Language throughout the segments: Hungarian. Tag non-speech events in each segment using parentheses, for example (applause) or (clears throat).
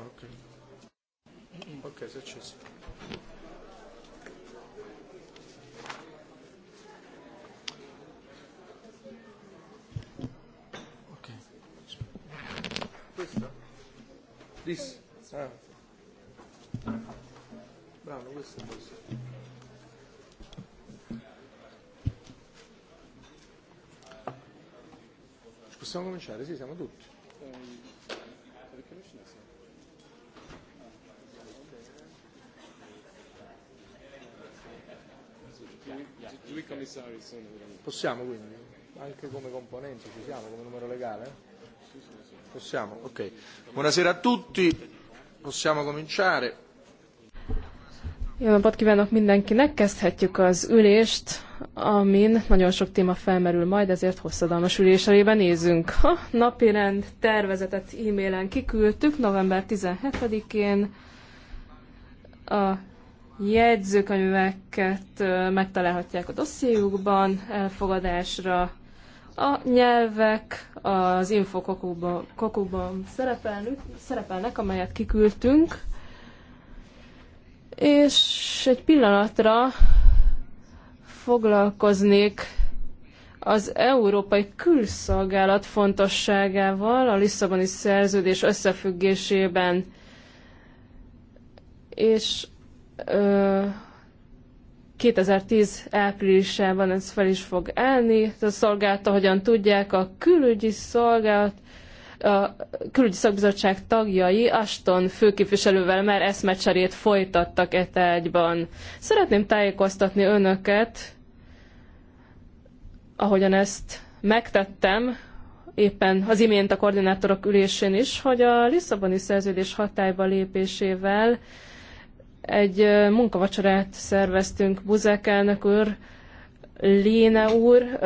Okay. Okay, that's just... Okay. Questa? This? Ah. Bravo, questo, questo. Possiamo cominciare? Sì, siamo tutti. Due commissari sono. Possiamo quindi, anche come componente, ci siamo come numero legale? Possiamo, ok. Buonasera a tutti, possiamo cominciare. Jó napot kívánok mindenkinek, kezdhetjük az ülést, amin nagyon sok téma felmerül majd, ezért hosszadalmas üléselébe nézünk. A napirend tervezetet e-mailen kiküldtük november 17-én a jegyzőkönyveket megtalálhatják a dossziéjukban elfogadásra. A nyelvek az infokokukban szerepelnek, amelyet kiküldtünk. És egy pillanatra foglalkoznék az Európai Külszolgálat fontosságával a Lisszaboni szerződés összefüggésében. És 2010 áprilisában ez fel is fog állni. A szolgálta, hogyan tudják, a külügyi szolgálat, a külügyi szakbizottság tagjai Aston főképviselővel már eszmecserét folytattak e tárgyban. Szeretném tájékoztatni önöket, ahogyan ezt megtettem, éppen az imént a koordinátorok ülésén is, hogy a Lisszaboni szerződés hatályba lépésével egy munkavacsorát szerveztünk Buzek elnök úr, Léne úr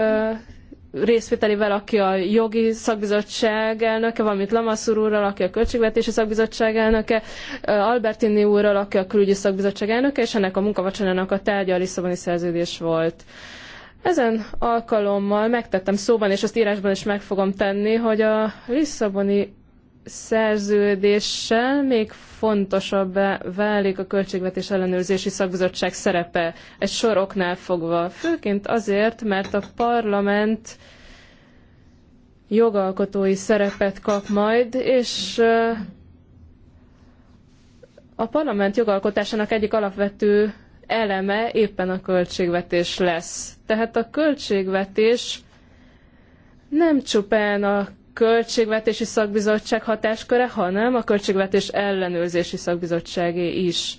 részvételével, aki a jogi szakbizottság elnöke, valamint Lamaszur úrral, aki a költségvetési szakbizottság elnöke, Albertini úrral, aki a külügyi szakbizottság elnöke, és ennek a munkavacsorának a tárgya a Lisszaboni szerződés volt. Ezen alkalommal megtettem szóban, és azt írásban is meg fogom tenni, hogy a Lisszaboni szerződéssel még fontosabbá válik a Költségvetés Ellenőrzési Szakbizottság szerepe egy sor oknál fogva. Főként azért, mert a parlament jogalkotói szerepet kap majd, és a parlament jogalkotásának egyik alapvető eleme éppen a költségvetés lesz. Tehát a költségvetés nem csupán a költségvetési szakbizottság hatásköre, hanem a költségvetés ellenőrzési szakbizottságé is.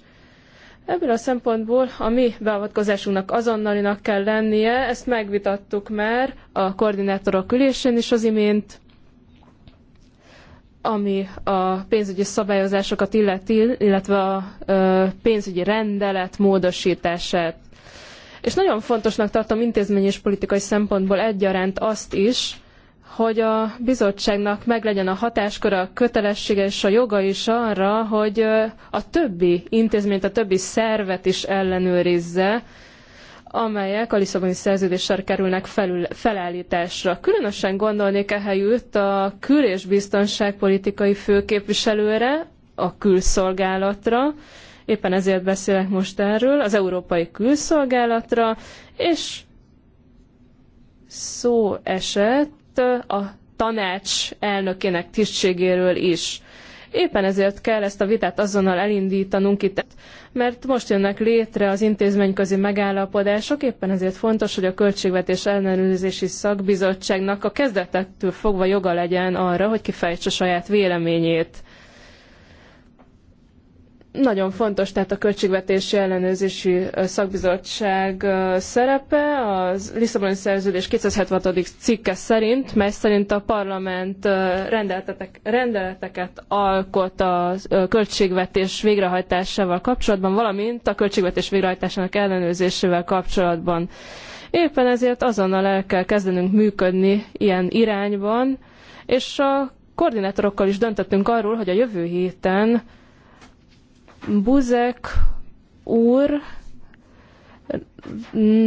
Ebből a szempontból a mi beavatkozásunknak azonnalinak kell lennie, ezt megvitattuk már a koordinátorok ülésén is az imént, ami a pénzügyi szabályozásokat illeti, illetve a pénzügyi rendelet módosítását. És nagyon fontosnak tartom intézményi és politikai szempontból egyaránt azt is, hogy a bizottságnak meglegyen a hatásköre, a kötelessége és a joga is arra, hogy a többi intézményt, a többi szervet is ellenőrizze, amelyek a Lisszaboni szerződéssel kerülnek felül, felállításra. Különösen gondolnék ehelyütt a kül- és biztonságpolitikai főképviselőre, a külszolgálatra, éppen ezért beszélek most erről, az európai külszolgálatra, és szó esett ezt a tanács elnökének tisztségéről is. Éppen ezért kell ezt a vitát azonnal elindítanunk itt, mert most jönnek létre az intézményközi megállapodások, éppen ezért fontos, hogy a Költségvetés Ellenőrzési Szakbizottságnak a kezdetektől fogva joga legyen arra, hogy kifejtse saját véleményét. Nagyon fontos tehát a Költségvetési Ellenőrzési Szakbizottság szerepe a Lisszaboni Szerződés 276. cikke szerint, mely szerint a parlament rendeleteket alkot a költségvetés végrehajtásával kapcsolatban, valamint a költségvetés végrehajtásának ellenőrzésével kapcsolatban. Éppen ezért azonnal el kell kezdenünk működni ilyen irányban, és a koordinátorokkal is döntöttünk arról, hogy a jövő héten Buzek úr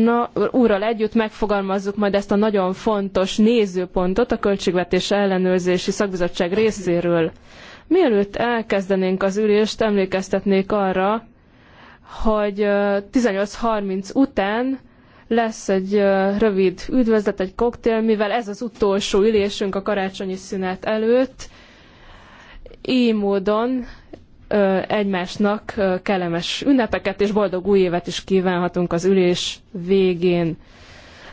na, úrral együtt megfogalmazzuk majd ezt a nagyon fontos nézőpontot a Költségvetés Ellenőrzési Szakbizottság részéről. Mielőtt elkezdenénk az ülést, emlékeztetnék arra, hogy 18.30 után lesz egy rövid üdvözlet, egy koktél, mivel ez az utolsó ülésünk a karácsonyi szünet előtt. Így módon egymásnak kellemes ünnepeket és boldog új évet is kívánhatunk az ülés végén.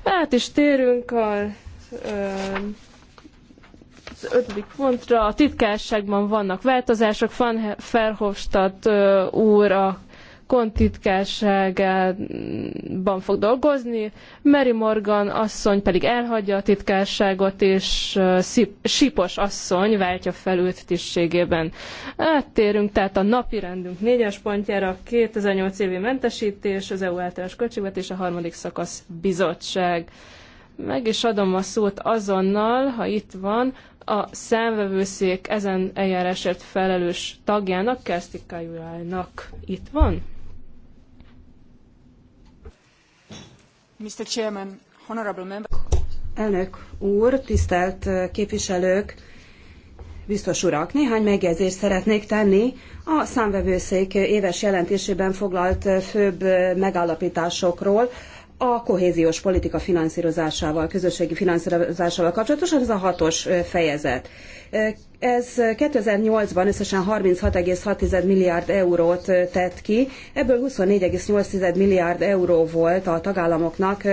Át is térünk a, az ötödik pontra. A titkárságban vannak változások. Van Verhofstadt úr a kontitkárságában fog dolgozni, Mary Morgan asszony pedig elhagyja a titkárságot, és Sipos asszony váltja fel őt tisztségében. Áttérünk tehát a napi rendünk négyes pontjára, 2008 évi mentesítés, az EU általános költségvetés, a harmadik szakasz bizottság. Meg is adom a szót azonnal, ha itt van, a számvevőszék ezen eljárásért felelős tagjának, Kerszti Kajulának. Itt van? Mr. Chairman, honorable member. Elnök úr, tisztelt képviselők, biztos urak, néhány megjegyzést szeretnék tenni a számvevőszék éves jelentésében foglalt főbb megállapításokról, a kohéziós politika finanszírozásával, közösségi finanszírozásával kapcsolatosan, ez a hatos fejezet. Ez 2008-ban összesen 36,6 milliárd eurót tett ki, ebből 24,8 milliárd euró volt a tagállamoknak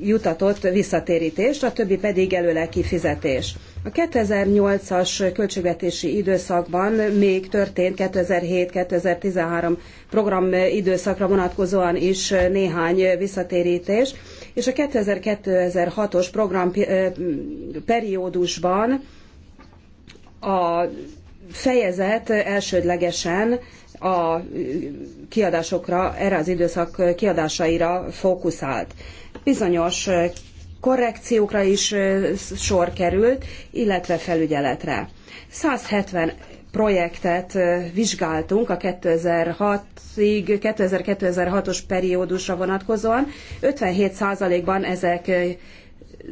jutatott visszatérítés, a többi pedig előleg kifizetés. A 2008-as költségvetési időszakban még történt 2007-2013 program időszakra vonatkozóan is néhány visszatérítés, és a 2002 2006 os program periódusban a fejezet elsődlegesen a kiadásokra, erre az időszak kiadásaira fókuszált. Bizonyos korrekciókra is sor került, illetve felügyeletre. 170 projektet vizsgáltunk a 2006-ig, 2000-2006-os periódusra vonatkozóan. 57%-ban ezek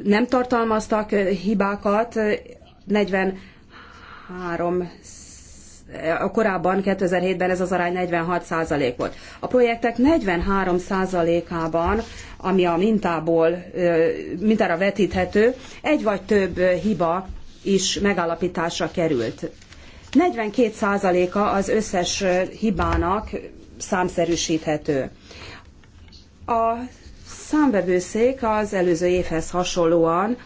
nem tartalmaztak hibákat, 40 három korábban 2007-ben ez az arány 46 százalék volt. A projektek 43 ában ami a mintából, mintára vetíthető, egy vagy több hiba is megállapításra került. 42 százaléka az összes hibának számszerűsíthető. A számvevőszék az előző évhez hasonlóan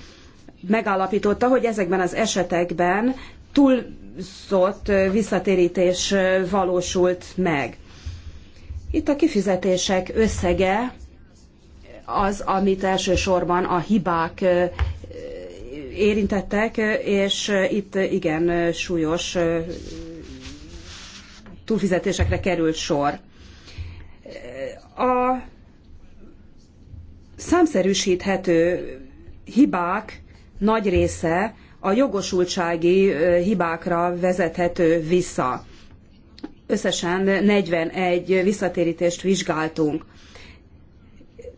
megállapította, hogy ezekben az esetekben túlszott visszatérítés valósult meg. Itt a kifizetések összege az, amit elsősorban a hibák érintettek, és itt igen súlyos túlfizetésekre került sor. A számszerűsíthető hibák nagy része a jogosultsági hibákra vezethető vissza. Összesen 41 visszatérítést vizsgáltunk.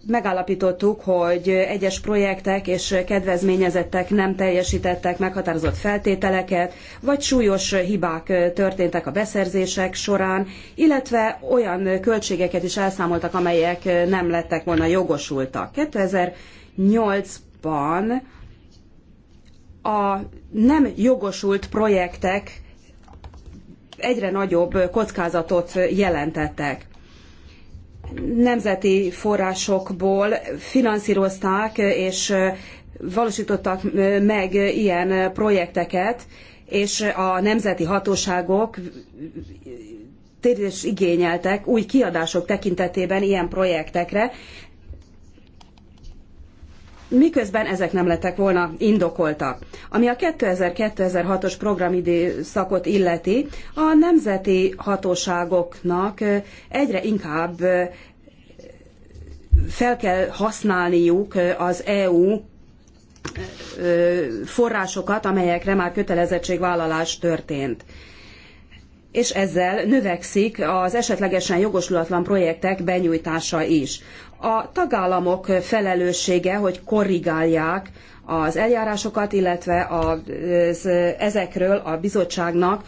Megállapítottuk, hogy egyes projektek és kedvezményezettek nem teljesítettek meghatározott feltételeket, vagy súlyos hibák történtek a beszerzések során, illetve olyan költségeket is elszámoltak, amelyek nem lettek volna jogosultak. 2008-ban a nem jogosult projektek egyre nagyobb kockázatot jelentettek. Nemzeti forrásokból finanszírozták és valósítottak meg ilyen projekteket, és a nemzeti hatóságok térés igényeltek új kiadások tekintetében ilyen projektekre, miközben ezek nem lettek volna indokoltak. Ami a 2000-2006-os programidőszakot illeti, a nemzeti hatóságoknak egyre inkább fel kell használniuk az EU forrásokat, amelyekre már kötelezettségvállalás történt. És ezzel növekszik az esetlegesen jogosulatlan projektek benyújtása is. A tagállamok felelőssége, hogy korrigálják az eljárásokat, illetve az, ezekről a bizottságnak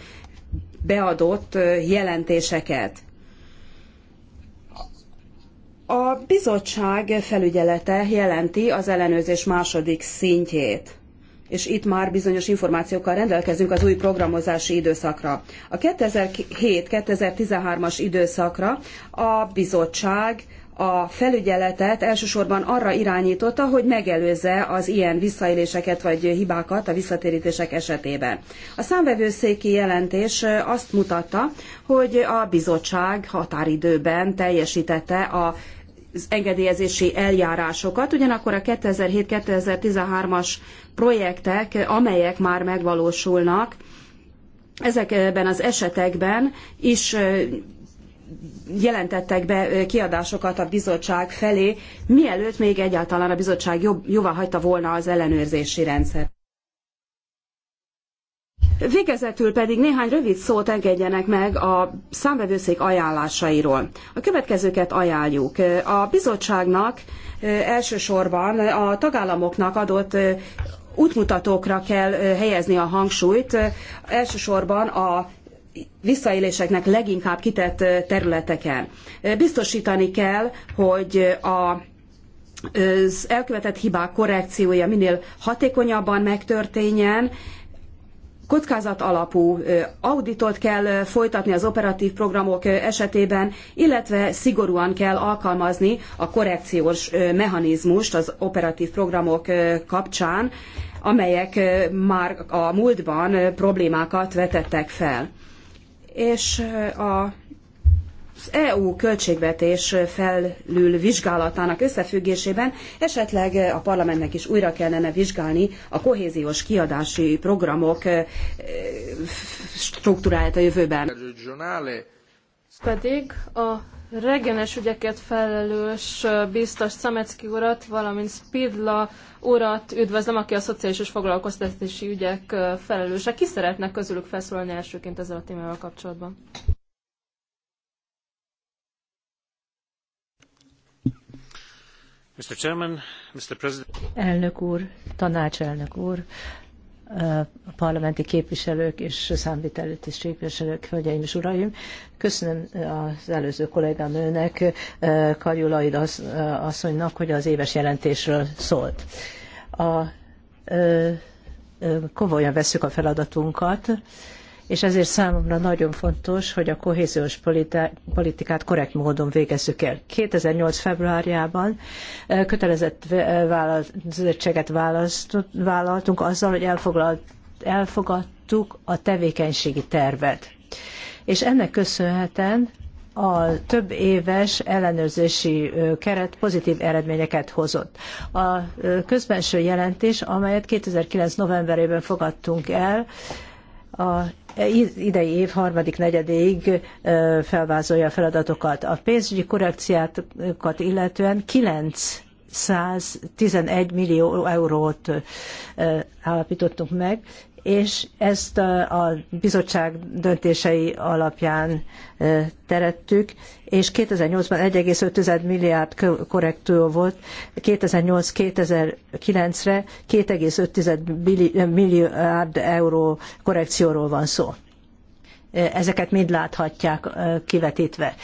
beadott jelentéseket. A bizottság felügyelete jelenti az ellenőrzés második szintjét és itt már bizonyos információkkal rendelkezünk az új programozási időszakra. A 2007-2013-as időszakra a bizottság a felügyeletet elsősorban arra irányította, hogy megelőzze az ilyen visszaéléseket vagy hibákat a visszatérítések esetében. A számvevőszéki jelentés azt mutatta, hogy a bizottság határidőben teljesítette a az engedélyezési eljárásokat, ugyanakkor a 2007-2013-as projektek, amelyek már megvalósulnak, ezekben az esetekben is jelentettek be kiadásokat a bizottság felé, mielőtt még egyáltalán a bizottság jóvá hagyta volna az ellenőrzési rendszert. Végezetül pedig néhány rövid szót engedjenek meg a számvevőszék ajánlásairól. A következőket ajánljuk. A bizottságnak elsősorban a tagállamoknak adott útmutatókra kell helyezni a hangsúlyt, elsősorban a visszaéléseknek leginkább kitett területeken. Biztosítani kell, hogy a az elkövetett hibák korrekciója minél hatékonyabban megtörténjen, kockázat alapú auditot kell folytatni az operatív programok esetében, illetve szigorúan kell alkalmazni a korrekciós mechanizmust az operatív programok kapcsán, amelyek már a múltban problémákat vetettek fel és a az EU költségvetés felül vizsgálatának összefüggésében esetleg a parlamentnek is újra kellene vizsgálni a kohéziós kiadási programok struktúráját a jövőben. Pedig a regionális ügyeket felelős biztos Szamecki urat, valamint Spidla urat üdvözlöm, aki a szociális és foglalkoztatási ügyek felelőse. Ki szeretne közülük felszólalni elsőként ezzel a témával kapcsolatban? Mr. Chairman, Mr. President. Elnök úr, tanácselnök úr, parlamenti képviselők és számviteli tisztségviselők, hölgyeim és uraim. Köszönöm az előző kollégám önnek, Karjulaid asszonynak, hogy az éves jelentésről szólt. A, komolyan vesszük a feladatunkat, és ezért számomra nagyon fontos, hogy a kohéziós politikát korrekt módon végezzük el. 2008. februárjában kötelezett vállalatzettséget vállaltunk azzal, hogy elfoglalt, elfogadtuk a tevékenységi tervet. És ennek köszönhetően a több éves ellenőrzési keret pozitív eredményeket hozott. A közbenső jelentés, amelyet 2009. novemberében fogadtunk el, a idei év harmadik negyedéig felvázolja a feladatokat. A pénzügyi korrekciákat illetően 9 111 millió eurót állapítottunk meg, és ezt a bizottság döntései alapján terettük, és 2008-ban 1,5 milliárd korrektő volt, 2008-2009-re 2,5 milliárd euró korrekcióról van szó. Ezeket mind láthatják kivetítve.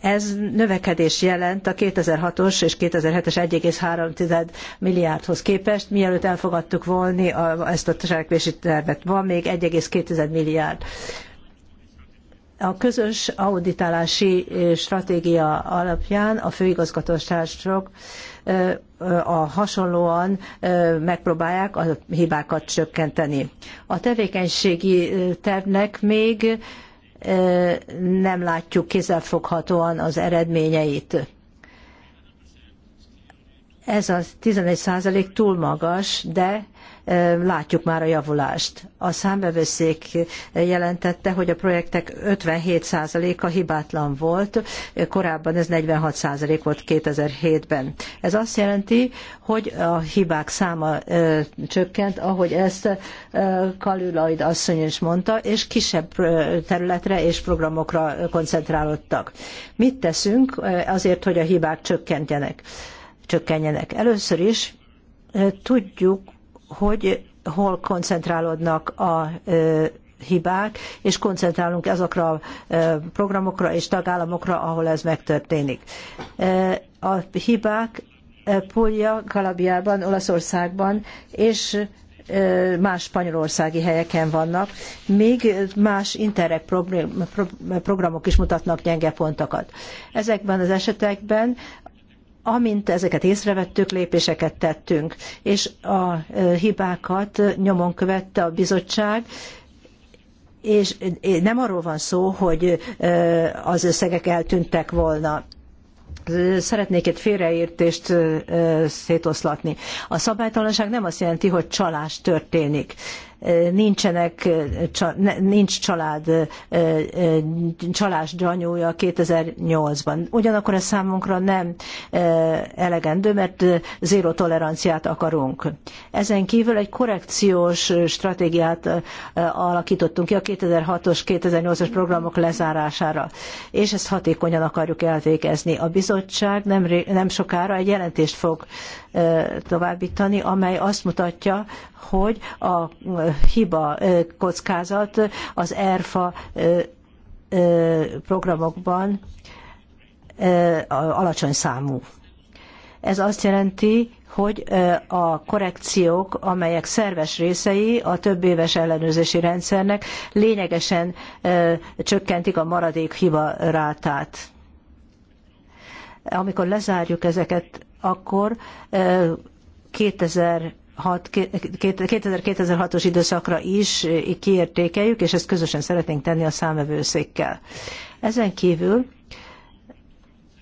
Ez növekedés jelent a 2006-os és 2007-es 1,3 milliárdhoz képest. Mielőtt elfogadtuk volna ezt a cselekvési tervet, van még 1,2 milliárd. A közös auditálási stratégia alapján a főigazgatóságok a hasonlóan megpróbálják a hibákat csökkenteni. A tevékenységi tervnek még nem látjuk kézzelfoghatóan az eredményeit. Ez a 11 százalék túl magas, de látjuk már a javulást. A számvevőszék jelentette, hogy a projektek 57%-a hibátlan volt, korábban ez 46% volt 2007-ben. Ez azt jelenti, hogy a hibák száma csökkent, ahogy ezt Kalulaid asszony is mondta, és kisebb területre és programokra koncentrálódtak. Mit teszünk azért, hogy a hibák csökkentjenek? csökkenjenek. Először is tudjuk, hogy hol koncentrálódnak a hibák, és koncentrálunk azokra a programokra és tagállamokra, ahol ez megtörténik. A hibák Puglia, Kalabiában, Olaszországban és más spanyolországi helyeken vannak, még más interreg programok is mutatnak gyenge pontokat. Ezekben az esetekben amint ezeket észrevettük, lépéseket tettünk, és a e, hibákat nyomon követte a bizottság, és e, nem arról van szó, hogy e, az összegek eltűntek volna. Szeretnék egy félreértést szétoszlatni. A szabálytalanság nem azt jelenti, hogy csalás történik nincsenek, nincs család csalás gyanúja 2008-ban. Ugyanakkor ez számunkra nem elegendő, mert zéró toleranciát akarunk. Ezen kívül egy korrekciós stratégiát alakítottunk ki a 2006-os, 2008-as programok lezárására, és ezt hatékonyan akarjuk elvégezni. A bizottság nem, nem sokára egy jelentést fog továbbítani, amely azt mutatja, hogy a hiba kockázat az ERFA programokban alacsony számú. Ez azt jelenti, hogy a korrekciók, amelyek szerves részei a több éves ellenőrzési rendszernek lényegesen csökkentik a maradék hiba rátát. Amikor lezárjuk ezeket akkor 2000 2006-os időszakra is kiértékeljük, és ezt közösen szeretnénk tenni a számvevőszékkel. Ezen kívül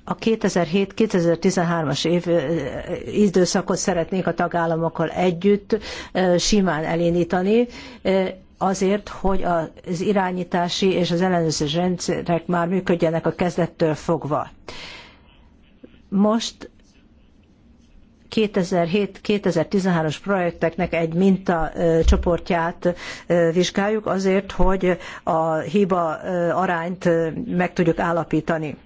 a 2007-2013-as év időszakot szeretnénk a tagállamokkal együtt simán elindítani, azért, hogy az irányítási és az ellenőrző rendszerek már működjenek a kezdettől fogva. Most 2007-2013-as projekteknek egy minta csoportját vizsgáljuk azért, hogy a hiba arányt meg tudjuk állapítani.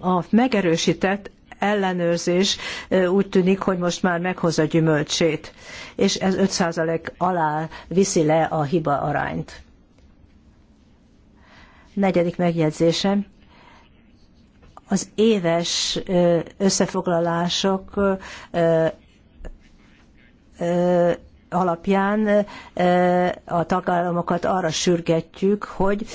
A megerősített ellenőrzés úgy tűnik, hogy most már meghozza gyümölcsét, és ez 5% alá viszi le a hiba arányt. Negyedik megjegyzésem az éves összefoglalások alapján a tagállamokat arra sürgetjük, hogy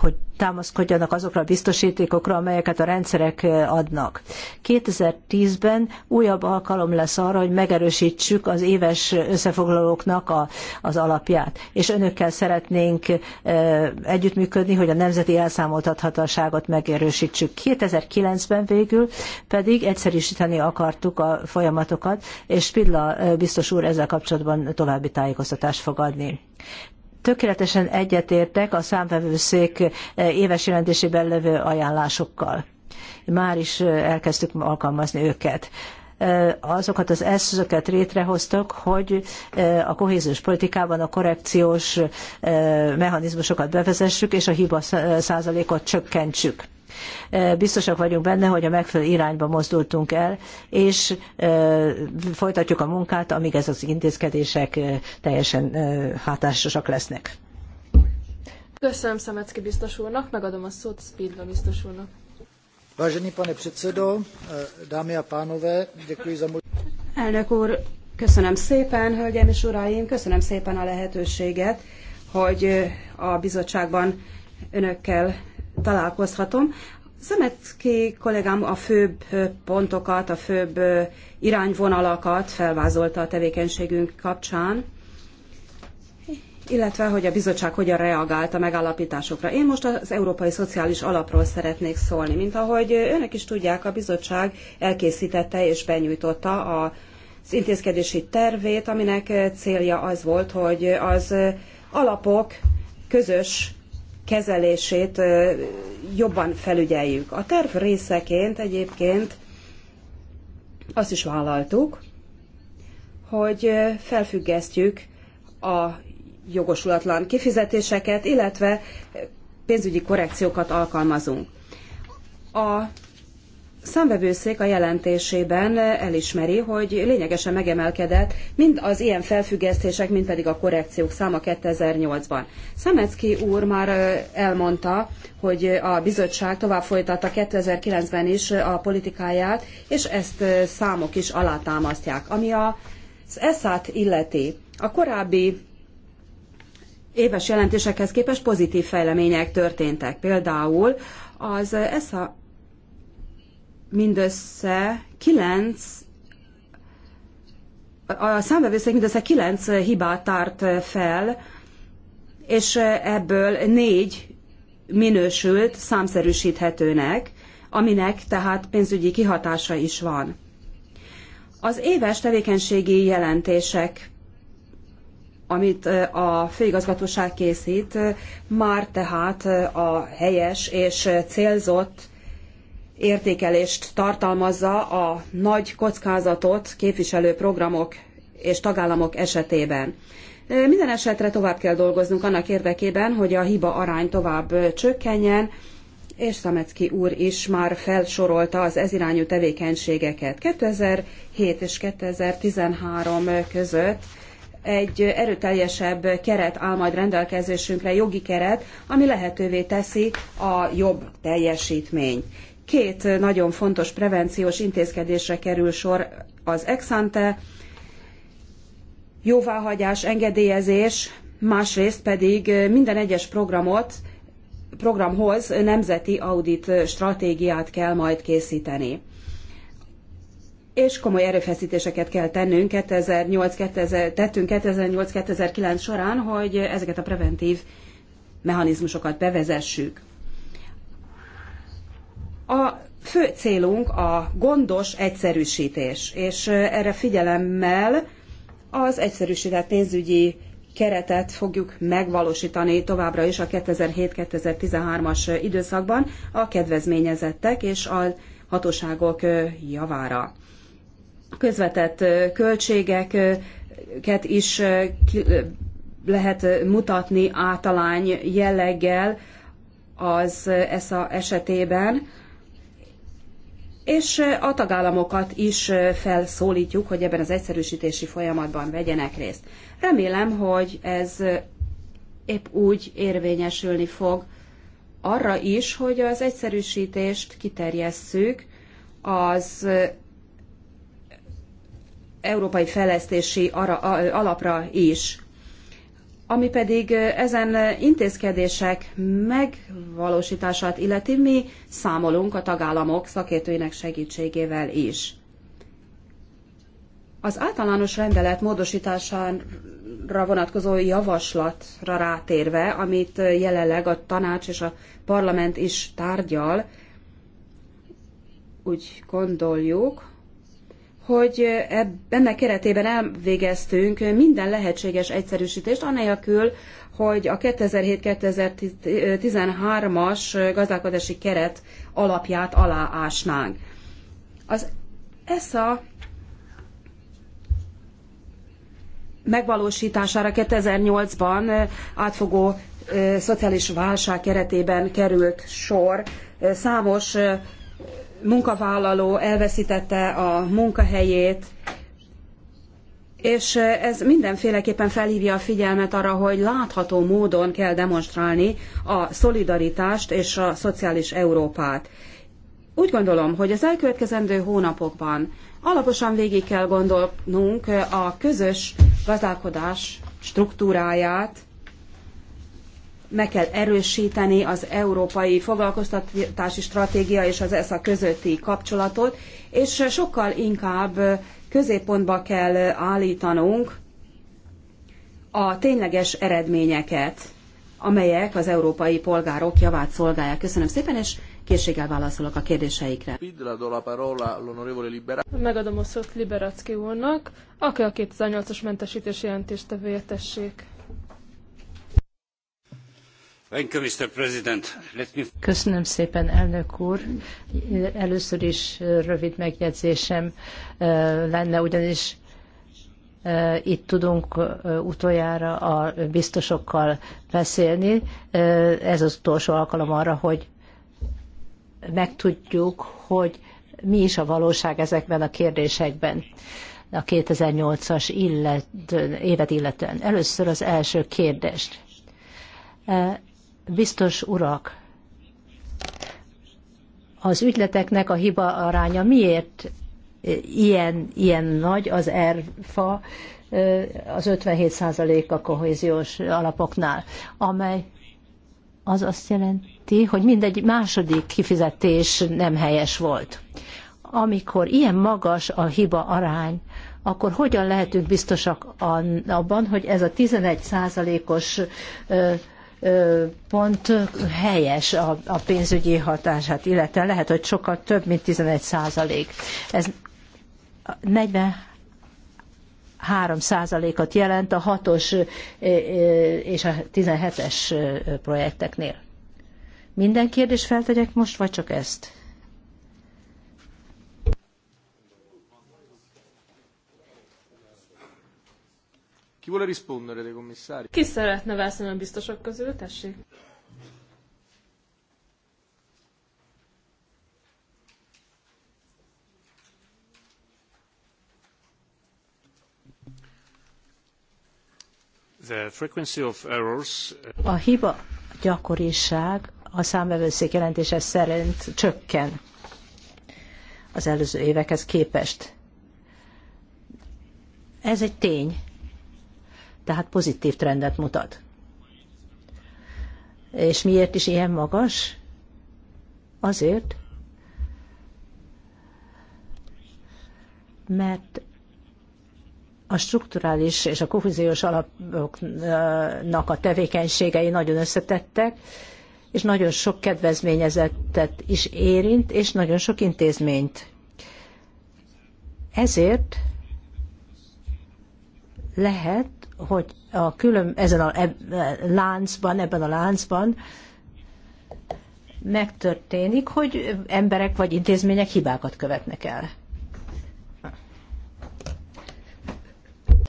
hogy támaszkodjanak azokra a biztosítékokra, amelyeket a rendszerek adnak. 2010-ben újabb alkalom lesz arra, hogy megerősítsük az éves összefoglalóknak a, az alapját. És önökkel szeretnénk együttműködni, hogy a nemzeti elszámoltathatóságot megerősítsük. 2009-ben végül pedig egyszerűsíteni akartuk a folyamatokat, és Spidla biztos úr ezzel kapcsolatban további tájékoztatást fog adni tökéletesen egyetértek a számvevőszék e, éves jelentésében levő ajánlásokkal. Már is e, elkezdtük alkalmazni őket e, azokat az eszközöket létrehoztak, hogy a kohéziós politikában a korrekciós mechanizmusokat bevezessük, és a hiba százalékot csökkentsük. Eh, biztosak vagyunk benne, hogy a megfelelő irányba mozdultunk el, és eh, folytatjuk a munkát, amíg ez az intézkedések eh, teljesen hatásosak lesznek. Köszönöm Szemecki biztos úrnak, megadom a szót Speedla biztos úrnak. Vážený pane předsedo, dámy a pánové, děkuji za Elnök úr, köszönöm szépen, hölgyeim és uraim, köszönöm szépen a lehetőséget, hogy a bizottságban önökkel találkozhatom. Szemetki kollégám a főbb pontokat, a főbb irányvonalakat felvázolta a tevékenységünk kapcsán, illetve hogy a bizottság hogyan reagált a megállapításokra. Én most az Európai Szociális Alapról szeretnék szólni. Mint ahogy önök is tudják, a bizottság elkészítette és benyújtotta az intézkedési tervét, aminek célja az volt, hogy az alapok közös kezelését jobban felügyeljük. A terv részeként egyébként azt is vállaltuk, hogy felfüggesztjük a jogosulatlan kifizetéseket, illetve pénzügyi korrekciókat alkalmazunk. A számvevőszék a jelentésében elismeri, hogy lényegesen megemelkedett mind az ilyen felfüggesztések, mind pedig a korrekciók száma 2008-ban. Szemecki úr már elmondta, hogy a bizottság tovább folytatta 2009-ben is a politikáját, és ezt számok is alátámasztják. Ami az ESZ-át illeti, a korábbi éves jelentésekhez képest pozitív fejlemények történtek. Például az ESZA mindössze kilenc a számbevőszék mindössze kilenc hibát tárt fel, és ebből négy minősült számszerűsíthetőnek, aminek tehát pénzügyi kihatása is van. Az éves tevékenységi jelentések, amit a főigazgatóság készít, már tehát a helyes és célzott értékelést tartalmazza a nagy kockázatot képviselő programok és tagállamok esetében. Minden esetre tovább kell dolgoznunk annak érdekében, hogy a hiba arány tovább csökkenjen, és Szamecki úr is már felsorolta az ezirányú tevékenységeket. 2007 és 2013 között egy erőteljesebb keret áll majd rendelkezésünkre, jogi keret, ami lehetővé teszi a jobb teljesítményt két nagyon fontos prevenciós intézkedésre kerül sor az exante jóváhagyás, engedélyezés, másrészt pedig minden egyes programot, programhoz nemzeti audit stratégiát kell majd készíteni. És komoly erőfeszítéseket kell tennünk 2008, 2000, tettünk 2008-2009 során, hogy ezeket a preventív mechanizmusokat bevezessük. A fő célunk a gondos egyszerűsítés, és erre figyelemmel az egyszerűsített pénzügyi keretet fogjuk megvalósítani továbbra is a 2007-2013-as időszakban a kedvezményezettek és a hatóságok javára. Közvetett költségeket is lehet mutatni általány jelleggel az ESA esetében, és a tagállamokat is felszólítjuk, hogy ebben az egyszerűsítési folyamatban vegyenek részt. Remélem, hogy ez épp úgy érvényesülni fog arra is, hogy az egyszerűsítést kiterjesszük az európai fejlesztési alapra is. Ami pedig ezen intézkedések megvalósítását illeti, mi számolunk a tagállamok szakértőinek segítségével is. Az általános rendelet módosítására vonatkozó javaslatra rátérve, amit jelenleg a tanács és a parlament is tárgyal, úgy gondoljuk, hogy ennek keretében elvégeztünk minden lehetséges egyszerűsítést, anélkül, hogy a 2007-2013-as gazdálkodási keret alapját aláásnánk. Az ESA megvalósítására 2008-ban átfogó szociális válság keretében került sor. Számos munkavállaló elveszítette a munkahelyét, és ez mindenféleképpen felhívja a figyelmet arra, hogy látható módon kell demonstrálni a szolidaritást és a szociális Európát. Úgy gondolom, hogy az elkövetkezendő hónapokban alaposan végig kell gondolnunk a közös gazdálkodás struktúráját, meg kell erősíteni az európai foglalkoztatási stratégia és az ESZA közötti kapcsolatot, és sokkal inkább középpontba kell állítanunk a tényleges eredményeket, amelyek az európai polgárok javát szolgálják. Köszönöm szépen, és készséggel válaszolok a kérdéseikre. Megadom a szót Liberacki úrnak, aki a 2008-as mentesítés jelentéstevője tessék. Köszönöm szépen, elnök úr. Először is rövid megjegyzésem lenne, ugyanis itt tudunk utoljára a biztosokkal beszélni. Ez az utolsó alkalom arra, hogy megtudjuk, hogy mi is a valóság ezekben a kérdésekben a 2008-as évet illetően. Először az első kérdést Biztos urak, az ügyleteknek a hiba aránya miért e, ilyen, ilyen nagy az ERFA, e, az 57% a kohéziós alapoknál, amely az azt jelenti, hogy mindegy második kifizetés nem helyes volt. Amikor ilyen magas a hiba arány, akkor hogyan lehetünk biztosak abban, hogy ez a 11 százalékos e, pont helyes a, a pénzügyi hatását, illetve lehet, hogy sokkal több, mint 11 százalék. Ez 43 százalékot jelent a 6-os és a 17-es projekteknél. Minden kérdést feltegyek most, vagy csak ezt? Chi vuole rispondere dei commissari? Chi szeretne beszélni a biztosok közül? Tessék. The frequency of errors... Uh, a hiba gyakoriság a számvevőszék jelentése szerint csökken az előző évekhez képest. Ez egy tény tehát pozitív trendet mutat. És miért is ilyen magas? Azért, mert a strukturális és a kohéziós alapoknak a tevékenységei nagyon összetettek, és nagyon sok kedvezményezettet is érint, és nagyon sok intézményt. Ezért lehet, hogy a külön, ezen a e, láncban, ebben a láncban megtörténik, hogy emberek vagy intézmények hibákat követnek el.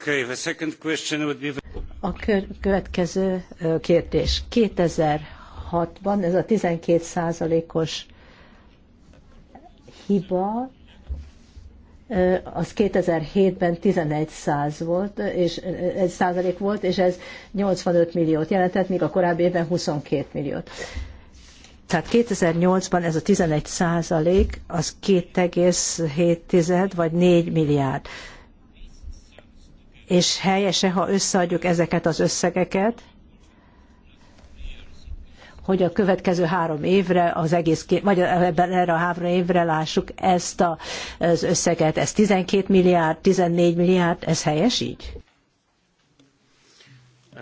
Okay, the second question would be... A következő kérdés. 2006-ban ez a 12 százalékos hiba az 2007-ben 11 száz volt, és egy százalék volt, és ez 85 milliót jelentett, míg a korábbi évben 22 milliót. Tehát 2008-ban ez a 11 százalék az 2,7 vagy 4 milliárd. És helyese, ha összeadjuk ezeket az összegeket, hogy a következő három évre, az egész, vagy ebben erre a három évre lássuk ezt a, az összeget. Ez 12 milliárd, 14 milliárd, ez helyes így? Uh,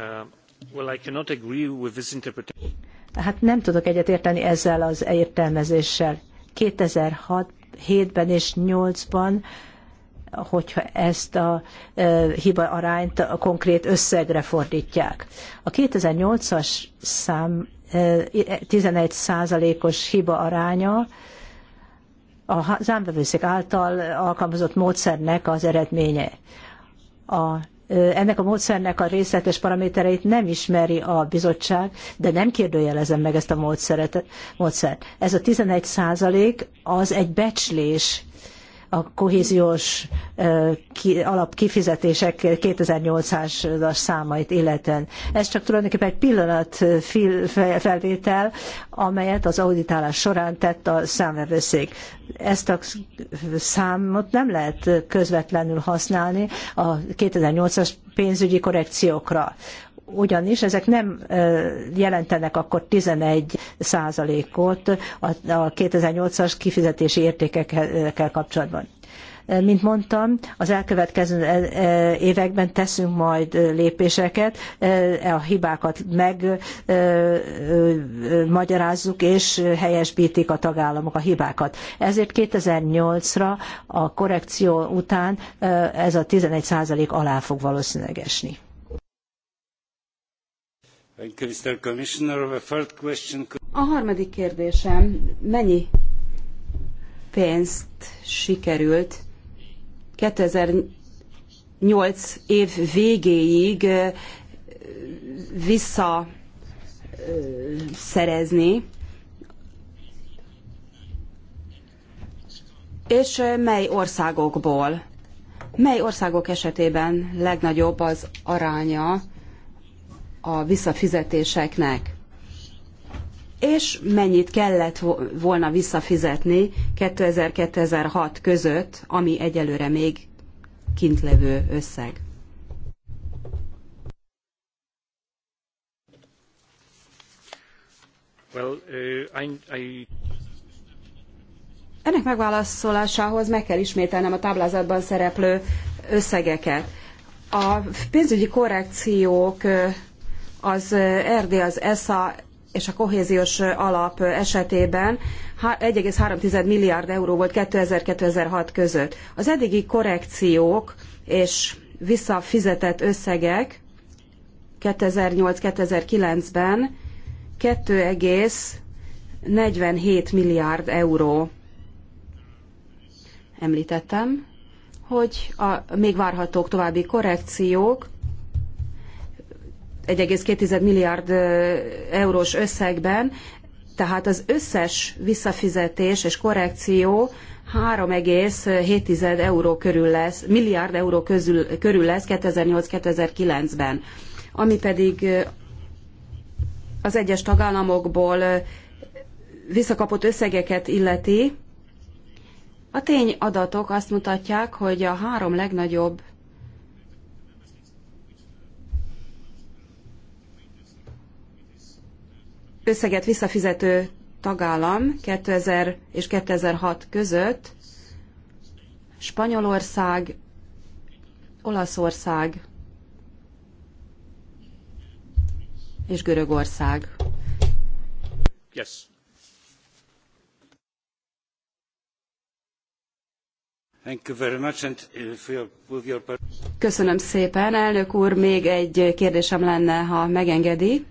well, I cannot agree with this interpretation. Hát nem tudok egyetérteni ezzel az értelmezéssel. 2006 7-ben és 2008 ban hogyha ezt a hiba arányt a konkrét összegre fordítják. A 2008-as szám 11 százalékos hiba aránya a zámbevőszék által alkalmazott módszernek az eredménye. A, ennek a módszernek a részletes paramétereit nem ismeri a bizottság, de nem kérdőjelezem meg ezt a módszert. Ez a 11 százalék az egy becslés a kohéziós alapkifizetések 2800-as számait illetően. Ez csak tulajdonképpen egy pillanat felvétel, amelyet az auditálás során tett a számvevőszék. Ezt a számot nem lehet közvetlenül használni a 2008-as pénzügyi korrekciókra ugyanis ezek nem jelentenek akkor 11 százalékot a 2008-as kifizetési értékekkel kapcsolatban. Mint mondtam, az elkövetkező években teszünk majd lépéseket, e a hibákat megmagyarázzuk, és helyesbítik a tagállamok a hibákat. Ezért 2008-ra a korrekció után ez a 11% alá fog valószínűleg esni. A harmadik kérdésem, mennyi pénzt sikerült 2008 év végéig vissza szerezni, és mely országokból? Mely országok esetében legnagyobb az aránya a visszafizetéseknek. És mennyit kellett volna visszafizetni 2000-2006 között, ami egyelőre még kintlevő összeg? Well, uh, I, I... Ennek megválaszolásához meg kell ismételnem a táblázatban szereplő összegeket. A pénzügyi korrekciók az eh, RD, az ESA és a kohéziós eh, alap eh, esetében 1,3 milliárd euró volt 2000-2006 között. Az eddigi korrekciók és visszafizetett összegek 2008-2009-ben 2,47 milliárd euró. Említettem, hogy a még várhatók további korrekciók 1,2 milliárd eurós összegben, tehát az összes visszafizetés és korrekció 3,7 euró körül lesz, milliárd euró közül, körül lesz 2008-2009-ben, ami pedig az egyes tagállamokból visszakapott összegeket illeti. A tényadatok azt mutatják, hogy a három legnagyobb összeget visszafizető tagállam 2000 és 2006 között Spanyolország, Olaszország és Görögország. Yes. Uh, Köszönöm szépen, elnök úr, még egy kérdésem lenne, ha megengedi.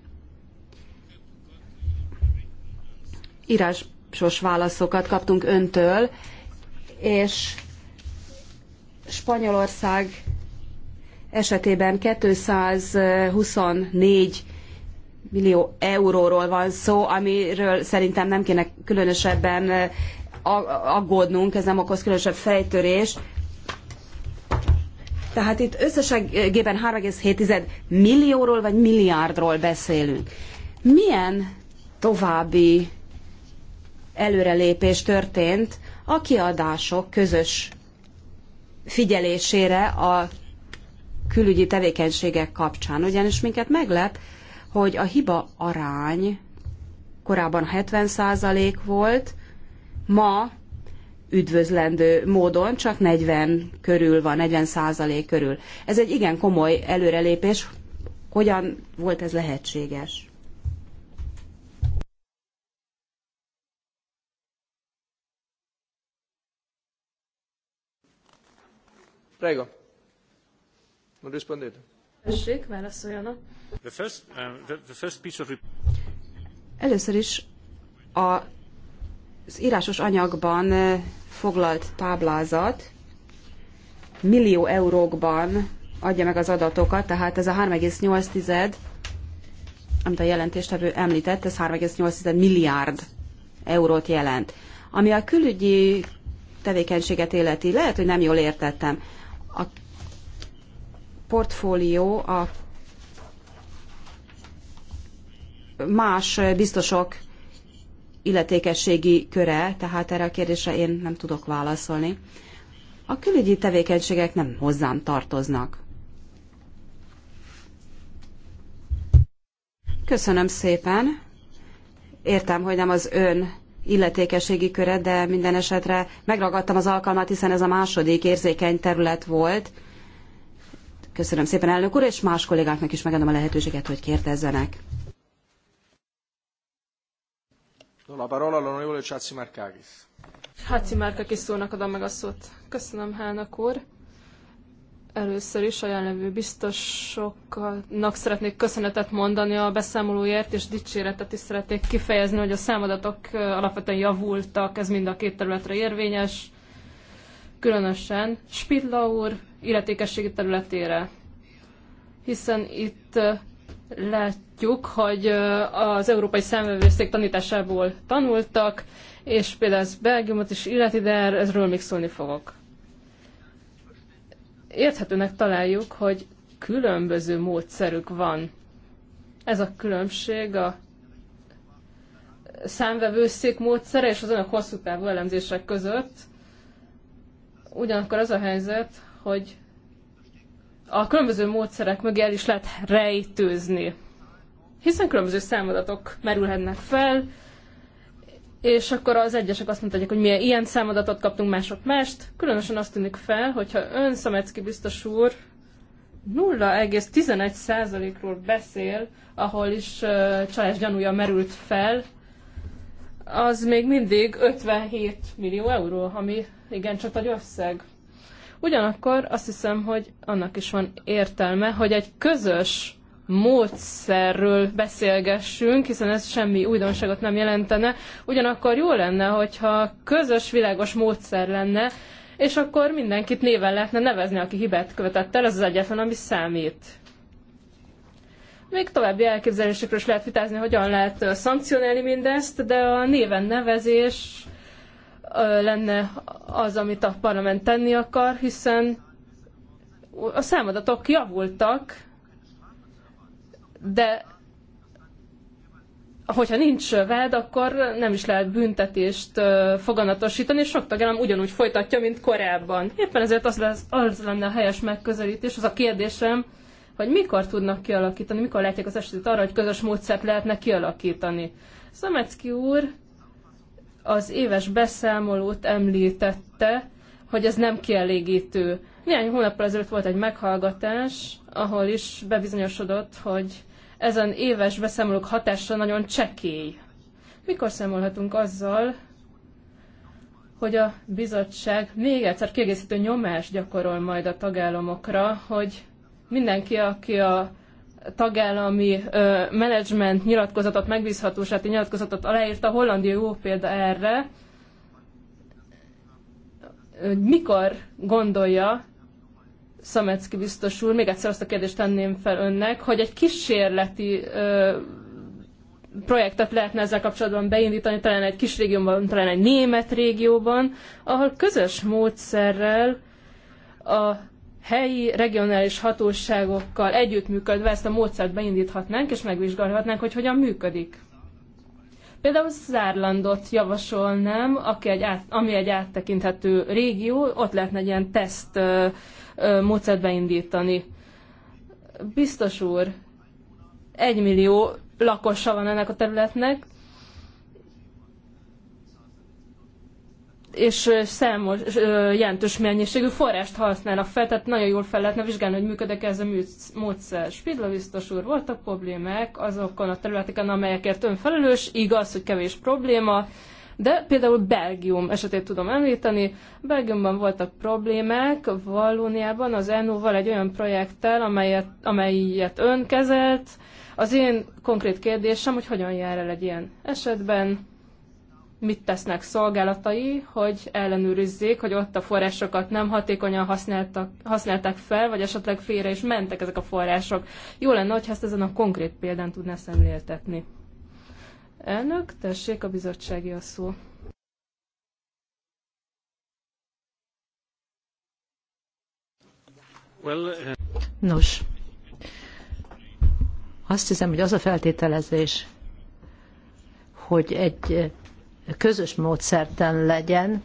írásos válaszokat kaptunk öntől, és Spanyolország esetében 224 millió euróról van szó, amiről szerintem nem kéne különösebben aggódnunk, ez nem okoz különösebb fejtörés. Tehát itt összességében 3,7 millióról vagy milliárdról beszélünk. Milyen további előrelépés történt a kiadások közös figyelésére a külügyi tevékenységek kapcsán. Ugyanis minket meglep, hogy a hiba arány korábban 70% volt, ma üdvözlendő módon csak 40 körül van, 40% körül. Ez egy igen komoly előrelépés. Hogyan volt ez lehetséges? Prego. Non rispondete. Tessék, válaszoljanak. The first, um, the, the first piece of... Először is a, az írásos anyagban eh, foglalt táblázat millió eurókban adja meg az adatokat, tehát ez a 3,8, amit a jelentéstevő említett, ez 3,8 milliárd eurót jelent. Ami a külügyi tevékenységet életi, lehet, hogy nem jól értettem a portfólió a más biztosok illetékességi köre, tehát erre a kérdésre én nem tudok válaszolni. A külügyi tevékenységek nem hozzám tartoznak. Köszönöm szépen. Értem, hogy nem az ön illetékességi köre, de minden esetre megragadtam az alkalmat, hiszen ez a második érzékeny terület volt. Köszönöm szépen, elnök úr, és más kollégáknak is megadom a lehetőséget, hogy kérdezzenek. La parola all'onorevole Csáci Márkákis. Csáci Márkákis szónak adom meg a szót. Köszönöm, elnök úr. Először is a jelenlevő biztosoknak szeretnék köszönetet mondani a beszámolóért, és dicséretet is szeretnék kifejezni, hogy a számadatok alapvetően javultak, ez mind a két területre érvényes, különösen Spidla úr illetékességi területére. Hiszen itt látjuk, hogy az Európai Számvevőszék tanításából tanultak, és például ez Belgiumot is illeti, de erről még szólni fogok érthetőnek találjuk, hogy különböző módszerük van. Ez a különbség a számvevőszék módszere és az önök hosszú távú elemzések között. Ugyanakkor az a helyzet, hogy a különböző módszerek mögé el is lehet rejtőzni. Hiszen különböző számadatok merülhetnek fel, és akkor az egyesek azt mondták, hogy milyen ilyen számadatot kaptunk, mások mást. Különösen azt tűnik fel, hogyha ön Szamecki biztos úr 0,11%-ról beszél, ahol is uh, csalás gyanúja merült fel, az még mindig 57 millió euró, ami igencsak nagy összeg. Ugyanakkor azt hiszem, hogy annak is van értelme, hogy egy közös módszerről beszélgessünk, hiszen ez semmi újdonságot nem jelentene. Ugyanakkor jó lenne, hogyha közös, világos módszer lenne, és akkor mindenkit néven lehetne nevezni, aki hibát követett el, ez az egyetlen, ami számít. Még további elképzelésekről is lehet vitázni, hogyan lehet szankcionálni mindezt, de a néven nevezés lenne az, amit a parlament tenni akar, hiszen a számadatok javultak, de hogyha nincs vád, akkor nem is lehet büntetést foganatosítani, és sok tagállam ugyanúgy folytatja, mint korábban. Éppen ezért az, lesz, az lenne a helyes megközelítés, az a kérdésem, hogy mikor tudnak kialakítani, mikor látják az esetet arra, hogy közös módszert lehetne kialakítani. Szamecki úr az éves beszámolót említette, hogy ez nem kielégítő. Néhány hónappal ezelőtt volt egy meghallgatás, ahol is bebizonyosodott, hogy ezen éves beszámolók hatása nagyon csekély. Mikor számolhatunk azzal, hogy a bizottság még egyszer kiegészítő nyomást gyakorol majd a tagállamokra, hogy mindenki, aki a tagállami ö, menedzsment nyilatkozatot, megbízhatósági nyilatkozatot aláírta, Hollandia jó példa erre, mikor gondolja, Szamecki biztos úr, még egyszer azt a kérdést tenném fel önnek, hogy egy kísérleti ö, projektet lehetne ezzel kapcsolatban beindítani, talán egy kis régióban, talán egy német régióban, ahol közös módszerrel a helyi, regionális hatóságokkal együttműködve ezt a módszert beindíthatnánk, és megvizsgálhatnánk, hogy hogyan működik. Például Zárlandot javasolnám, aki egy át, ami egy áttekinthető régió, ott lehetne egy ilyen teszt módszert beindítani. Biztos úr, egy millió lakosa van ennek a területnek, és számos jelentős mennyiségű forrást használnak fel, tehát nagyon jól fel lehetne vizsgálni, hogy működik ez a módszer. Spidla biztos úr, voltak problémák azokon a területeken, amelyekért ön felelős, igaz, hogy kevés probléma, de például Belgium esetét tudom említeni. Belgiumban voltak problémák, Valóniában az ENU-val egy olyan projekttel, amelyet, amelyet ön kezelt. Az én konkrét kérdésem, hogy hogyan jár el egy ilyen esetben, mit tesznek szolgálatai, hogy ellenőrizzék, hogy ott a forrásokat nem hatékonyan használtak, használták fel, vagy esetleg félre is mentek ezek a források. Jó lenne, hogy ezt ezen a konkrét példán tudná szemléltetni. Elnök, tessék a bizottsági a szó. Uh, Nos, azt hiszem, hogy az a feltételezés, hogy egy eh, közös módszerten legyen,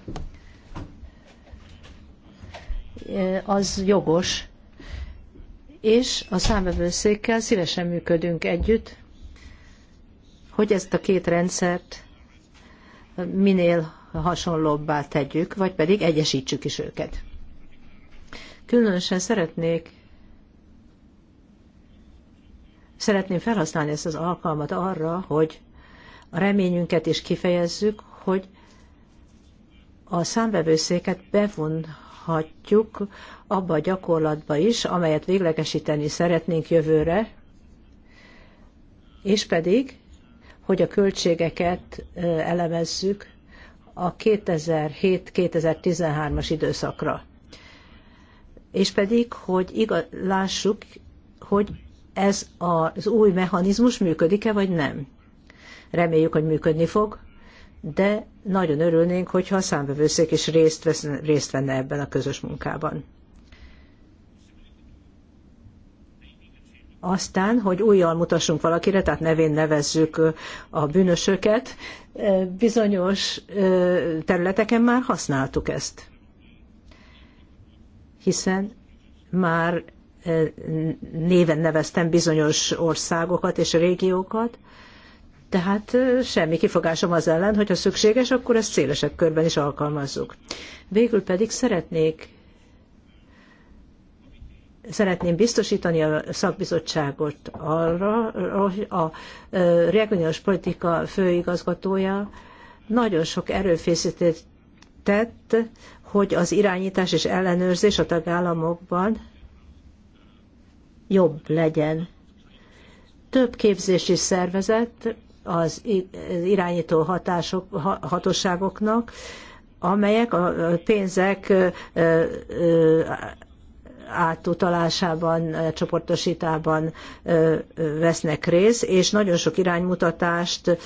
eh, az jogos, és a számvevőszékkel szívesen működünk együtt, hogy ezt a két rendszert minél hasonlóbbá tegyük, vagy pedig egyesítsük is őket. Különösen szeretnék szeretném felhasználni ezt az alkalmat arra, hogy a reményünket is kifejezzük, hogy a számvevőszéket bevonhatjuk abba a gyakorlatba is, amelyet véglegesíteni szeretnénk jövőre, és pedig hogy a költségeket elemezzük a 2007-2013-as időszakra. És pedig, hogy igaz, lássuk, hogy ez az új mechanizmus működik-e, vagy nem. Reméljük, hogy működni fog, de nagyon örülnénk, hogyha a számbevőszék is részt, vesz, részt venne ebben a közös munkában. aztán, hogy újjal mutassunk valakire, tehát nevén nevezzük a bűnösöket, bizonyos területeken már használtuk ezt. Hiszen már néven neveztem bizonyos országokat és régiókat, tehát semmi kifogásom az ellen, hogyha szükséges, akkor ezt szélesebb körben is alkalmazzuk. Végül pedig szeretnék szeretném biztosítani a szakbizottságot arra, hogy a regionális politika főigazgatója nagyon sok erőfészítést tett, hogy az irányítás és ellenőrzés a tagállamokban jobb legyen. Több is szervezet az irányító hatások, hatóságoknak, amelyek a pénzek átutalásában, csoportosítában vesznek részt, és nagyon sok iránymutatást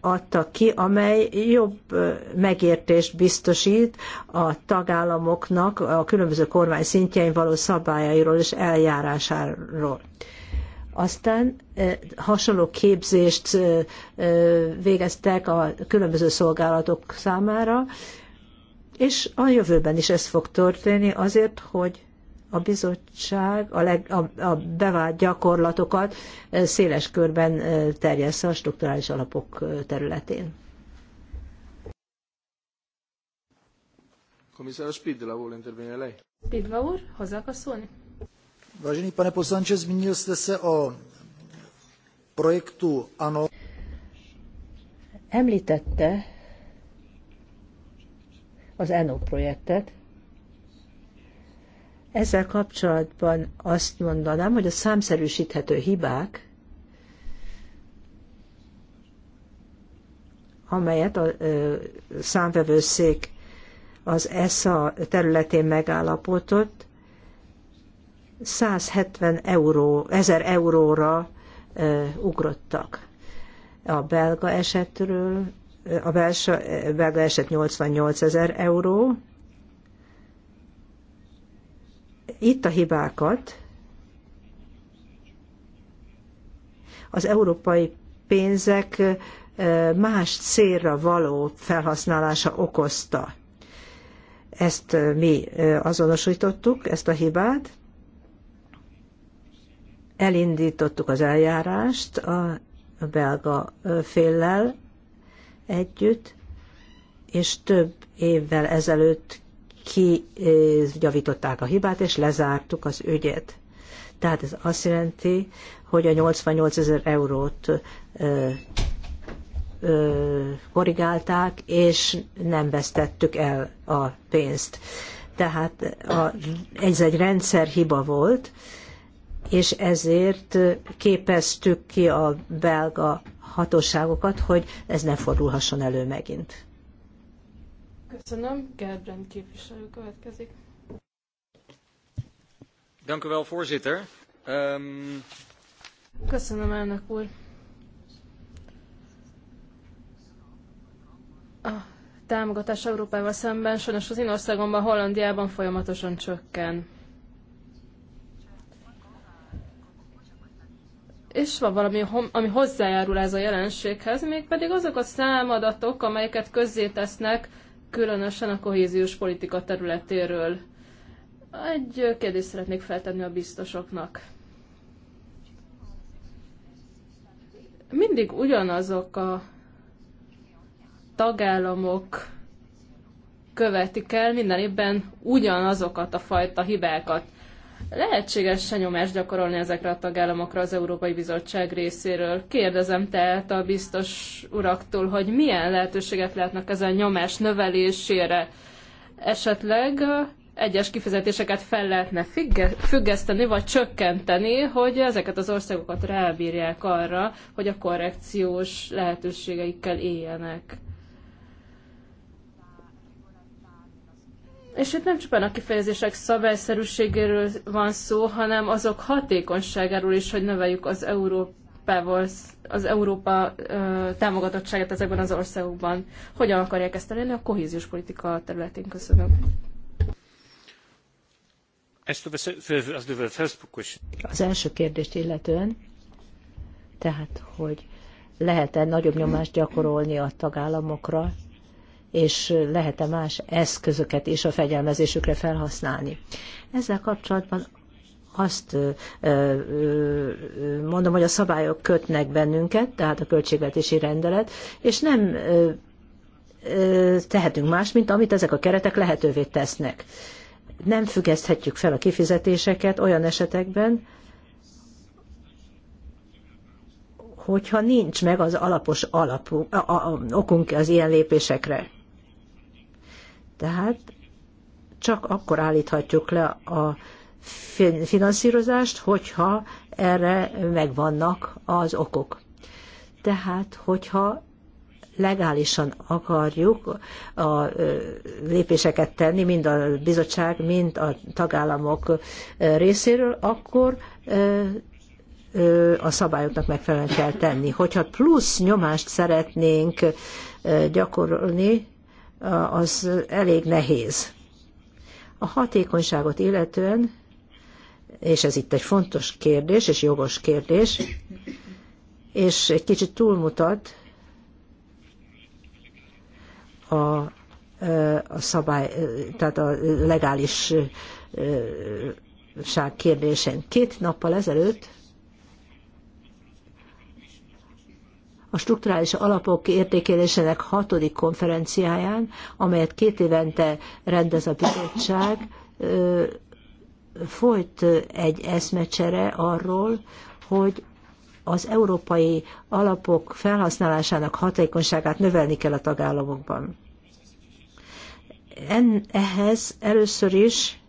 adtak ki, amely jobb megértést biztosít a tagállamoknak a különböző kormány szintjein való szabályairól és eljárásáról. Aztán hasonló képzést végeztek a különböző szolgálatok számára, és a jövőben is ez fog történni azért, hogy a bizottság a, leg, a, a bevált gyakorlatokat eh, széles körben eh, terjessze a strukturális alapok eh, területén. Komisár Spidla, vol intervenire lei. Spidla úr, hozzá akar szólni? Vážený pane poslanče, zmínil jste se o projektu ANO. Említette az ENO projektet. Ezzel kapcsolatban azt mondanám, hogy a számszerűsíthető hibák, amelyet a számvevőszék az ESA területén megállapotott, 170 euró, 1000 euróra ugrottak. A belga esetről a belga eset 88 ezer euró. Itt a hibákat az európai pénzek más célra való felhasználása okozta. Ezt mi azonosítottuk, ezt a hibát, elindítottuk az eljárást a belga féllel, együtt, és több évvel ezelőtt kijavították a hibát, és lezártuk az ügyet. Tehát ez azt jelenti, hogy a 88 ezer eurót ö, ö, korrigálták, és nem vesztettük el a pénzt. Tehát a, ez egy rendszerhiba volt, és ezért képeztük ki a belga hatóságokat, hogy ez ne fordulhasson elő megint. Köszönöm. Gerbrand képviselő következik. Dank u wel, voorzitter. Um... Köszönöm, elnök úr. A támogatás Európával szemben sajnos az én országomban, Hollandiában folyamatosan csökken. és van valami, ami hozzájárul ez a jelenséghez, mégpedig azok a számadatok, amelyeket közzétesznek, különösen a kohéziós politika területéről. Egy kérdést szeretnék feltenni a biztosoknak. Mindig ugyanazok a tagállamok követik el minden évben ugyanazokat a fajta hibákat lehetséges-e nyomást gyakorolni ezekre a tagállamokra az Európai Bizottság részéről? Kérdezem tehát a biztos uraktól, hogy milyen lehetőségek lehetnek ezen nyomás növelésére. Esetleg egyes kifizetéseket fel lehetne függeszteni, vagy csökkenteni, hogy ezeket az országokat rábírják arra, hogy a korrekciós lehetőségeikkel éljenek. És itt nem csupán a kifejezések szabályszerűségéről van szó, hanem azok hatékonyságáról is, hogy növeljük az Európával, az Európa ö, támogatottságát ezekben az országokban. Hogyan akarják ezt elérni a kohéziós politika területén? Köszönöm. Az első kérdést illetően, tehát, hogy lehet-e nagyobb nyomást gyakorolni a tagállamokra, és lehet-e más eszközöket is a fegyelmezésükre felhasználni. Ezzel kapcsolatban azt mondom, hogy a szabályok kötnek bennünket, tehát a költségvetési rendelet, és nem tehetünk más, mint amit ezek a keretek lehetővé tesznek. Nem függeszthetjük fel a kifizetéseket olyan esetekben, hogyha nincs meg az alapos alapú, a, a, okunk az ilyen lépésekre. Tehát csak akkor állíthatjuk le a finanszírozást, hogyha erre megvannak az okok. Tehát, hogyha legálisan akarjuk a lépéseket tenni, mind a bizottság, mind a tagállamok részéről, akkor a szabályoknak megfelelően kell tenni. Hogyha plusz nyomást szeretnénk gyakorolni, az elég nehéz. A hatékonyságot illetően, és ez itt egy fontos kérdés, és jogos kérdés, és egy kicsit túlmutat a, a szabály, tehát a legális ság kérdésén. Két nappal ezelőtt a strukturális alapok értékelésének hatodik konferenciáján, amelyet két évente rendez a bizottság, folyt egy eszmecsere arról, hogy az európai alapok felhasználásának hatékonyságát növelni kell a tagállamokban. En, ehhez először is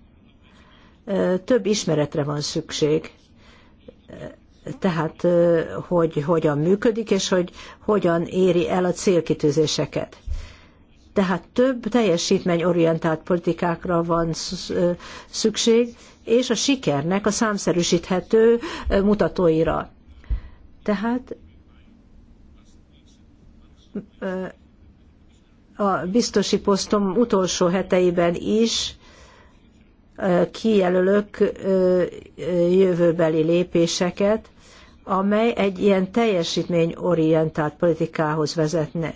több ismeretre van szükség tehát hogy hogyan működik, és hogy hogyan éri el a célkitűzéseket. Tehát több teljesítményorientált politikákra van szükség, és a sikernek a számszerűsíthető mutatóira. Tehát a biztosi posztom utolsó heteiben is kijelölök jövőbeli lépéseket, amely egy ilyen teljesítményorientált politikához vezetne.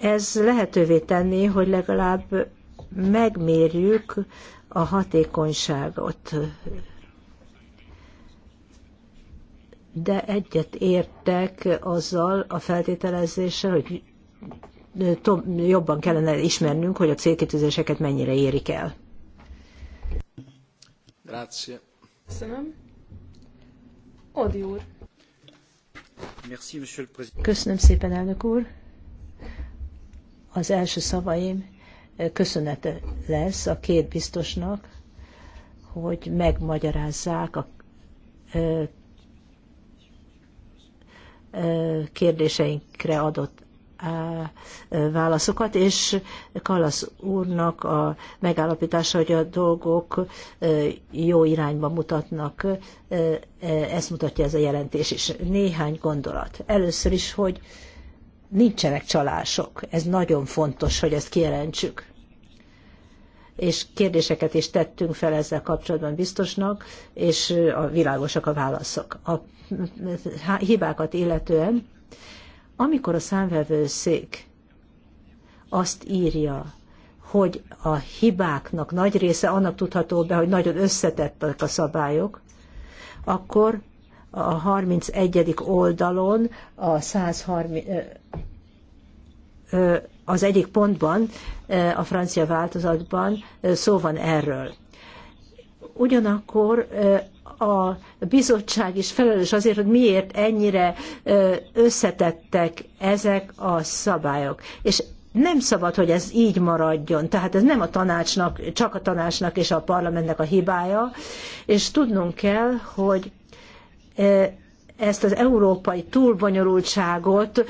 Ez lehetővé tenni, hogy legalább megmérjük a hatékonyságot. De egyet értek azzal a feltételezéssel, hogy jobban kellene ismernünk, hogy a célkitűzéseket mennyire érik el. Grazie. Köszönöm. Odi úr. Köszönöm szépen, elnök úr. Az első szavaim eh, köszönete lesz a két biztosnak, hogy megmagyarázzák a eh, eh, kérdéseinkre adott válaszokat, és Kalasz úrnak a megállapítása, hogy a dolgok jó irányba mutatnak, ezt mutatja ez a jelentés is. Néhány gondolat. Először is, hogy nincsenek csalások. Ez nagyon fontos, hogy ezt kijelentsük. És kérdéseket is tettünk fel ezzel kapcsolatban biztosnak, és a világosak a válaszok. A hibákat illetően amikor a számvevőszék azt írja, hogy a hibáknak nagy része annak tudható be, hogy nagyon összetettek a szabályok, akkor a 31. oldalon a 130, az egyik pontban, a francia változatban szó van erről. Ugyanakkor a bizottság is felelős azért, hogy miért ennyire összetettek ezek a szabályok. És nem szabad, hogy ez így maradjon. Tehát ez nem a tanácsnak, csak a tanácsnak és a parlamentnek a hibája, és tudnunk kell, hogy ezt az európai túlbonyolultságot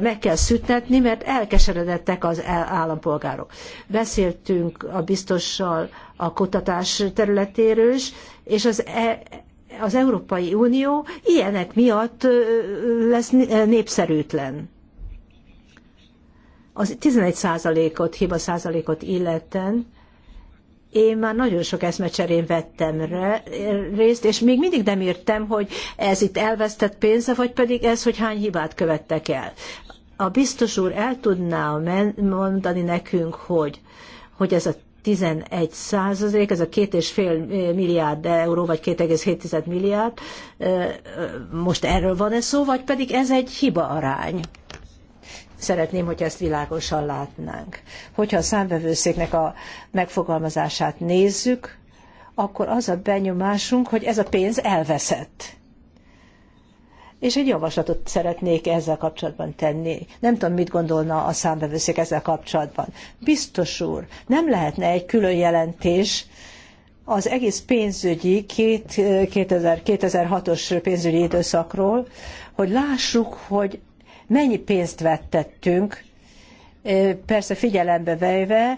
meg kell szüntetni, mert elkeseredettek az állampolgárok. Beszéltünk a biztossal a kutatás területéről is, és az e az Európai Unió ilyenek miatt lesz népszerűtlen. Az 11 százalékot, hiba százalékot illeten én már nagyon sok eszmecserén vettem re, részt, és még mindig nem értem, hogy ez itt elvesztett pénze, vagy pedig ez, hogy hány hibát követtek el. A biztos úr el tudná mondani nekünk, hogy, hogy ez a 11 százalék, ez a 2,5 milliárd euró, vagy 2,7 milliárd, most erről van-e szó, vagy pedig ez egy hiba arány? Szeretném, hogy ezt világosan látnánk. Hogyha a számvevőszéknek a megfogalmazását nézzük, akkor az a benyomásunk, hogy ez a pénz elveszett. És egy javaslatot szeretnék ezzel kapcsolatban tenni. Nem tudom, mit gondolna a számbevőszék ezzel kapcsolatban. Biztos úr, nem lehetne egy külön jelentés az egész pénzügyi 2000, 2006-os eh, pénzügyi időszakról, hogy lássuk, hogy mennyi pénzt vettettünk, persze figyelembe véve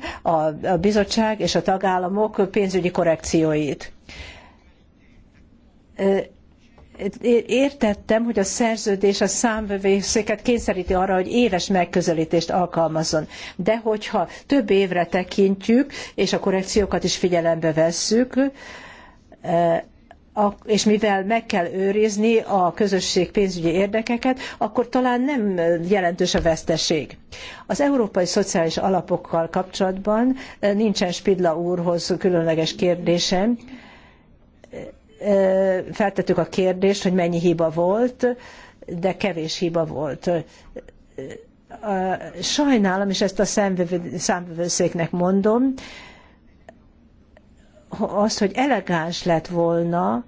a bizottság és a tagállamok pénzügyi korrekcióit. Értettem, hogy a szerződés a számvevőszéket kényszeríti arra, hogy éves megközelítést alkalmazzon. De hogyha több évre tekintjük, és a korrekciókat is figyelembe vesszük, és mivel meg kell őrizni a közösség pénzügyi érdekeket, akkor talán nem jelentős a veszteség. Az európai szociális alapokkal kapcsolatban eh, nincsen Spidla úrhoz különleges kérdésem. Eh, feltettük a kérdést, hogy mennyi hiba volt, de kevés hiba volt. Eh, sajnálom, és ezt a számvevőszéknek mondom, az, hogy elegáns lett volna,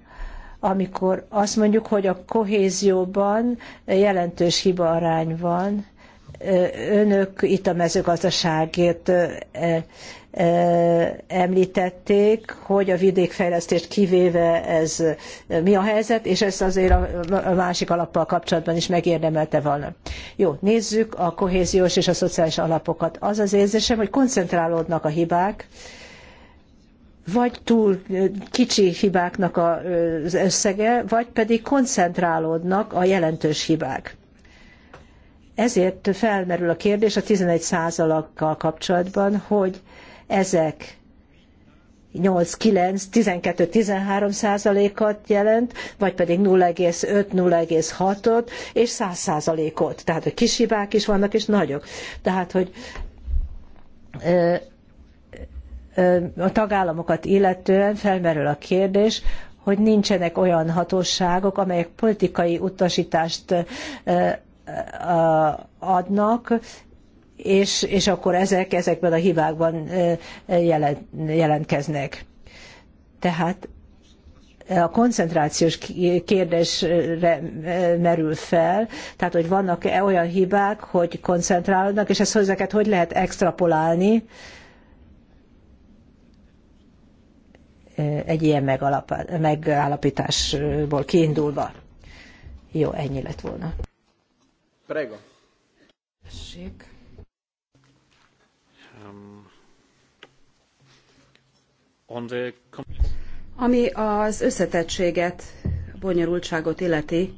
amikor azt mondjuk, hogy a kohézióban jelentős hibaarány van, önök itt a mezőgazdaságért említették, hogy a vidékfejlesztést kivéve ez mi a helyzet, és ezt azért a másik alappal kapcsolatban is megérdemelte volna. Jó, nézzük a kohéziós és a szociális alapokat. Az az érzésem, hogy koncentrálódnak a hibák, vagy túl kicsi hibáknak az összege, vagy pedig koncentrálódnak a jelentős hibák. Ezért felmerül a kérdés a 11 százalakkal kapcsolatban, hogy ezek 8, 9, 12, 13 százalékot jelent, vagy pedig 0,5, 0,6-ot és 100 százalékot. Tehát, hogy kis hibák is vannak, és nagyok. Tehát, hogy a tagállamokat illetően felmerül a kérdés, hogy nincsenek olyan hatóságok, amelyek politikai utasítást adnak, és, és akkor ezek ezekben a hibákban jelentkeznek. Tehát a koncentrációs kérdésre merül fel, tehát hogy vannak -e olyan hibák, hogy koncentrálódnak, és ezt hozzáket hogy lehet extrapolálni, egy ilyen megállapításból kiindulva. Jó, ennyi lett volna. Prego. Tessék. Um, Ami az összetettséget, bonyolultságot illeti,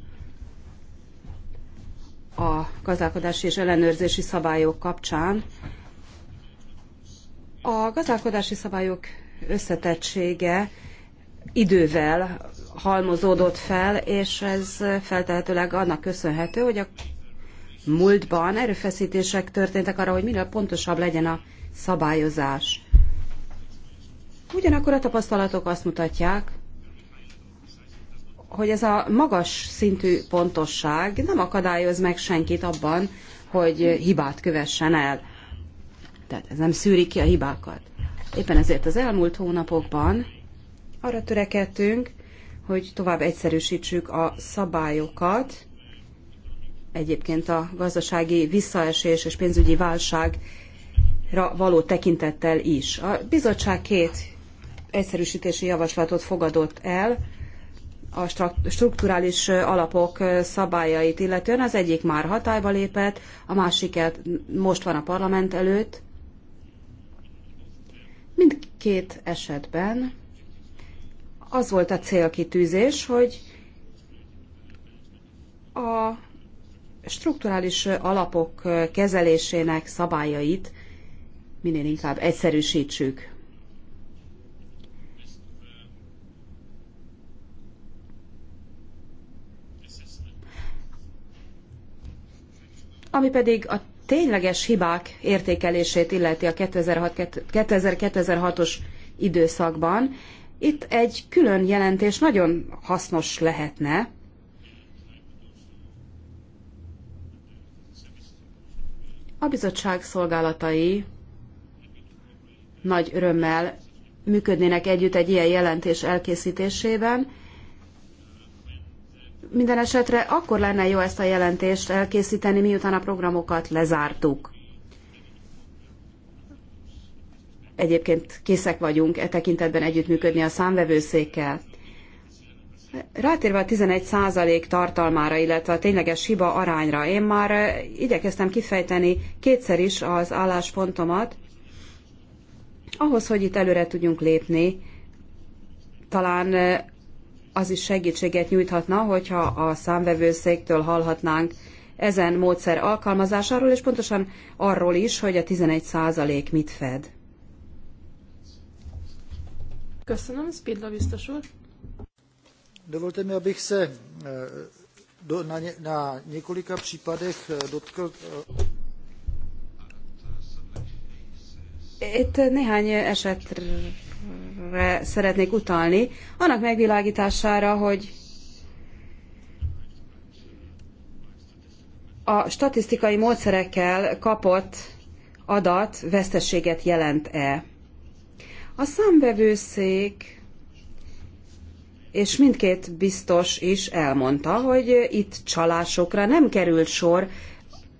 a gazdálkodási és ellenőrzési szabályok kapcsán. A gazdálkodási szabályok összetettsége idővel halmozódott fel, és ez feltehetőleg annak köszönhető, hogy a múltban erőfeszítések történtek arra, hogy minél pontosabb legyen a szabályozás. Ugyanakkor a tapasztalatok azt mutatják, hogy ez a magas szintű pontosság nem akadályoz meg senkit abban, hogy hibát kövessen el. Tehát ez nem szűri ki a hibákat. Éppen ezért az elmúlt hónapokban arra törekedtünk, hogy tovább egyszerűsítsük a szabályokat. Egyébként a gazdasági visszaesés és pénzügyi válságra való tekintettel is. A bizottság két egyszerűsítési javaslatot fogadott el a strukturális alapok szabályait illetően. Az egyik már hatályba lépett, a másiket most van a parlament előtt, Mindkét esetben az volt a célkitűzés, hogy a strukturális alapok kezelésének szabályait minél inkább egyszerűsítsük. Ami pedig a tényleges hibák értékelését illeti a 2006-2006-os időszakban, itt egy külön jelentés nagyon hasznos lehetne, A bizottság szolgálatai nagy örömmel működnének együtt egy ilyen jelentés elkészítésében, minden esetre akkor lenne jó ezt a jelentést elkészíteni, miután a programokat lezártuk. Egyébként készek vagyunk e tekintetben együttműködni a számvevőszékkel. Rátérve a 11% tartalmára, illetve a tényleges hiba arányra, én már igyekeztem kifejteni kétszer is az álláspontomat, ahhoz, hogy itt előre tudjunk lépni, talán az is segítséget nyújthatna, hogyha a számvevőszéktől hallhatnánk ezen módszer alkalmazásáról, és pontosan arról is, hogy a 11% százalék mit fed. Köszönöm, Spidla biztos úr. Dovolte mi, abych se e, do, na, na několika případech e, dotkl... E, Itt néhány esetre erre szeretnék utalni, annak megvilágítására, hogy a statisztikai módszerekkel kapott adat veszteséget jelent-e. A számbevőszék és mindkét biztos is elmondta, hogy itt csalásokra nem került sor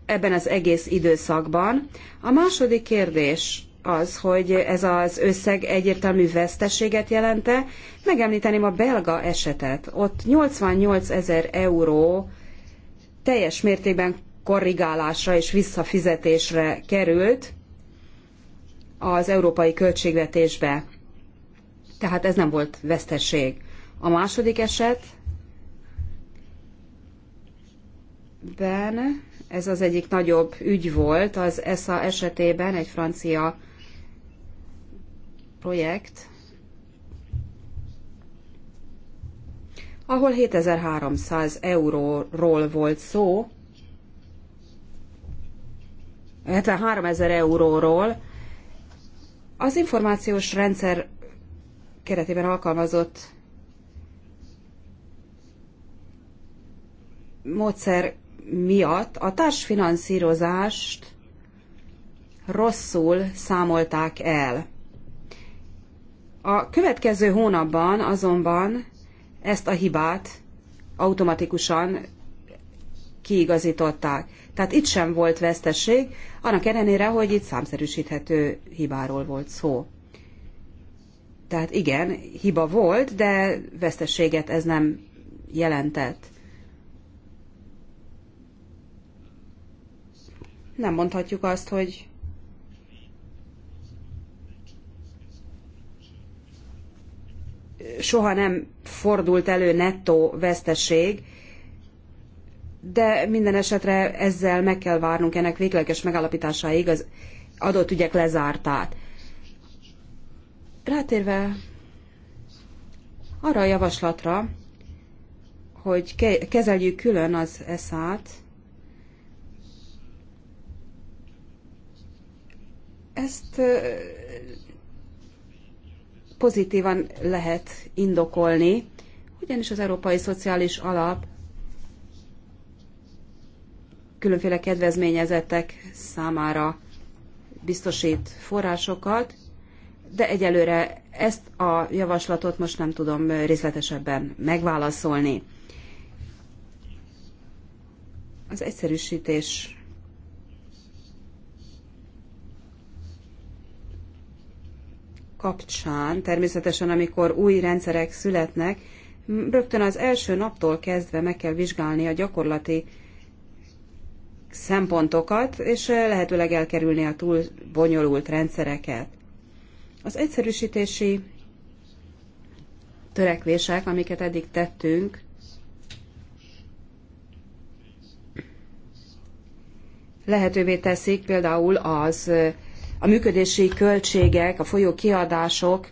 ebben az egész időszakban. A második kérdés az, hogy ez az összeg egyértelmű veszteséget jelente. Megemlíteném a belga esetet. Ott 88 ezer euró teljes mértékben korrigálásra és visszafizetésre került az európai költségvetésbe. Tehát ez nem volt veszteség. A második esetben ez az egyik nagyobb ügy volt, az ESA esetében egy francia projekt, ahol 7300 euróról volt szó, 73 ezer euróról, az információs rendszer keretében alkalmazott módszer miatt a társfinanszírozást rosszul számolták el. A következő hónapban azonban ezt a hibát automatikusan kiigazították. Tehát itt sem volt veszteség, annak ellenére, hogy itt számszerűsíthető hibáról volt szó. Tehát igen, hiba volt, de vesztességet ez nem jelentett. Nem mondhatjuk azt, hogy soha nem fordult elő nettó veszteség, de minden esetre ezzel meg kell várnunk ennek végleges megállapításáig az adott ügyek lezártát. Rátérve arra a javaslatra, hogy kezeljük külön az eszát, ezt pozitívan lehet indokolni, ugyanis az Európai Szociális Alap különféle kedvezményezettek számára biztosít forrásokat, de egyelőre ezt a javaslatot most nem tudom részletesebben megválaszolni. Az egyszerűsítés kapcsán, természetesen amikor új rendszerek születnek, rögtön az első naptól kezdve meg kell vizsgálni a gyakorlati szempontokat, és lehetőleg elkerülni a túl bonyolult rendszereket. Az egyszerűsítési törekvések, amiket eddig tettünk, lehetővé teszik például az a működési költségek, a folyó kiadások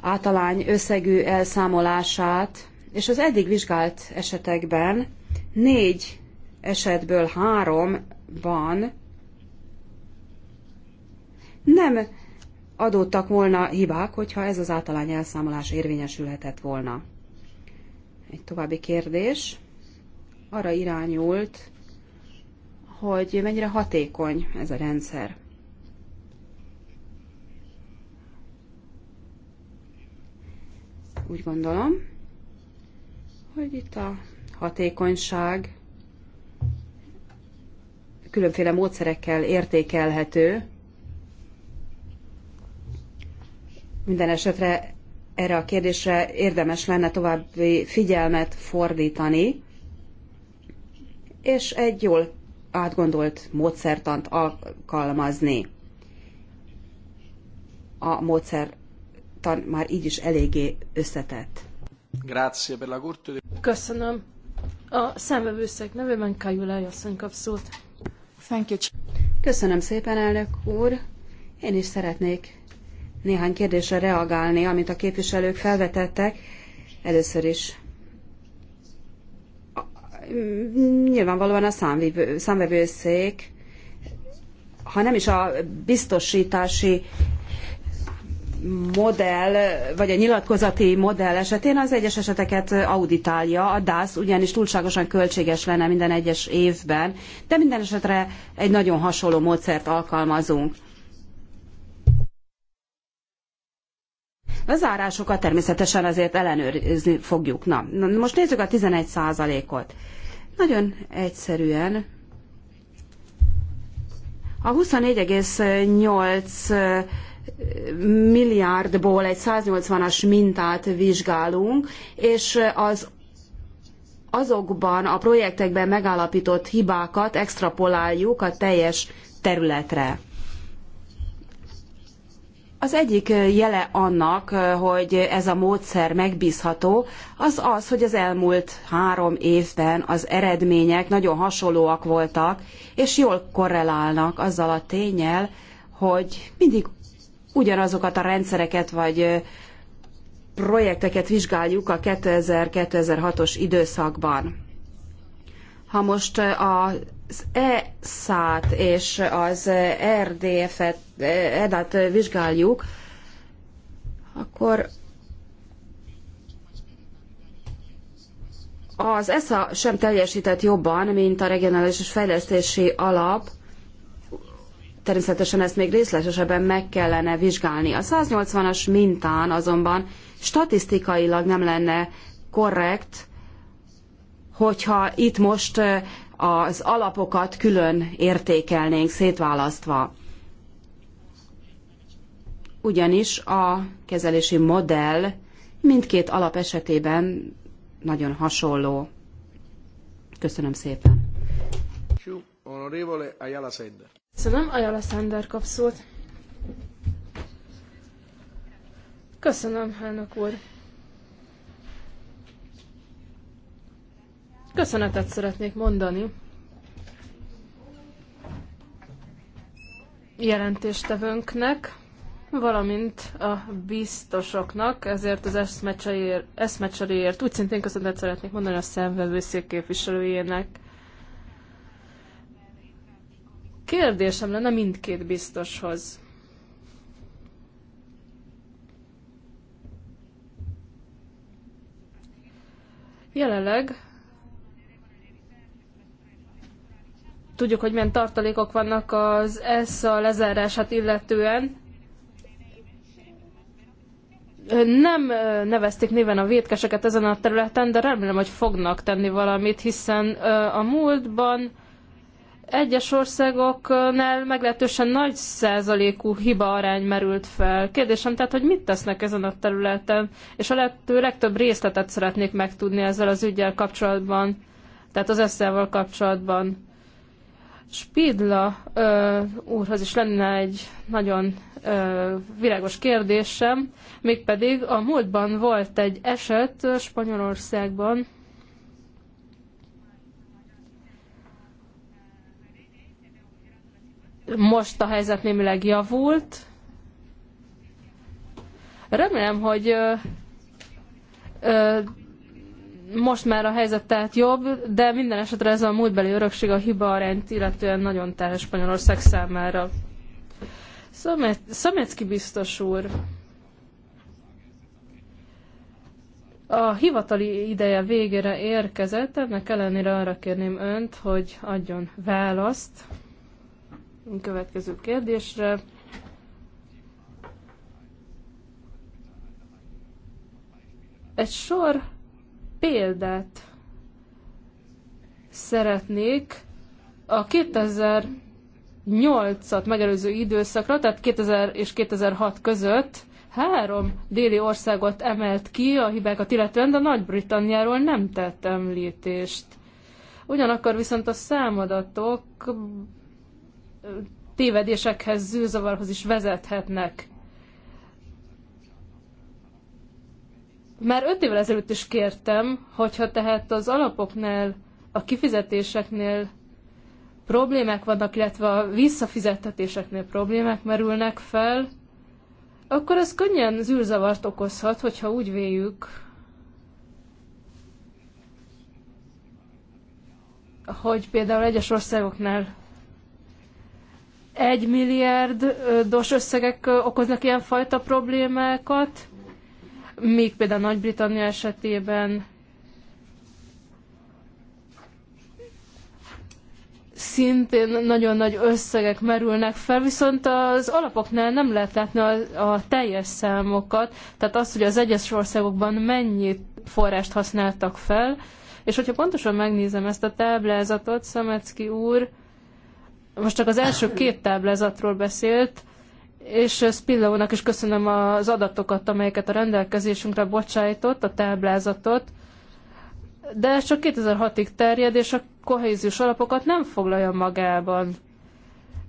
általány összegű elszámolását, és az eddig vizsgált esetekben négy esetből háromban nem adódtak volna hibák, hogyha ez az általány elszámolás érvényesülhetett volna. Egy további kérdés arra irányult, hogy mennyire hatékony ez a rendszer. úgy gondolom, hogy itt a hatékonyság különféle módszerekkel értékelhető. Minden esetre erre a kérdésre érdemes lenne további figyelmet fordítani, és egy jól átgondolt módszertant alkalmazni. A módszer tan már így is eléggé összetett. Köszönöm. A számvevőszék nevében Kajulai asszony kap szót. Thank you. Köszönöm szépen, elnök úr. Én is szeretnék néhány kérdésre reagálni, amit a képviselők felvetettek. Először is mm, nyilvánvalóan a számvevőszék, ha nem is a biztosítási modell, vagy a nyilatkozati modell esetén az egyes eseteket auditálja a DASZ, ugyanis túlságosan költséges lenne minden egyes évben, de minden esetre egy nagyon hasonló módszert alkalmazunk. A zárásokat természetesen azért ellenőrizni fogjuk. Na, most nézzük a 11 ot Nagyon egyszerűen a 24,8 milliárdból egy 180-as mintát vizsgálunk, és az azokban a projektekben megállapított hibákat extrapoláljuk a teljes területre. Az egyik jele annak, hogy ez a módszer megbízható, az az, hogy az elmúlt három évben az eredmények nagyon hasonlóak voltak, és jól korrelálnak azzal a tényel, hogy mindig ugyanazokat a rendszereket vagy projekteket vizsgáljuk a 2000-2006-os időszakban. Ha most az ESZ-t és az e RDF-et, eda vizsgáljuk, akkor az ESZA sem teljesített jobban, mint a regionális és fejlesztési alap, Természetesen ezt még részletesebben meg kellene vizsgálni. A 180-as mintán azonban statisztikailag nem lenne korrekt, hogyha itt most az alapokat külön értékelnénk, szétválasztva. Ugyanis a kezelési modell mindkét alap esetében nagyon hasonló. Köszönöm szépen. Köszönöm, Ajala Sander kap szót. Köszönöm, elnök úr. Köszönetet szeretnék mondani. Jelentéstevőnknek, valamint a biztosoknak, ezért az eszmecseréért, eszmecseréért úgy szintén köszönetet szeretnék mondani a szemvevőszék képviselőjének. Kérdésem lenne mindkét biztoshoz. Jelenleg tudjuk, hogy milyen tartalékok vannak az ESZA lezárását illetően. Nem nevezték néven a vétkeseket ezen a területen, de remélem, hogy fognak tenni valamit, hiszen a múltban egyes országoknál meglehetősen nagy százalékú hiba arány merült fel. Kérdésem tehát, hogy mit tesznek ezen a területen, és a lehető legtöbb részletet szeretnék megtudni ezzel az ügyel kapcsolatban, tehát az eszel kapcsolatban. Spidla ö, úrhoz is lenne egy nagyon ö, virágos kérdésem, mégpedig a múltban volt egy eset Spanyolországban, Most a helyzet némileg javult. Remélem, hogy ö, ö, most már a helyzet tehát jobb, de minden esetre ez a múltbeli örökség a hiba arányt illetően nagyon terhes Spanyolország számára. Szamecki biztos úr, a hivatali ideje végére érkezett, ennek ellenére arra kérném önt, hogy adjon választ következő kérdésre. Egy sor példát szeretnék a 2008-at megelőző időszakra, tehát 2000 és 2006 között három déli országot emelt ki a hibákat illetően, de Nagy-Britanniáról nem tett említést. Ugyanakkor viszont a számadatok tévedésekhez, zűrzavarhoz is vezethetnek. Már öt évvel ezelőtt is kértem, hogyha tehát az alapoknál, a kifizetéseknél problémák vannak, illetve a visszafizettetéseknél problémák merülnek fel, akkor ez könnyen zűrzavart okozhat, hogyha úgy véljük, hogy például egyes országoknál egy dos összegek okoznak ilyen fajta problémákat, míg például Nagy-Britannia esetében szintén nagyon nagy összegek merülnek fel, viszont az alapoknál nem lehet látni a, a teljes számokat, tehát azt, hogy az egyes országokban mennyi forrást használtak fel, és hogyha pontosan megnézem ezt a táblázatot, Szemecki úr, most csak az első két táblázatról beszélt, és Spillónak is köszönöm az adatokat, amelyeket a rendelkezésünkre bocsájtott, a táblázatot, de ez csak 2006-ig terjed, és a kohéziós alapokat nem foglalja magában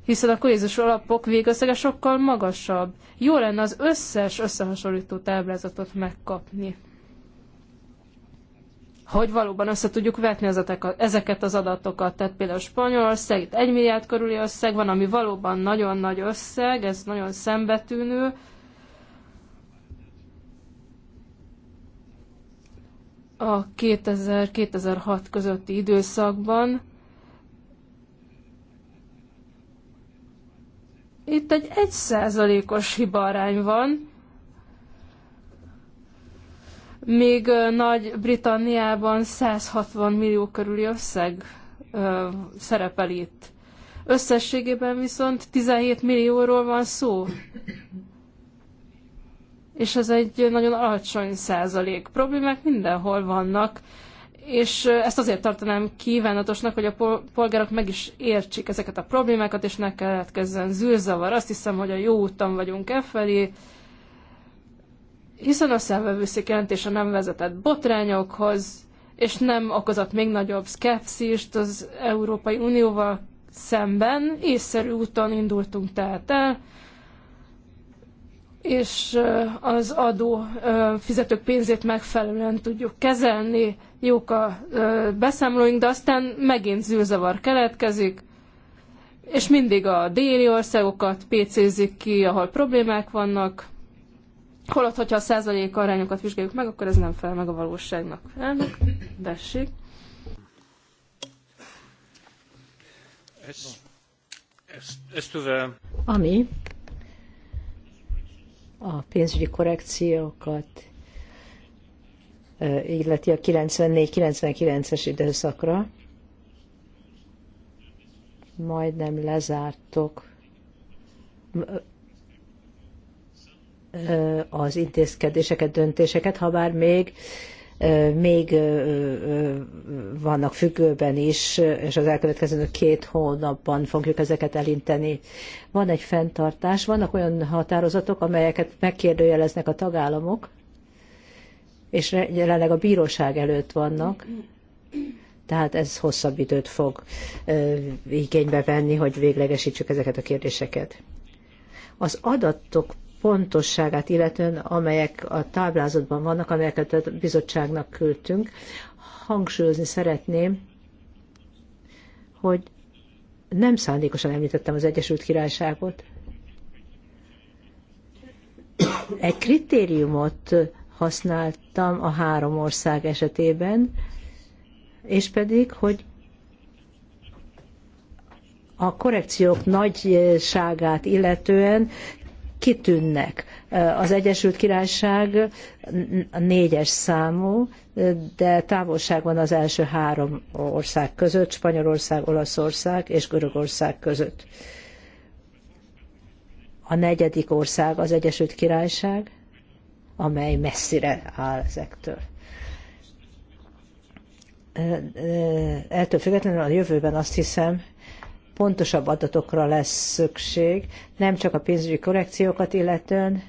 hiszen a kohéziós alapok végösszege sokkal magasabb. Jó lenne az összes összehasonlító táblázatot megkapni hogy valóban össze tudjuk vetni ezeket az adatokat. Tehát például Spanyolország, itt egy milliárd körüli összeg van, ami valóban nagyon nagy összeg, ez nagyon szembetűnő. A 2000-2006 közötti időszakban itt egy 1%-os hibaarány van, még Nagy-Britanniában 160 millió körüli összeg ö, szerepel itt. Összességében viszont 17 millióról van szó. És ez egy nagyon alacsony százalék. Problémák mindenhol vannak, és ezt azért tartanám kívánatosnak, hogy a polgárok meg is értsék ezeket a problémákat, és ne keletkezzen zűrzavar. Azt hiszem, hogy a jó úton vagyunk e felé hiszen a szemvevőszék jelentése nem vezetett botrányokhoz, és nem okozott még nagyobb szkepszist az Európai Unióval szemben. Észszerű úton indultunk tehát el, és az adó fizetők pénzét megfelelően tudjuk kezelni, jók a beszámolóink, de aztán megint zűrzavar keletkezik, és mindig a déli országokat pécézik ki, ahol problémák vannak, Holott, hogyha a százalék arányokat vizsgáljuk meg, akkor ez nem fel meg a valóságnak. Elnök, tessék. Ami a pénzügyi korrekciókat illeti a 94-99-es időszakra, majdnem lezártok az intézkedéseket, döntéseket, ha bár még még vannak függőben is, és az elkövetkező két hónapban fogjuk ezeket elinteni. Van egy fenntartás, vannak olyan határozatok, amelyeket megkérdőjeleznek a tagállamok, és jelenleg a bíróság előtt vannak, tehát ez hosszabb időt fog igénybe venni, hogy véglegesítsük ezeket a kérdéseket. Az adatok pontosságát illetően, amelyek a táblázatban vannak, amelyeket a bizottságnak küldtünk, hangsúlyozni szeretném, hogy nem szándékosan említettem az Egyesült Királyságot. Egy kritériumot használtam a három ország esetében, és pedig, hogy a korrekciók nagyságát illetően kitűnnek. Az Egyesült Királyság négyes számú, de távolság van az első három ország között, Spanyolország, Olaszország és Görögország között. A negyedik ország az Egyesült Királyság, amely messzire áll ezektől. Ettől függetlenül a jövőben azt hiszem, pontosabb adatokra lesz szükség, nem csak a pénzügyi korrekciókat illetően,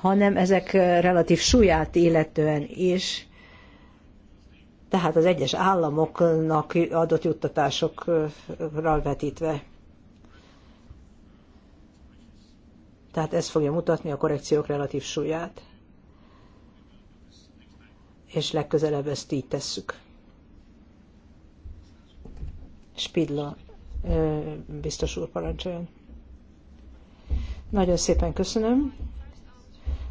hanem ezek relatív súlyát illetően is, tehát az egyes államoknak adott juttatásokra vetítve. Tehát ez fogja mutatni a korrekciók relatív súlyát. És legközelebb ezt így tesszük. Spidla Biztos úr parancsoljon. Nagyon szépen köszönöm.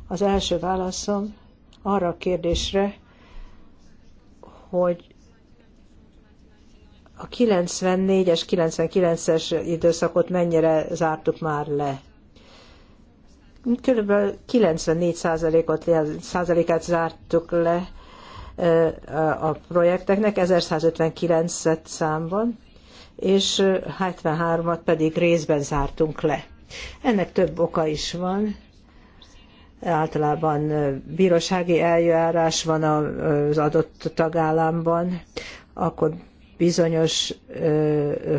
Az első válaszom arra a kérdésre, hogy a 94-es, 99-es időszakot mennyire zártuk már le? Körülbelül 94%-át zártuk le a projekteknek, 1159 számban, és 73-at pedig részben zártunk le. Ennek több oka is van. Általában bírósági eljárás van az adott tagállamban, akkor bizonyos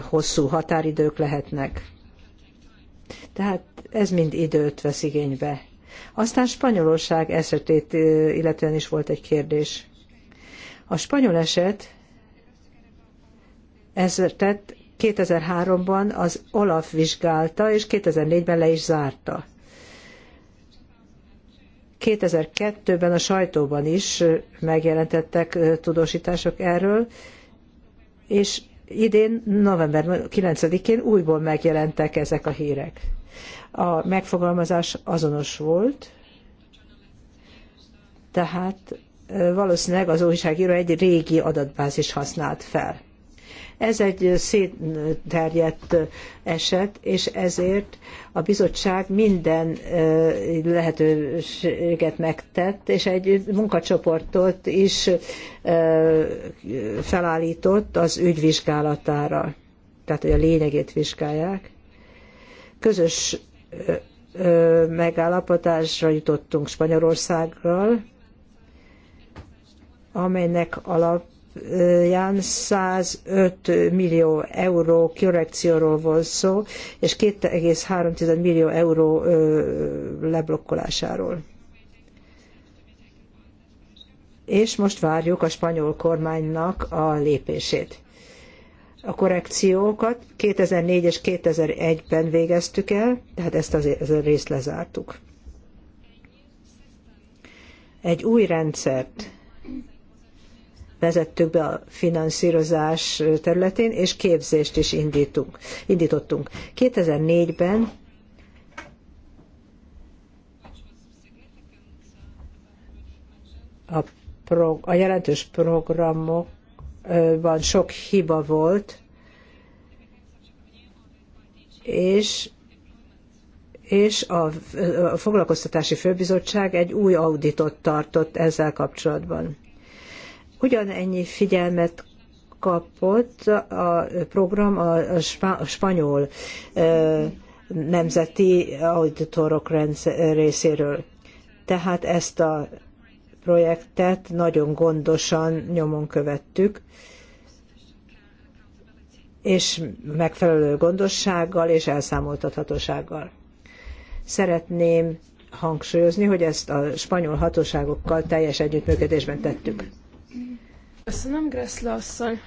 hosszú határidők lehetnek. Tehát ez mind időt vesz igénybe. Aztán spanyolosság esetét illetően is volt egy kérdés. A spanyol eset ezért 2003-ban az Olaf vizsgálta, és 2004-ben le is zárta. 2002-ben a sajtóban is megjelentettek tudósítások erről, és idén, november 9-én újból megjelentek ezek a hírek. A megfogalmazás azonos volt, tehát valószínűleg az újságíró egy régi adatbázis használt fel. Ez egy szétterjedt eset, és ezért a bizottság minden lehetőséget megtett, és egy munkacsoportot is felállított az ügy vizsgálatára, tehát hogy a lényegét vizsgálják. Közös megállapodásra jutottunk Spanyolországgal, amelynek alap alapján 105 millió euró korrekcióról volt szó, és 2,3 millió euró leblokkolásáról. És most várjuk a spanyol kormánynak a lépését. A korrekciókat 2004 és 2001-ben végeztük el, tehát ezt az részt lezártuk. Egy új rendszert vezettük be a finanszírozás területén, és képzést is indítunk, indítottunk. 2004-ben a, pro, a jelentős programokban sok hiba volt, és és a, foglalkoztatási főbizottság egy új auditot tartott ezzel kapcsolatban. Ugyanennyi figyelmet kapott a program a, spanyol nemzeti auditorok részéről. Tehát ezt a projektet nagyon gondosan nyomon követtük, és megfelelő gondossággal és elszámoltathatósággal. Szeretném hangsúlyozni, hogy ezt a spanyol hatóságokkal teljes együttműködésben tettük. Köszönöm, Greszle asszony.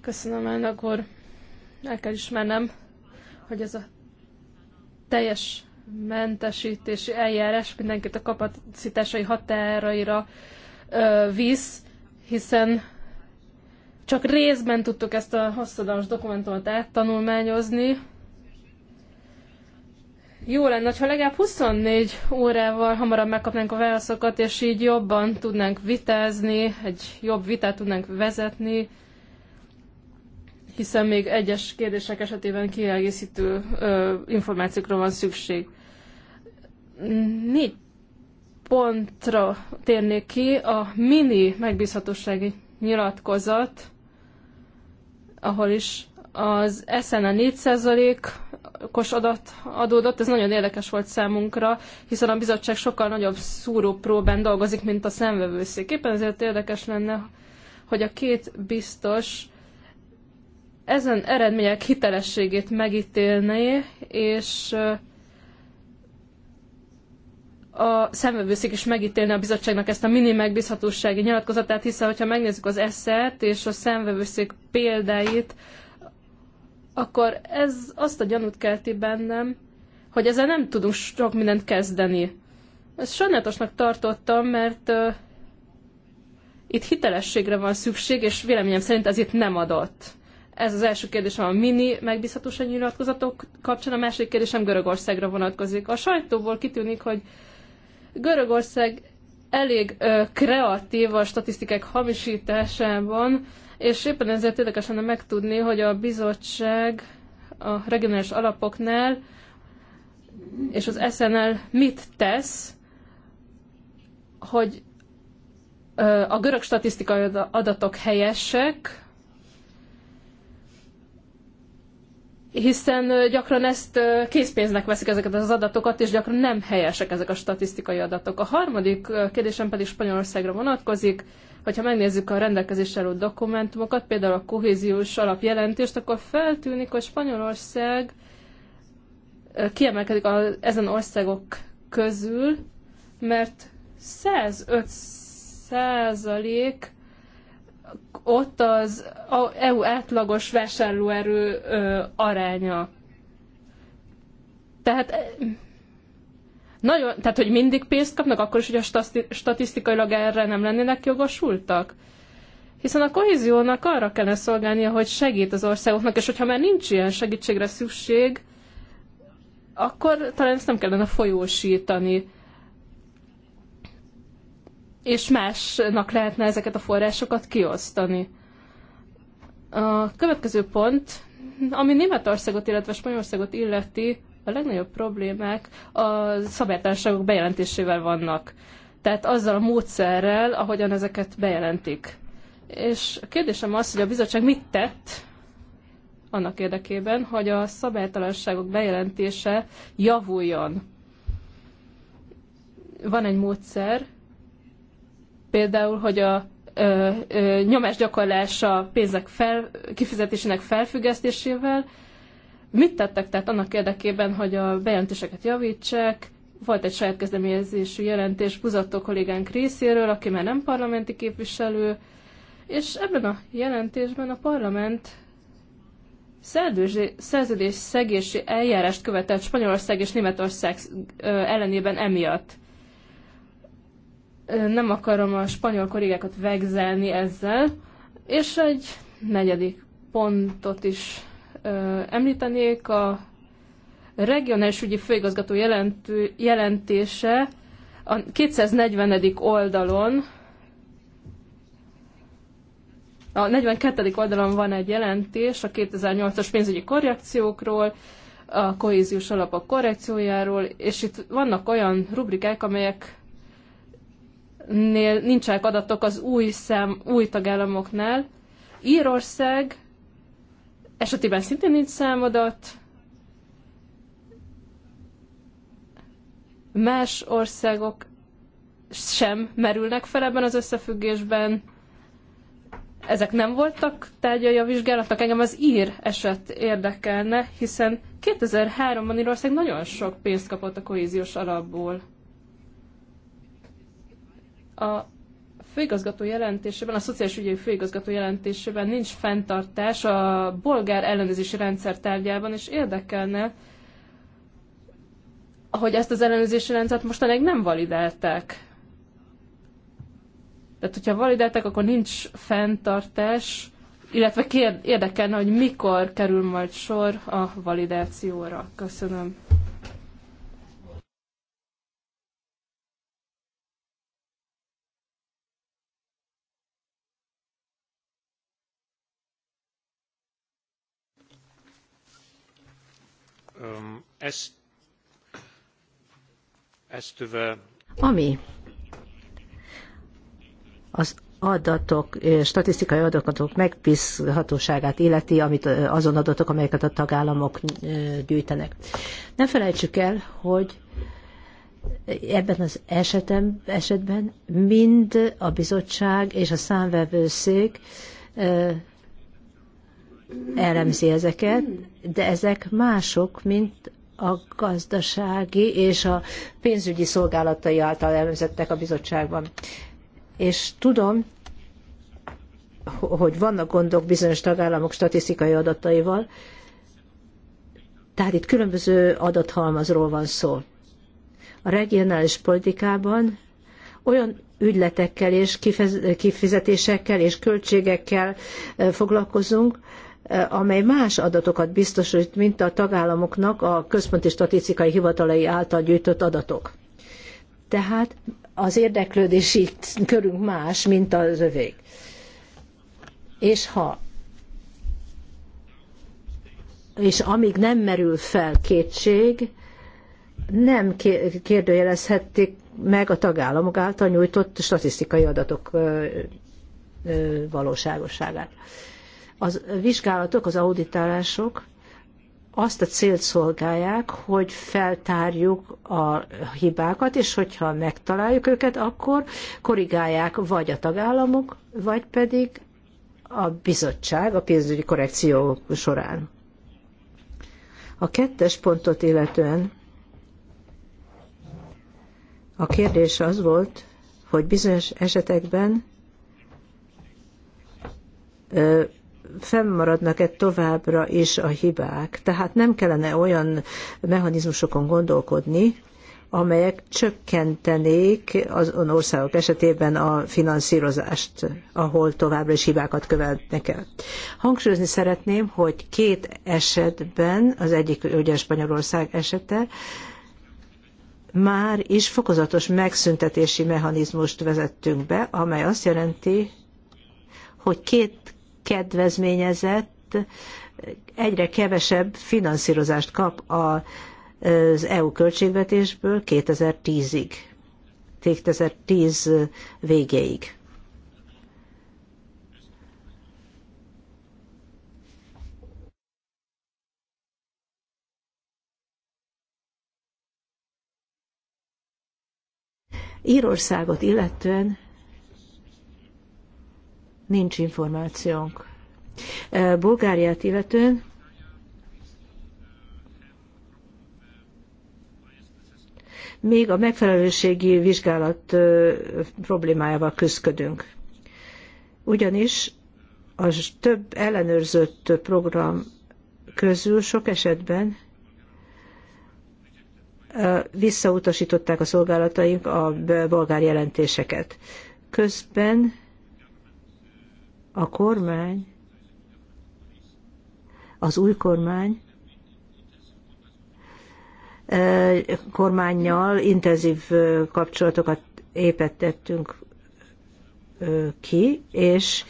Köszönöm, elnök úr. El kell ismernem, hogy ez a teljes mentesítési eljárás mindenkit a kapacitásai határaira ö, visz, hiszen csak részben tudtuk ezt a hosszadalmas dokumentumot áttanulmányozni, jó lenne, ha legalább 24 órával hamarabb megkapnánk a válaszokat, és így jobban tudnánk vitázni, egy jobb vitát tudnánk vezetni, hiszen még egyes kérdések esetében kiegészítő ö, információkra van szükség. Négy pontra térnék ki a mini megbízhatósági nyilatkozat, ahol is az SNN 4% kos adat adódott. Ez nagyon érdekes volt számunkra, hiszen a bizottság sokkal nagyobb próbán dolgozik, mint a szemvevőszék. Éppen ezért érdekes lenne, hogy a két biztos ezen eredmények hitelességét megítélné, és a szemvevőszék is megítélni a bizottságnak ezt a mini megbízhatósági nyilatkozatát, hiszen hogyha megnézzük az eszet és a szemvevőszék példáit, akkor ez azt a gyanút kelti bennem, hogy ezzel nem tudunk sok mindent kezdeni. Ezt sajnálatosnak tartottam, mert uh, itt hitelességre van szükség, és véleményem szerint ez itt nem adott. Ez az első kérdésem a mini megbízhatósági nyilatkozatok kapcsán, a másik kérdésem Görögországra vonatkozik. A sajtóból kitűnik, hogy Görögország elég uh, kreatív a statisztikák hamisításában, és éppen ezért érdekes lenne megtudni, hogy a bizottság a regionális alapoknál és az SNL mit tesz, hogy a görög statisztikai adatok helyesek, hiszen gyakran ezt készpénznek veszik ezeket az adatokat, és gyakran nem helyesek ezek a statisztikai adatok. A harmadik kérdésem pedig Spanyolországra vonatkozik. Hogyha megnézzük a rendelkezés álló dokumentumokat, például a kohéziós alapjelentést, akkor feltűnik, hogy Spanyolország kiemelkedik a, ezen országok közül, mert 105 százalék ott az EU átlagos vásárlóerő aránya. Tehát nagyon, tehát, hogy mindig pénzt kapnak, akkor is, hogy a statisztikailag erre nem lennének jogosultak? Hiszen a kohéziónak arra kellene szolgálnia, hogy segít az országoknak, és hogyha már nincs ilyen segítségre szükség, akkor talán ezt nem kellene folyósítani. És másnak lehetne ezeket a forrásokat kiosztani. A következő pont, ami Németországot, illetve Spanyolországot illeti, a legnagyobb problémák a szabálytárságok bejelentésével vannak. Tehát azzal a módszerrel, ahogyan ezeket bejelentik. És a kérdésem az, hogy a bizottság mit tett annak érdekében, hogy a szabálytalanságok bejelentése javuljon. Van egy módszer, például, hogy a ö, ö, nyomás gyakorlása pénzek fel, kifizetésének felfüggesztésével, Mit tettek tehát annak érdekében, hogy a bejelentéseket javítsák? Volt egy saját kezdeményezésű jelentés Buzattó kollégánk részéről, aki már nem parlamenti képviselő, és ebben a jelentésben a parlament szerződés szegési eljárást követett Spanyolország és Németország ellenében emiatt. Nem akarom a spanyol kollégákat vegzelni ezzel. És egy negyedik pontot is említenék. A regionális ügyi főigazgató jelentő, jelentése a 240. oldalon, a 42. oldalon van egy jelentés a 2008-as pénzügyi korrekciókról, a kohéziós alapok korrekciójáról, és itt vannak olyan rubrikák, amelyek nincsenek adatok az új szem, új tagállamoknál. Írország esetében szintén nincs számodat. Más országok sem merülnek fel ebben az összefüggésben. Ezek nem voltak tárgyai a vizsgálatnak, engem az ír eset érdekelne, hiszen 2003-ban Írország nagyon sok pénzt kapott a kohéziós alapból. A főigazgató jelentésében, a szociális ügyi főigazgató jelentésében nincs fenntartás a bolgár ellenőrzési rendszer tárgyában, és érdekelne, hogy ezt az ellenőrzési rendszert mostanáig nem validálták. Tehát, hogyha validálták, akkor nincs fenntartás, illetve érdekelne, hogy mikor kerül majd sor a validációra. Köszönöm. Ami az adatok, statisztikai adatok megbízhatóságát illeti, amit azon adatok, amelyeket a tagállamok gyűjtenek. Ne felejtsük el, hogy ebben az esetem, esetben mind a bizottság és a számvevőszék elemzi ezeket, de ezek mások, mint a gazdasági és a pénzügyi szolgálatai által elemzettek a bizottságban. És tudom, hogy vannak gondok bizonyos tagállamok statisztikai adataival, tehát itt különböző adathalmazról van szó. A regionális politikában olyan ügyletekkel és kifizetésekkel és költségekkel eh, foglalkozunk, Eh, amely más adatokat biztosít, mint a tagállamoknak a központi statisztikai hivatalai által gyűjtött adatok. Tehát az érdeklődési körünk más, mint az övék. És ha és amíg nem merül fel kétség, nem kérdőjelezhették meg a tagállamok által nyújtott statisztikai adatok eh, eh, valóságosságát az vizsgálatok, az auditálások azt a célt szolgálják, hogy feltárjuk a hibákat, és hogyha megtaláljuk őket, akkor korrigálják vagy a tagállamok, vagy pedig a bizottság a pénzügyi korrekció során. A kettes pontot illetően a kérdés az volt, hogy bizonyos esetekben fennmaradnak-e továbbra is a hibák. Tehát nem kellene olyan mechanizmusokon gondolkodni, amelyek csökkentenék azon országok esetében a finanszírozást, ahol továbbra is hibákat követnek el. Hangsúlyozni szeretném, hogy két esetben, az egyik ugye Spanyolország esete, már is fokozatos megszüntetési mechanizmust vezettünk be, amely azt jelenti, hogy két kedvezményezett egyre kevesebb finanszírozást kap az EU költségvetésből 2010-ig, 2010 végéig. Írországot illetően nincs információnk. Bulgáriát illetően még a megfelelőségi vizsgálat problémájával küzdködünk. Ugyanis a több ellenőrzött program közül sok esetben visszautasították a szolgálataink a bolgár jelentéseket. Közben a kormány, az új kormány kormányjal intenzív kapcsolatokat építettünk ki, és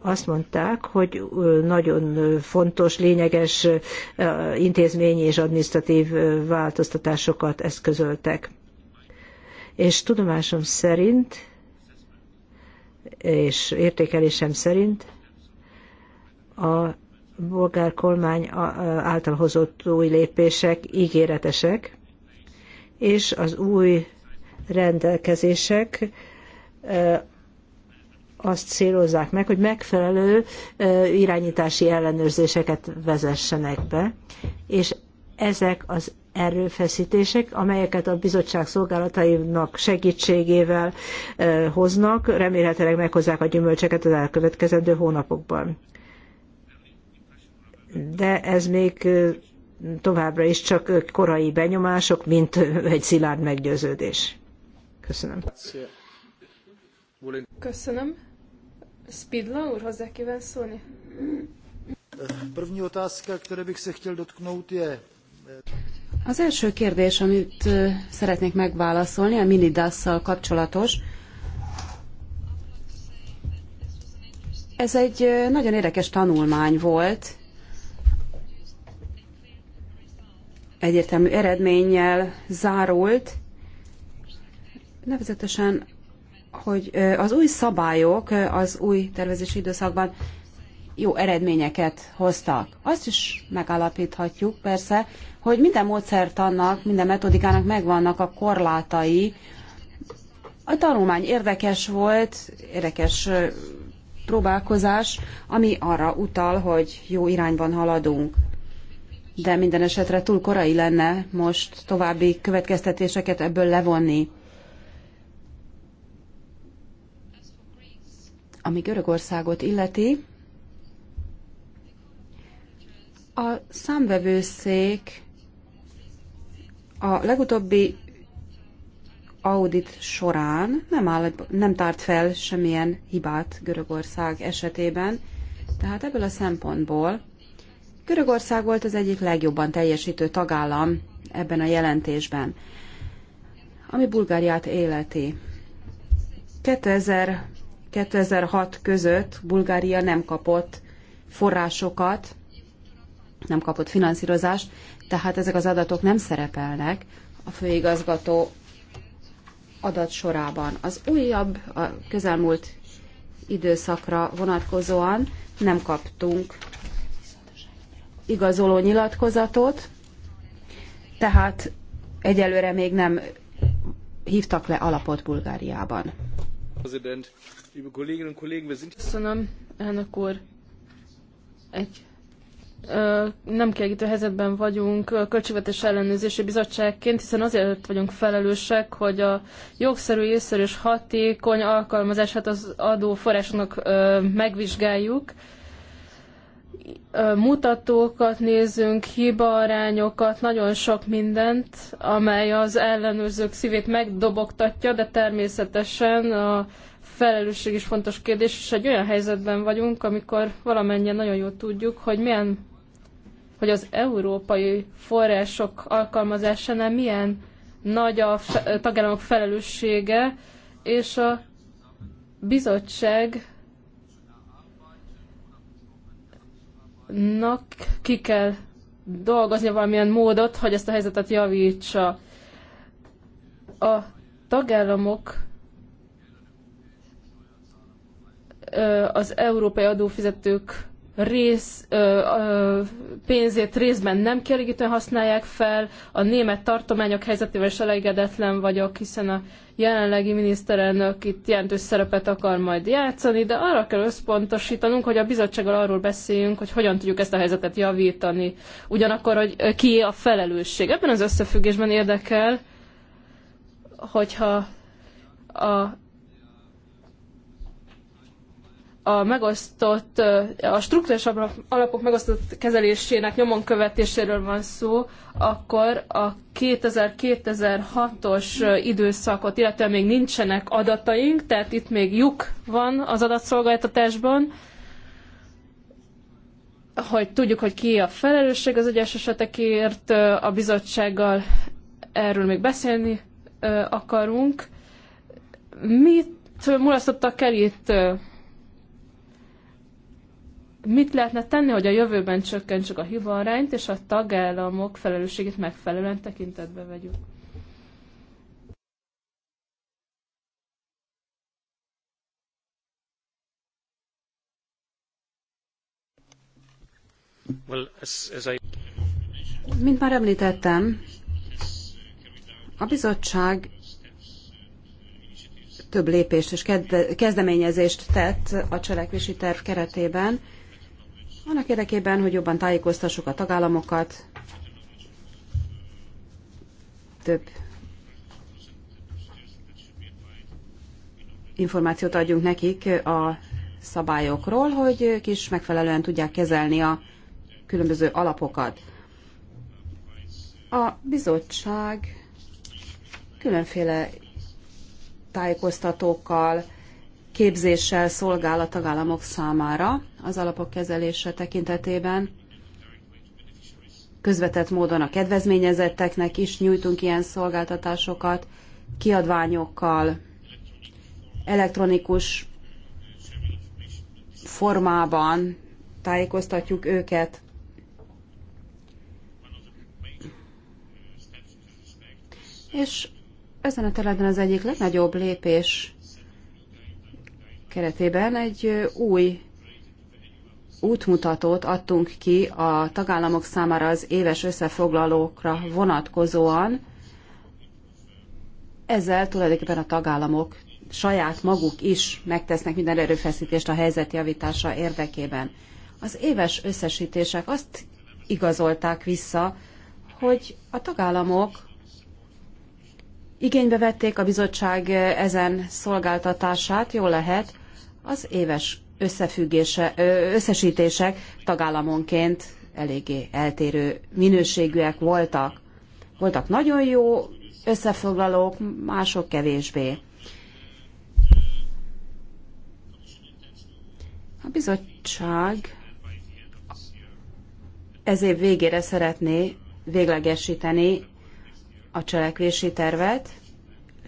azt mondták, hogy nagyon fontos, lényeges intézményi és adminisztratív változtatásokat eszközöltek. És tudomásom szerint és értékelésem szerint a bolgár kormány által hozott új lépések ígéretesek, és az új rendelkezések azt célozzák meg, hogy megfelelő irányítási ellenőrzéseket vezessenek be, és ezek az erőfeszítések, amelyeket a bizottság szolgálatainak segítségével eh, hoznak, remélhetőleg meghozzák a gyümölcseket az elkövetkezendő hónapokban. De ez még eh, továbbra is csak eh, korai benyomások, mint egy szilárd meggyőződés. Köszönöm. Köszönöm. Spidla úr, hozzá kíván szólni? První otázka, které bych se chtěl dotknout, je az első kérdés, amit szeretnék megválaszolni, a minidasszal kapcsolatos. Ez egy nagyon érdekes tanulmány volt, egyértelmű eredménnyel zárult, nevezetesen, hogy az új szabályok az új tervezési időszakban jó eredményeket hoztak. Azt is megállapíthatjuk persze, hogy minden módszertannak, minden metodikának megvannak a korlátai. A tanulmány érdekes volt, érdekes próbálkozás, ami arra utal, hogy jó irányban haladunk. De minden esetre túl korai lenne most további következtetéseket ebből levonni. Ami Görögországot illeti, a számvevőszék a legutóbbi audit során nem, áll, nem tárt fel semmilyen hibát Görögország esetében, tehát ebből a szempontból Görögország volt az egyik legjobban teljesítő tagállam ebben a jelentésben, ami Bulgáriát életi. 2000 2006 között Bulgária nem kapott forrásokat nem kapott finanszírozást, tehát ezek az adatok nem szerepelnek a főigazgató adat sorában. Az újabb, a közelmúlt időszakra vonatkozóan nem kaptunk igazoló nyilatkozatot, tehát egyelőre még nem hívtak le alapot Bulgáriában. Köszönöm, elnök úr. Egy nem kiegítő helyzetben vagyunk költségvetés ellenőrzési bizottságként, hiszen azért vagyunk felelősek, hogy a jogszerű, észszerű és hatékony alkalmazását az adóforrásoknak megvizsgáljuk. Mutatókat nézzünk, hibaarányokat, nagyon sok mindent, amely az ellenőrzők szívét megdobogtatja, de természetesen a felelősség is fontos kérdés, és egy olyan helyzetben vagyunk, amikor valamennyien nagyon jól tudjuk, hogy milyen hogy az európai források alkalmazásánál milyen nagy a fe tagállamok felelőssége, és a bizottságnak ki kell dolgozni valamilyen módot, hogy ezt a helyzetet javítsa. A tagállamok az európai adófizetők rész, ö, ö, pénzét részben nem kielégítően használják fel, a német tartományok helyzetével is elégedetlen vagyok, hiszen a jelenlegi miniszterelnök itt jelentős szerepet akar majd játszani, de arra kell összpontosítanunk, hogy a bizottsággal arról beszéljünk, hogy hogyan tudjuk ezt a helyzetet javítani. Ugyanakkor, hogy ki a felelősség. Ebben az összefüggésben érdekel, hogyha a a megosztott, a struktúrás alapok megosztott kezelésének nyomon követéséről van szó, akkor a 2000-2006-os időszakot, illetve még nincsenek adataink, tehát itt még lyuk van az adatszolgáltatásban, hogy tudjuk, hogy ki a felelősség az egyes esetekért, a bizottsággal erről még beszélni akarunk. Mit mulasztottak el itt mit lehetne tenni, hogy a jövőben csökkentsük a hibarányt, és a tagállamok felelősségét megfelelően tekintetbe vegyük? Mint már említettem, a bizottság több lépést és kezdeményezést tett a cselekvési terv keretében. Annak érdekében, hogy jobban tájékoztassuk a tagállamokat, több információt adjunk nekik a szabályokról, hogy ők is megfelelően tudják kezelni a különböző alapokat. A bizottság különféle tájékoztatókkal, képzéssel szolgál a tagállamok számára az alapok kezelése tekintetében. Közvetett módon a kedvezményezetteknek is nyújtunk ilyen szolgáltatásokat, kiadványokkal, elektronikus formában tájékoztatjuk őket. És ezen a területen az egyik legnagyobb lépés keretében egy új útmutatót adtunk ki a tagállamok számára az éves összefoglalókra vonatkozóan. Ezzel tulajdonképpen a tagállamok saját maguk is megtesznek minden erőfeszítést a helyzet javítása érdekében. Az éves összesítések azt igazolták vissza, hogy a tagállamok igénybe vették a bizottság ezen szolgáltatását, jó lehet, az éves összefüggése, összesítések tagállamonként eléggé eltérő minőségűek voltak. Voltak nagyon jó összefoglalók, mások kevésbé. A bizottság ez év végére szeretné véglegesíteni a cselekvési tervet,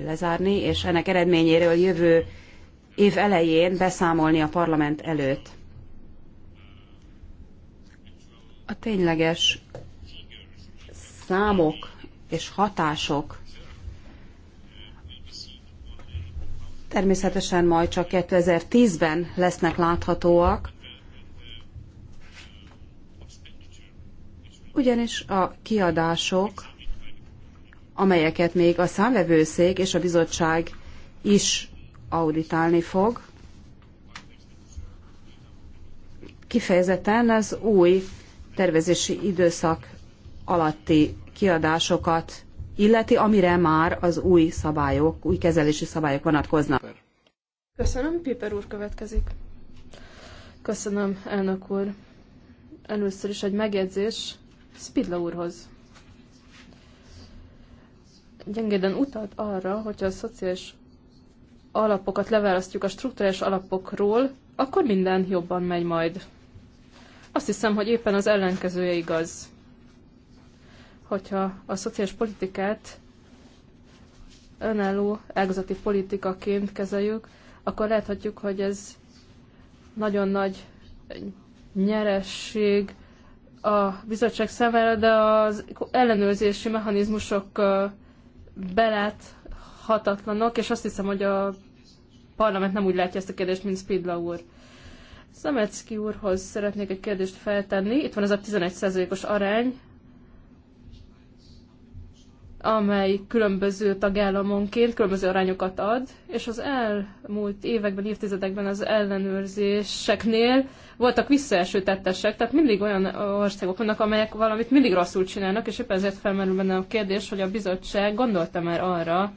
lezárni, és ennek eredményéről jövő év elején beszámolni a parlament előtt. A tényleges számok és hatások természetesen majd csak 2010-ben lesznek láthatóak, ugyanis a kiadások, amelyeket még a számvevőszék és a bizottság is auditálni fog. Kifejezetten az új tervezési időszak alatti kiadásokat illeti, amire már az új szabályok, új kezelési szabályok vonatkoznak. Köszönöm, Piper úr következik. Köszönöm, elnök úr. Először is egy megjegyzés Spidla úrhoz. Gyengéden utalt arra, hogy a szociális alapokat leválasztjuk a struktúrás alapokról, akkor minden jobban megy majd. Azt hiszem, hogy éppen az ellenkezője igaz. Hogyha a szociális politikát önálló ágazati politikaként kezeljük, akkor láthatjuk, hogy ez nagyon nagy nyeresség a bizottság számára, de az ellenőrzési mechanizmusok belát hatatlanok, és azt hiszem, hogy a parlament nem úgy látja ezt a kérdést, mint Spidla úr. Szemecki úrhoz szeretnék egy kérdést feltenni. Itt van ez a 11%-os arány, amely különböző tagállamonként különböző arányokat ad, és az elmúlt években, évtizedekben az ellenőrzéseknél voltak visszaeső tettesek, tehát mindig olyan országok vannak, amelyek valamit mindig rosszul csinálnak, és éppen ezért felmerül benne a kérdés, hogy a bizottság gondolta már arra,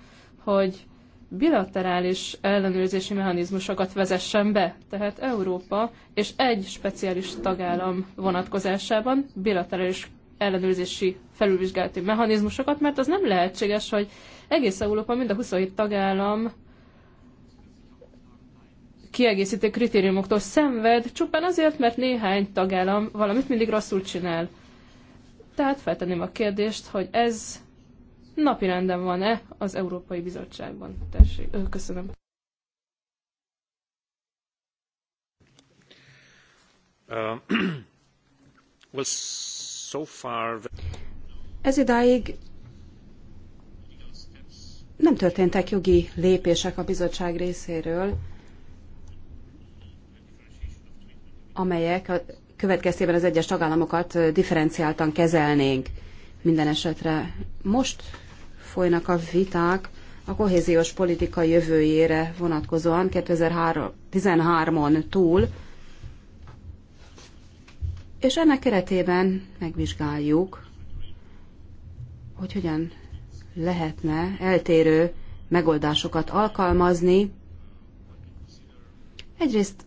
hogy bilaterális ellenőrzési mechanizmusokat vezessen be, tehát Európa és egy speciális tagállam vonatkozásában bilaterális ellenőrzési felülvizsgálati mechanizmusokat, mert az nem lehetséges, hogy egész Európa, mind a 27 tagállam kiegészítő kritériumoktól szenved, csupán azért, mert néhány tagállam valamit mindig rosszul csinál. Tehát feltenném a kérdést, hogy ez napirenden van-e az Európai Bizottságban. Tessék, köszönöm. Uh, (clears throat) well, so far... Ez idáig nem történtek jogi lépések a bizottság részéről, amelyek a következtében az egyes tagállamokat differenciáltan kezelnénk minden esetre. Most folynak a viták a kohéziós politika jövőjére vonatkozóan 2013-on túl, és ennek keretében megvizsgáljuk, hogy hogyan lehetne eltérő megoldásokat alkalmazni. Egyrészt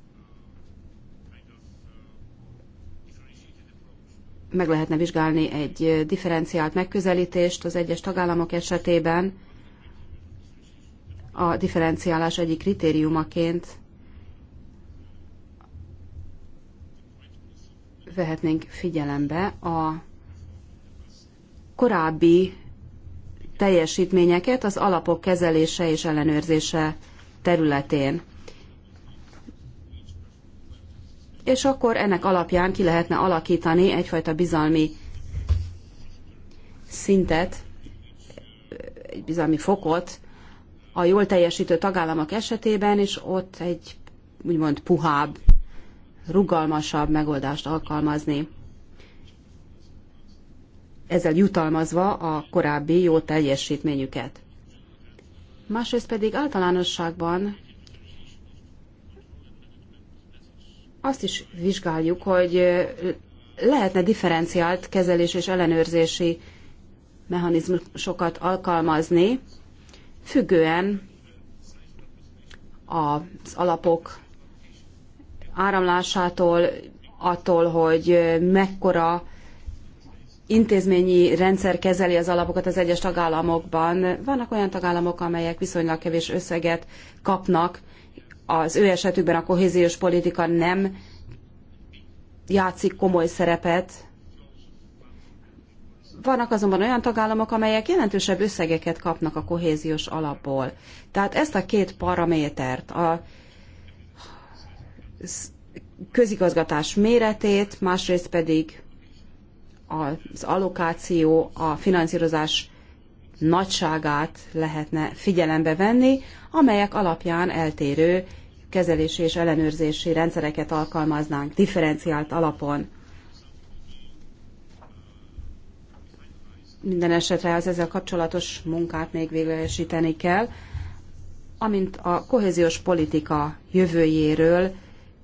meg lehetne vizsgálni egy differenciált megközelítést az egyes tagállamok esetében a differenciálás egyik kritériumaként vehetnénk figyelembe a korábbi teljesítményeket az alapok kezelése és ellenőrzése területén. és akkor ennek alapján ki lehetne alakítani egyfajta bizalmi szintet, egy bizalmi fokot a jól teljesítő tagállamok esetében, és ott egy úgymond puhább, rugalmasabb megoldást alkalmazni. Ezzel jutalmazva a korábbi jó teljesítményüket. Másrészt pedig általánosságban azt is vizsgáljuk, hogy lehetne differenciált kezelés és ellenőrzési mechanizmusokat alkalmazni, függően az alapok áramlásától, attól, hogy mekkora intézményi rendszer kezeli az alapokat az egyes tagállamokban. Vannak olyan tagállamok, amelyek viszonylag kevés összeget kapnak az ő esetükben a kohéziós politika nem játszik komoly szerepet. Vannak azonban olyan tagállamok, amelyek jelentősebb összegeket kapnak a kohéziós alapból. Tehát ezt a két paramétert, a közigazgatás méretét, másrészt pedig az allokáció, a finanszírozás nagyságát lehetne figyelembe venni, amelyek alapján eltérő kezelési és ellenőrzési rendszereket alkalmaznánk differenciált alapon. Minden esetre az ezzel kapcsolatos munkát még véglegesíteni kell, amint a kohéziós politika jövőjéről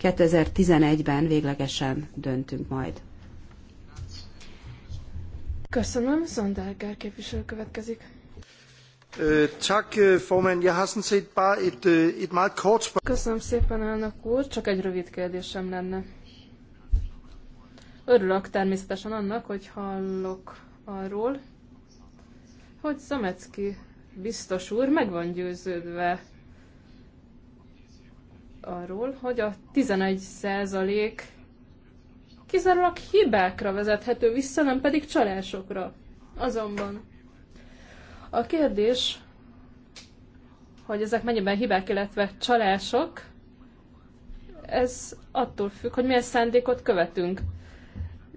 2011-ben véglegesen döntünk majd. Köszönöm, Szondárgár képviselő következik. Tak, Köszönöm szépen, elnök úr. Csak egy rövid kérdésem lenne. Örülök természetesen annak, hogy hallok arról, hogy Zamecki biztos úr meg van győződve arról, hogy a 11 százalék kizárólag hibákra vezethető vissza, nem pedig csalásokra. Azonban a kérdés, hogy ezek mennyiben hibák, illetve csalások, ez attól függ, hogy milyen szándékot követünk.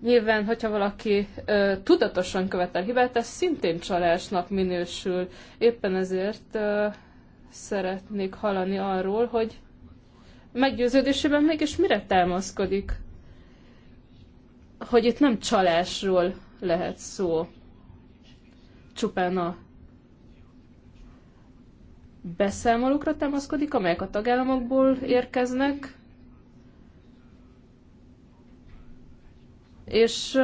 Nyilván, hogyha valaki ö, tudatosan követel hibát, ez szintén csalásnak minősül. Éppen ezért ö, szeretnék hallani arról, hogy meggyőződésében mégis mire támaszkodik, hogy itt nem csalásról lehet szó, csupán a beszámolókra támaszkodik, amelyek a tagállamokból érkeznek, és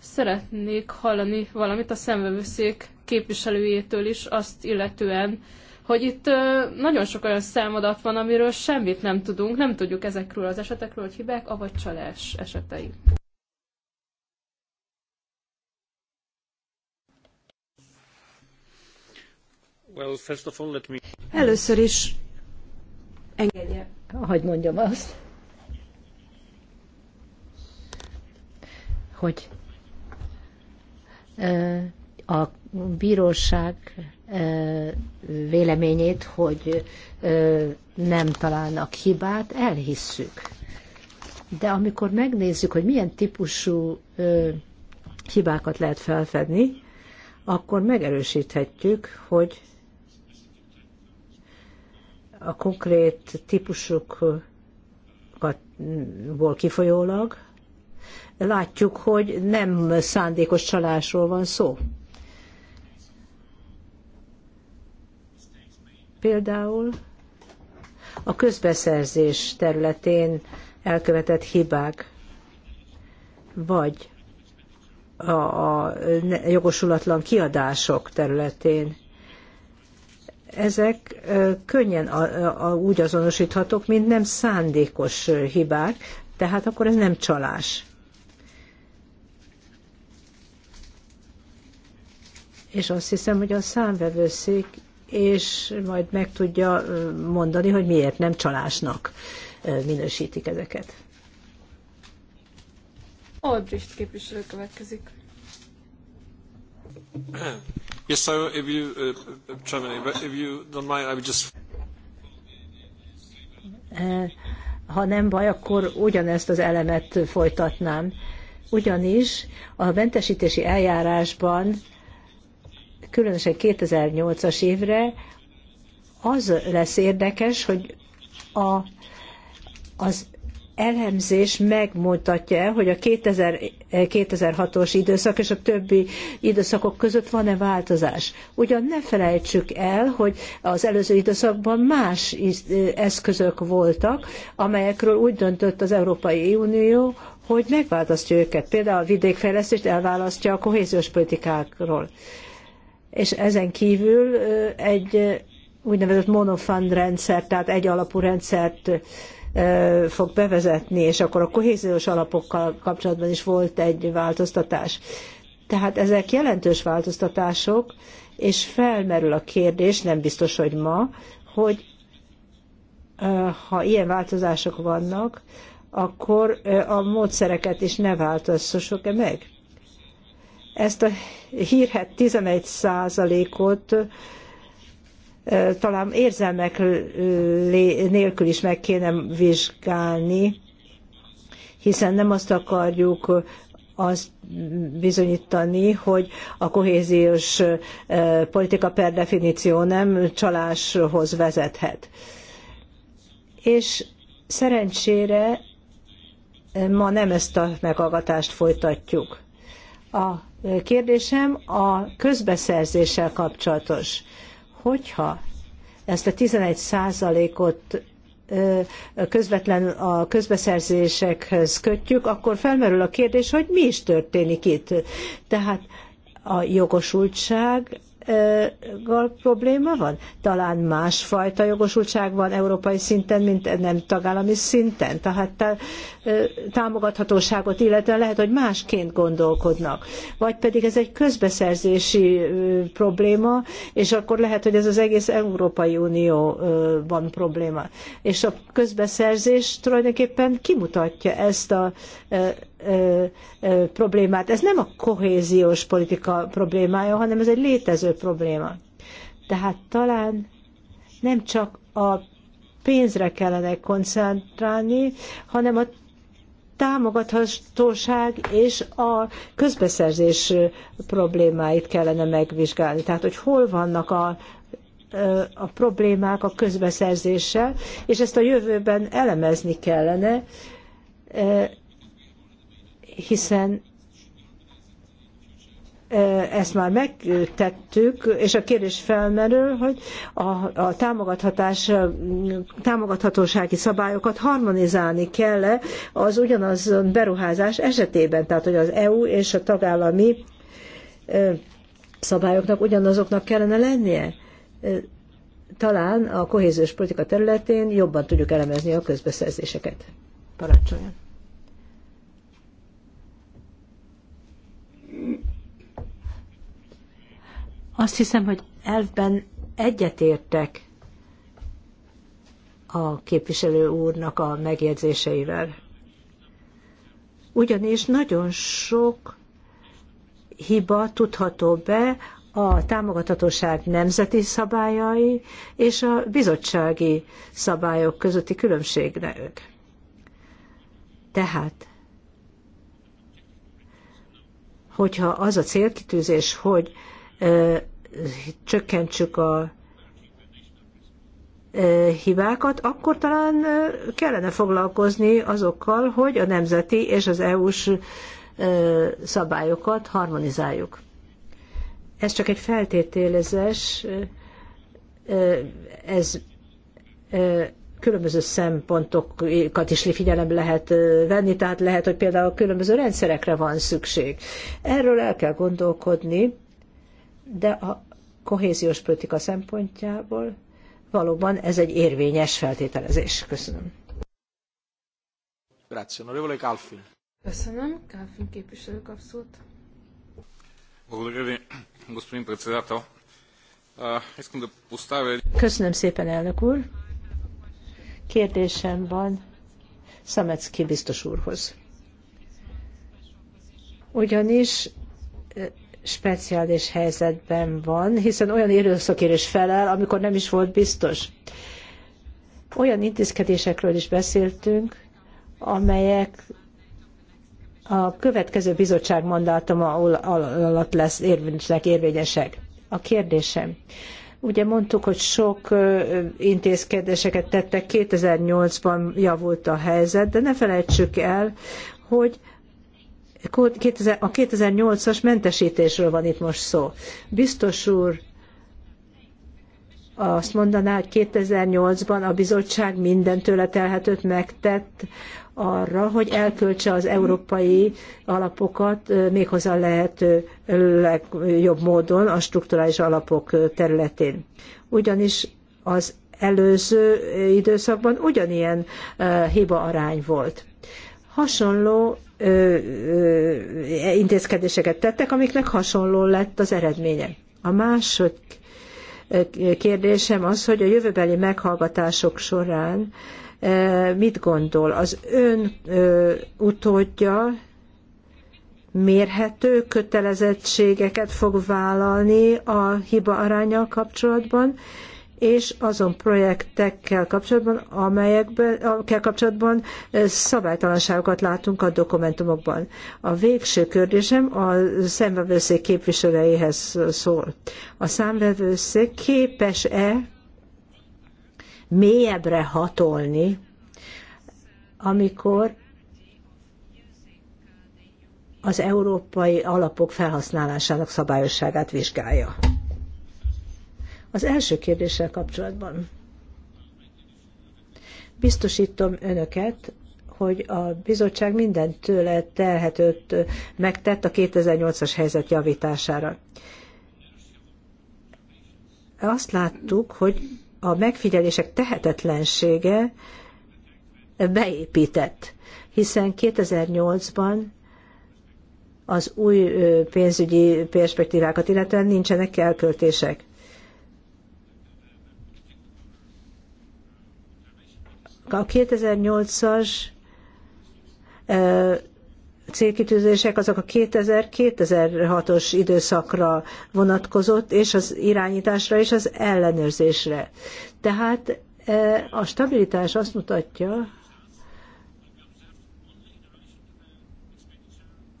szeretnék hallani valamit a szemvevőszék képviselőjétől is azt illetően, hogy itt nagyon sok olyan számadat van, amiről semmit nem tudunk, nem tudjuk ezekről az esetekről, hogy hibák, avagy csalás esetei. Először is engedje, hogy mondjam azt, hogy a bíróság véleményét, hogy nem találnak hibát, elhisszük. De amikor megnézzük, hogy milyen típusú hibákat lehet felfedni, akkor megerősíthetjük, hogy a konkrét típusokból kifolyólag látjuk, hogy nem szándékos csalásról van szó. Például a közbeszerzés területén elkövetett hibák, vagy a, jogosulatlan kiadások területén ezek könnyen úgy azonosíthatók, mint nem szándékos hibák, tehát akkor ez nem csalás. És azt hiszem, hogy a számvevőszék és majd meg tudja mondani, hogy miért nem csalásnak minősítik ezeket. Albrecht képviselő következik. (clears throat) Yes, so if you, uh, Chairman, if you don't mind, I would just... Eh, ha nem baj, akkor ugyanezt az elemet folytatnám. Ugyanis a mentesítési eljárásban, különösen 2008-as évre, az lesz érdekes, hogy a, az elemzés megmutatja, hogy a 2000, 2006-os eh, időszak és a többi időszakok között van-e változás. Ugyan ne felejtsük el, hogy az előző időszakban más eh, eszközök voltak, amelyekről úgy döntött az Európai Unió, hogy megváltoztja őket. Például a vidékfejlesztést elválasztja a kohéziós politikákról. És ezen kívül eh, egy úgynevezett monofund rendszer, tehát egy alapú rendszert fog bevezetni, és akkor a kohéziós alapokkal kapcsolatban is volt egy változtatás. Tehát ezek jelentős változtatások, és felmerül a kérdés, nem biztos, hogy ma, hogy ha ilyen változások vannak, akkor a módszereket is ne változtassuk-e meg? Ezt a hírhet 11 százalékot talán érzelmek nélkül is meg kéne vizsgálni, hiszen nem azt akarjuk azt bizonyítani, hogy a kohéziós politika per definíció nem csaláshoz vezethet. És szerencsére ma nem ezt a meghallgatást folytatjuk. A kérdésem a közbeszerzéssel kapcsolatos. Hogyha ezt a 11 százalékot közvetlenül a közbeszerzésekhez kötjük, akkor felmerül a kérdés, hogy mi is történik itt. Tehát a jogosultság gal probléma van? Talán másfajta jogosultság van európai szinten, mint nem tagállami szinten. Tehát támogathatóságot illetve lehet, hogy másként gondolkodnak. Vagy pedig ez egy közbeszerzési probléma, és akkor lehet, hogy ez az egész Európai Unióban probléma. És a közbeszerzés tulajdonképpen kimutatja ezt a problémát. Ez nem a kohéziós politika problémája, hanem ez egy létező probléma. Tehát talán nem csak a pénzre kellene koncentrálni, hanem a támogathatóság és a közbeszerzés problémáit kellene megvizsgálni. Tehát, hogy hol vannak a, a problémák a közbeszerzéssel, és ezt a jövőben elemezni kellene, hiszen ezt már megtettük, és a kérdés felmerül, hogy a, a támogathatás, támogathatósági szabályokat harmonizálni kell -e az ugyanaz beruházás esetében, tehát hogy az EU és a tagállami szabályoknak ugyanazoknak kellene lennie. Talán a kohéziós politika területén jobban tudjuk elemezni a közbeszerzéseket. Parancsoljon! Azt hiszem, hogy elvben egyetértek a képviselő úrnak a megjegyzéseivel. Ugyanis nagyon sok hiba tudható be a támogatatóság nemzeti szabályai és a bizottsági szabályok közötti különbségnek. Tehát, hogyha az a célkitűzés, hogy csökkentsük a e, hibákat, akkor talán e, kellene foglalkozni azokkal, hogy a nemzeti és az EU-s e, szabályokat harmonizáljuk. Ez csak egy feltételezés, ez különböző szempontokat is figyelembe lehet venni, tehát lehet, hogy például különböző rendszerekre van szükség. Erről el kell gondolkodni, de a kohéziós politika szempontjából valóban ez egy érvényes feltételezés. Köszönöm. Grazie, onorevole Calfin. Köszönöm. Calfin képviselő kap szót. Köszönöm szépen, elnök úr. Kérdésem van Szamecki biztos úrhoz. Ugyanis speciális helyzetben van, hiszen olyan erőszakért is felel, amikor nem is volt biztos. Olyan intézkedésekről is beszéltünk, amelyek a következő bizottság mandátuma alatt lesz érvényesek, érvényesek. A kérdésem. Ugye mondtuk, hogy sok intézkedéseket tettek, 2008-ban javult a helyzet, de ne felejtsük el, hogy a 2008-as mentesítésről van itt most szó. Biztos úr azt mondaná, hogy 2008-ban a bizottság minden tőle telhetőt megtett arra, hogy elköltse az európai alapokat méghozzá lehető legjobb módon a strukturális alapok területén. Ugyanis az előző időszakban ugyanilyen hiba arány volt. Hasonló intézkedéseket tettek, amiknek hasonló lett az eredménye. A második kérdésem az, hogy a jövőbeli meghallgatások során mit gondol? Az ön utódja mérhető kötelezettségeket fog vállalni a hiba aránya kapcsolatban, és azon projektekkel kapcsolatban, amelyekkel kapcsolatban szabálytalanságokat látunk a dokumentumokban. A végső kérdésem a számvevőszék képviselőjéhez szól. A számvevőszék képes-e mélyebbre hatolni, amikor az európai alapok felhasználásának szabályosságát vizsgálja. Az első kérdéssel kapcsolatban biztosítom önöket, hogy a bizottság minden tőle telhetőt megtett a 2008-as helyzet javítására. Azt láttuk, hogy a megfigyelések tehetetlensége beépített, hiszen 2008-ban az új pénzügyi perspektívákat illetően nincsenek elköltések. A 2008-as célkitűzések azok a 2000-2006-os időszakra vonatkozott, és az irányításra és az ellenőrzésre. Tehát a stabilitás azt mutatja,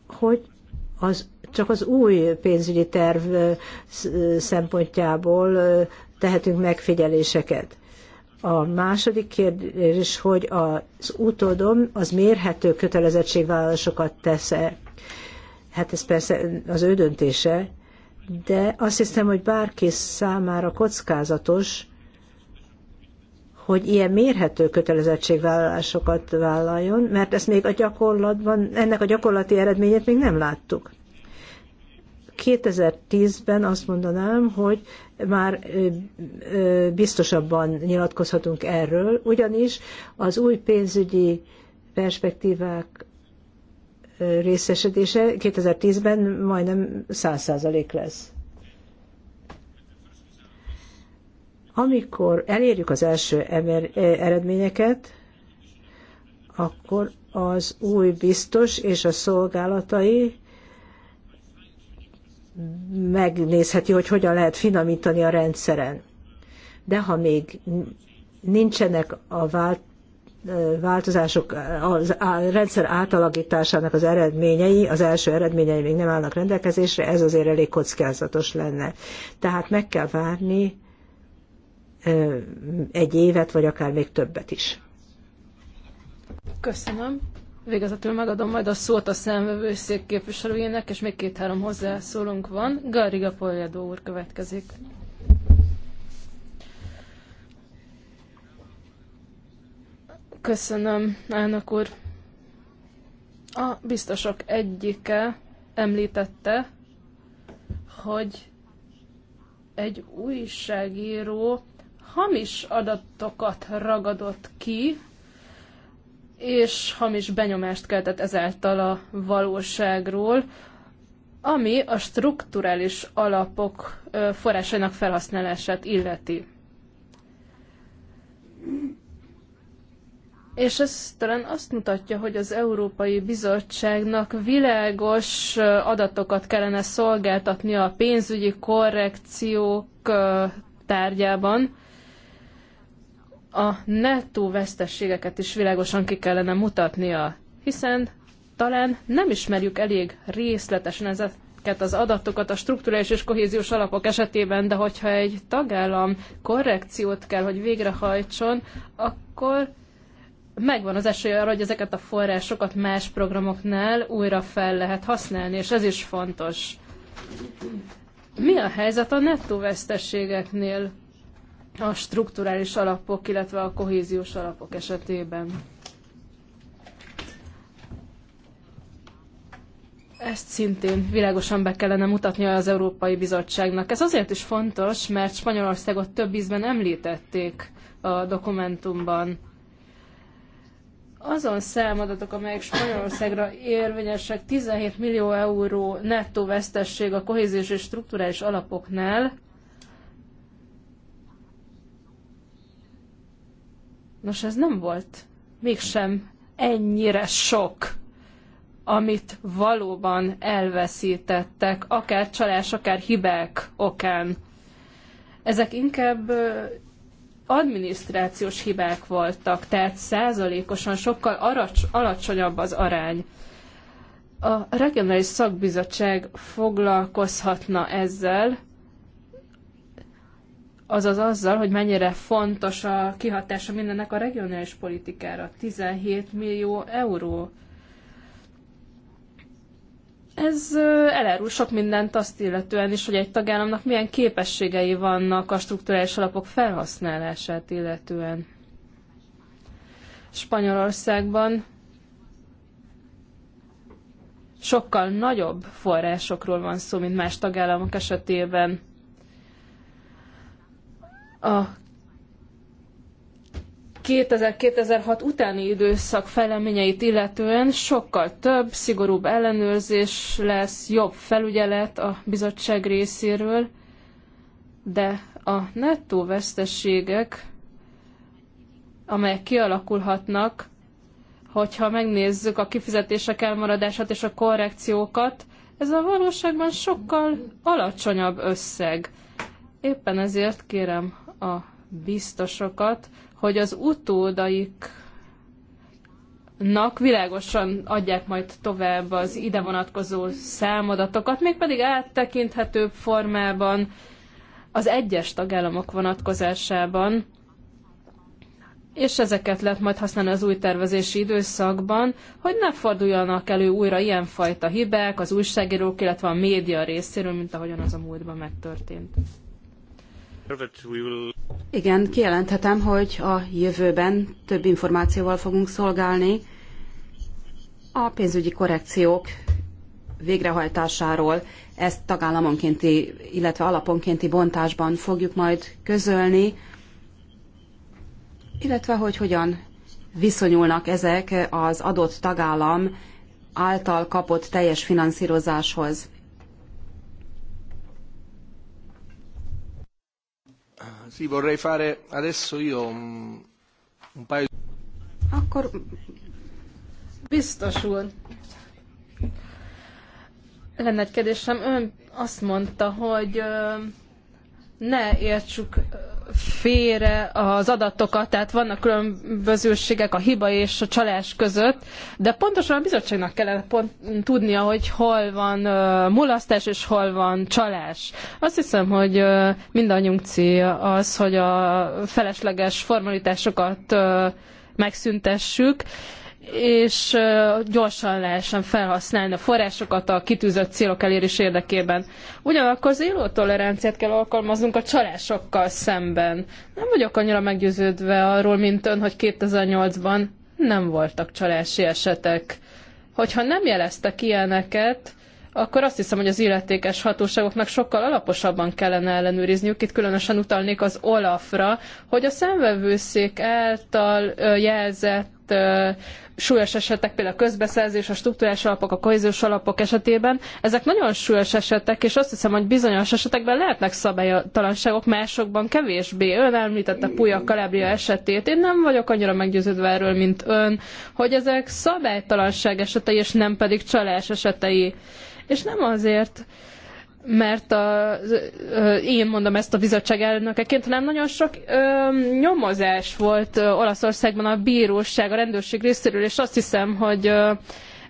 hogy az, csak az új pénzügyi terv szempontjából tehetünk megfigyeléseket. A második kérdés, hogy az utódom az mérhető kötelezettségvállalásokat tesz-e. Hát ez persze az ő döntése, de azt hiszem, hogy bárki számára kockázatos, hogy ilyen mérhető kötelezettségvállalásokat vállaljon, mert ezt még a gyakorlatban, ennek a gyakorlati eredményét még nem láttuk. 2010-ben azt mondanám, hogy már biztosabban nyilatkozhatunk erről, ugyanis az új pénzügyi perspektívák részesedése 2010-ben majdnem 100% lesz. Amikor elérjük az első eredményeket, akkor az új biztos és a szolgálatai megnézheti, hogy hogyan lehet finomítani a rendszeren. De ha még nincsenek a vált változások, a rendszer átalakításának az eredményei, az első eredményei még nem állnak rendelkezésre, ez azért elég kockázatos lenne. Tehát meg kell várni egy évet, vagy akár még többet is. Köszönöm. Végezetül megadom majd a szót a szemvevőszék képviselőjének, és még két-három hozzászólunk van. Gariga Poljadó úr következik. Köszönöm, elnök úr. A biztosok egyike említette, hogy egy újságíró hamis adatokat ragadott ki, és hamis benyomást keltett ezáltal a valóságról, ami a strukturális alapok forrásainak felhasználását illeti. És ez talán azt mutatja, hogy az Európai Bizottságnak világos adatokat kellene szolgáltatni a pénzügyi korrekciók tárgyában, a nettó vesztességeket is világosan ki kellene mutatnia, hiszen talán nem ismerjük elég részletesen ezeket az adatokat a strukturális és kohéziós alapok esetében, de hogyha egy tagállam korrekciót kell, hogy végrehajtson, akkor megvan az esély arra, hogy ezeket a forrásokat más programoknál újra fel lehet használni, és ez is fontos. Mi a helyzet a nettó vesztességeknél? a strukturális alapok, illetve a kohéziós alapok esetében. Ezt szintén világosan be kellene mutatnia az Európai Bizottságnak. Ez azért is fontos, mert Spanyolországot több ízben említették a dokumentumban. Azon számadatok, amelyek Spanyolországra érvényesek, 17 millió euró nettó vesztesség a kohéziós és strukturális alapoknál, Nos, ez nem volt mégsem ennyire sok, amit valóban elveszítettek, akár csalás, akár hibák okán. Ezek inkább adminisztrációs hibák voltak, tehát százalékosan sokkal aracs, alacsonyabb az arány. A regionális szakbizottság foglalkozhatna ezzel, azaz azzal, hogy mennyire fontos a kihatása mindennek a regionális politikára. 17 millió euró. Ez elárul sok mindent azt illetően is, hogy egy tagállamnak milyen képességei vannak a strukturális alapok felhasználását illetően. Spanyolországban sokkal nagyobb forrásokról van szó, mint más tagállamok esetében a 2000-2006 utáni időszak fejleményeit illetően sokkal több, szigorúbb ellenőrzés lesz, jobb felügyelet a bizottság részéről, de a nettó veszteségek, amelyek kialakulhatnak, hogyha megnézzük a kifizetések elmaradását és a korrekciókat, ez a valóságban sokkal alacsonyabb összeg. Éppen ezért kérem a biztosokat, hogy az utódaiknak világosan adják majd tovább az ide vonatkozó számadatokat, mégpedig áttekinthetőbb formában az egyes tagállamok vonatkozásában, és ezeket lehet majd használni az új tervezési időszakban, hogy ne forduljanak elő újra ilyenfajta hibák az újságírók, illetve a média részéről, mint ahogyan az a múltban megtörtént. Igen, kijelenthetem, hogy a jövőben több információval fogunk szolgálni a pénzügyi korrekciók végrehajtásáról. Ezt tagállamonkénti, illetve alaponkénti bontásban fogjuk majd közölni, illetve hogy hogyan viszonyulnak ezek az adott tagállam által kapott teljes finanszírozáshoz. Sì, vorrei fare adesso io un, un paio Akkor biztos úr. Lenne egy kérdésem. Ön azt mondta, hogy ne értsük félre az adatokat, tehát vannak különbözőségek a hiba és a csalás között, de pontosan a bizottságnak kellene pont tudnia, hogy hol van uh, mulasztás és hol van csalás. Azt hiszem, hogy uh, mindannyiunk célja az, hogy a felesleges formalitásokat uh, megszüntessük, uh, és gyorsan lehessen felhasználni a forrásokat a kitűzött célok elérés érdekében. Ugyanakkor zéró toleranciát kell alkalmaznunk a csalásokkal szemben. Nem vagyok annyira meggyőződve arról, mint ön, hogy 2008-ban nem voltak csalási esetek. Hogyha nem jeleztek ilyeneket, akkor azt hiszem, hogy az illetékes hatóságoknak sokkal alaposabban kellene ellenőrizniük. Itt különösen utalnék az Olafra, hogy a szemvevőszék által jelzett súlyos esetek, például a közbeszerzés, a struktúrás alapok, a kohéziós alapok esetében, ezek nagyon súlyos esetek, és azt hiszem, hogy bizonyos esetekben lehetnek szabálytalanságok, másokban kevésbé. Ön említette Puja Kalábria esetét, én nem vagyok annyira meggyőződve erről, mint ön, hogy ezek szabálytalanság esetei, és nem pedig csalás esetei. És nem azért, mert a, én mondom ezt a bizottság elnökeként, hanem nagyon sok ö, nyomozás volt Olaszországban a bíróság, a rendőrség részéről, és azt hiszem, hogy ö,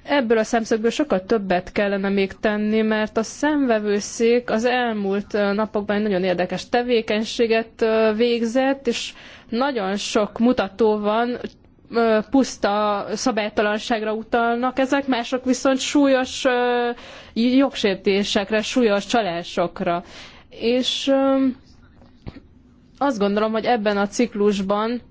ebből a szemszögből sokkal többet kellene még tenni, mert a szemvevőszék az elmúlt napokban egy nagyon érdekes tevékenységet végzett, és nagyon sok mutató van, puszta szabálytalanságra utalnak ezek, mások viszont súlyos jogsértésekre, súlyos csalásokra. És azt gondolom, hogy ebben a ciklusban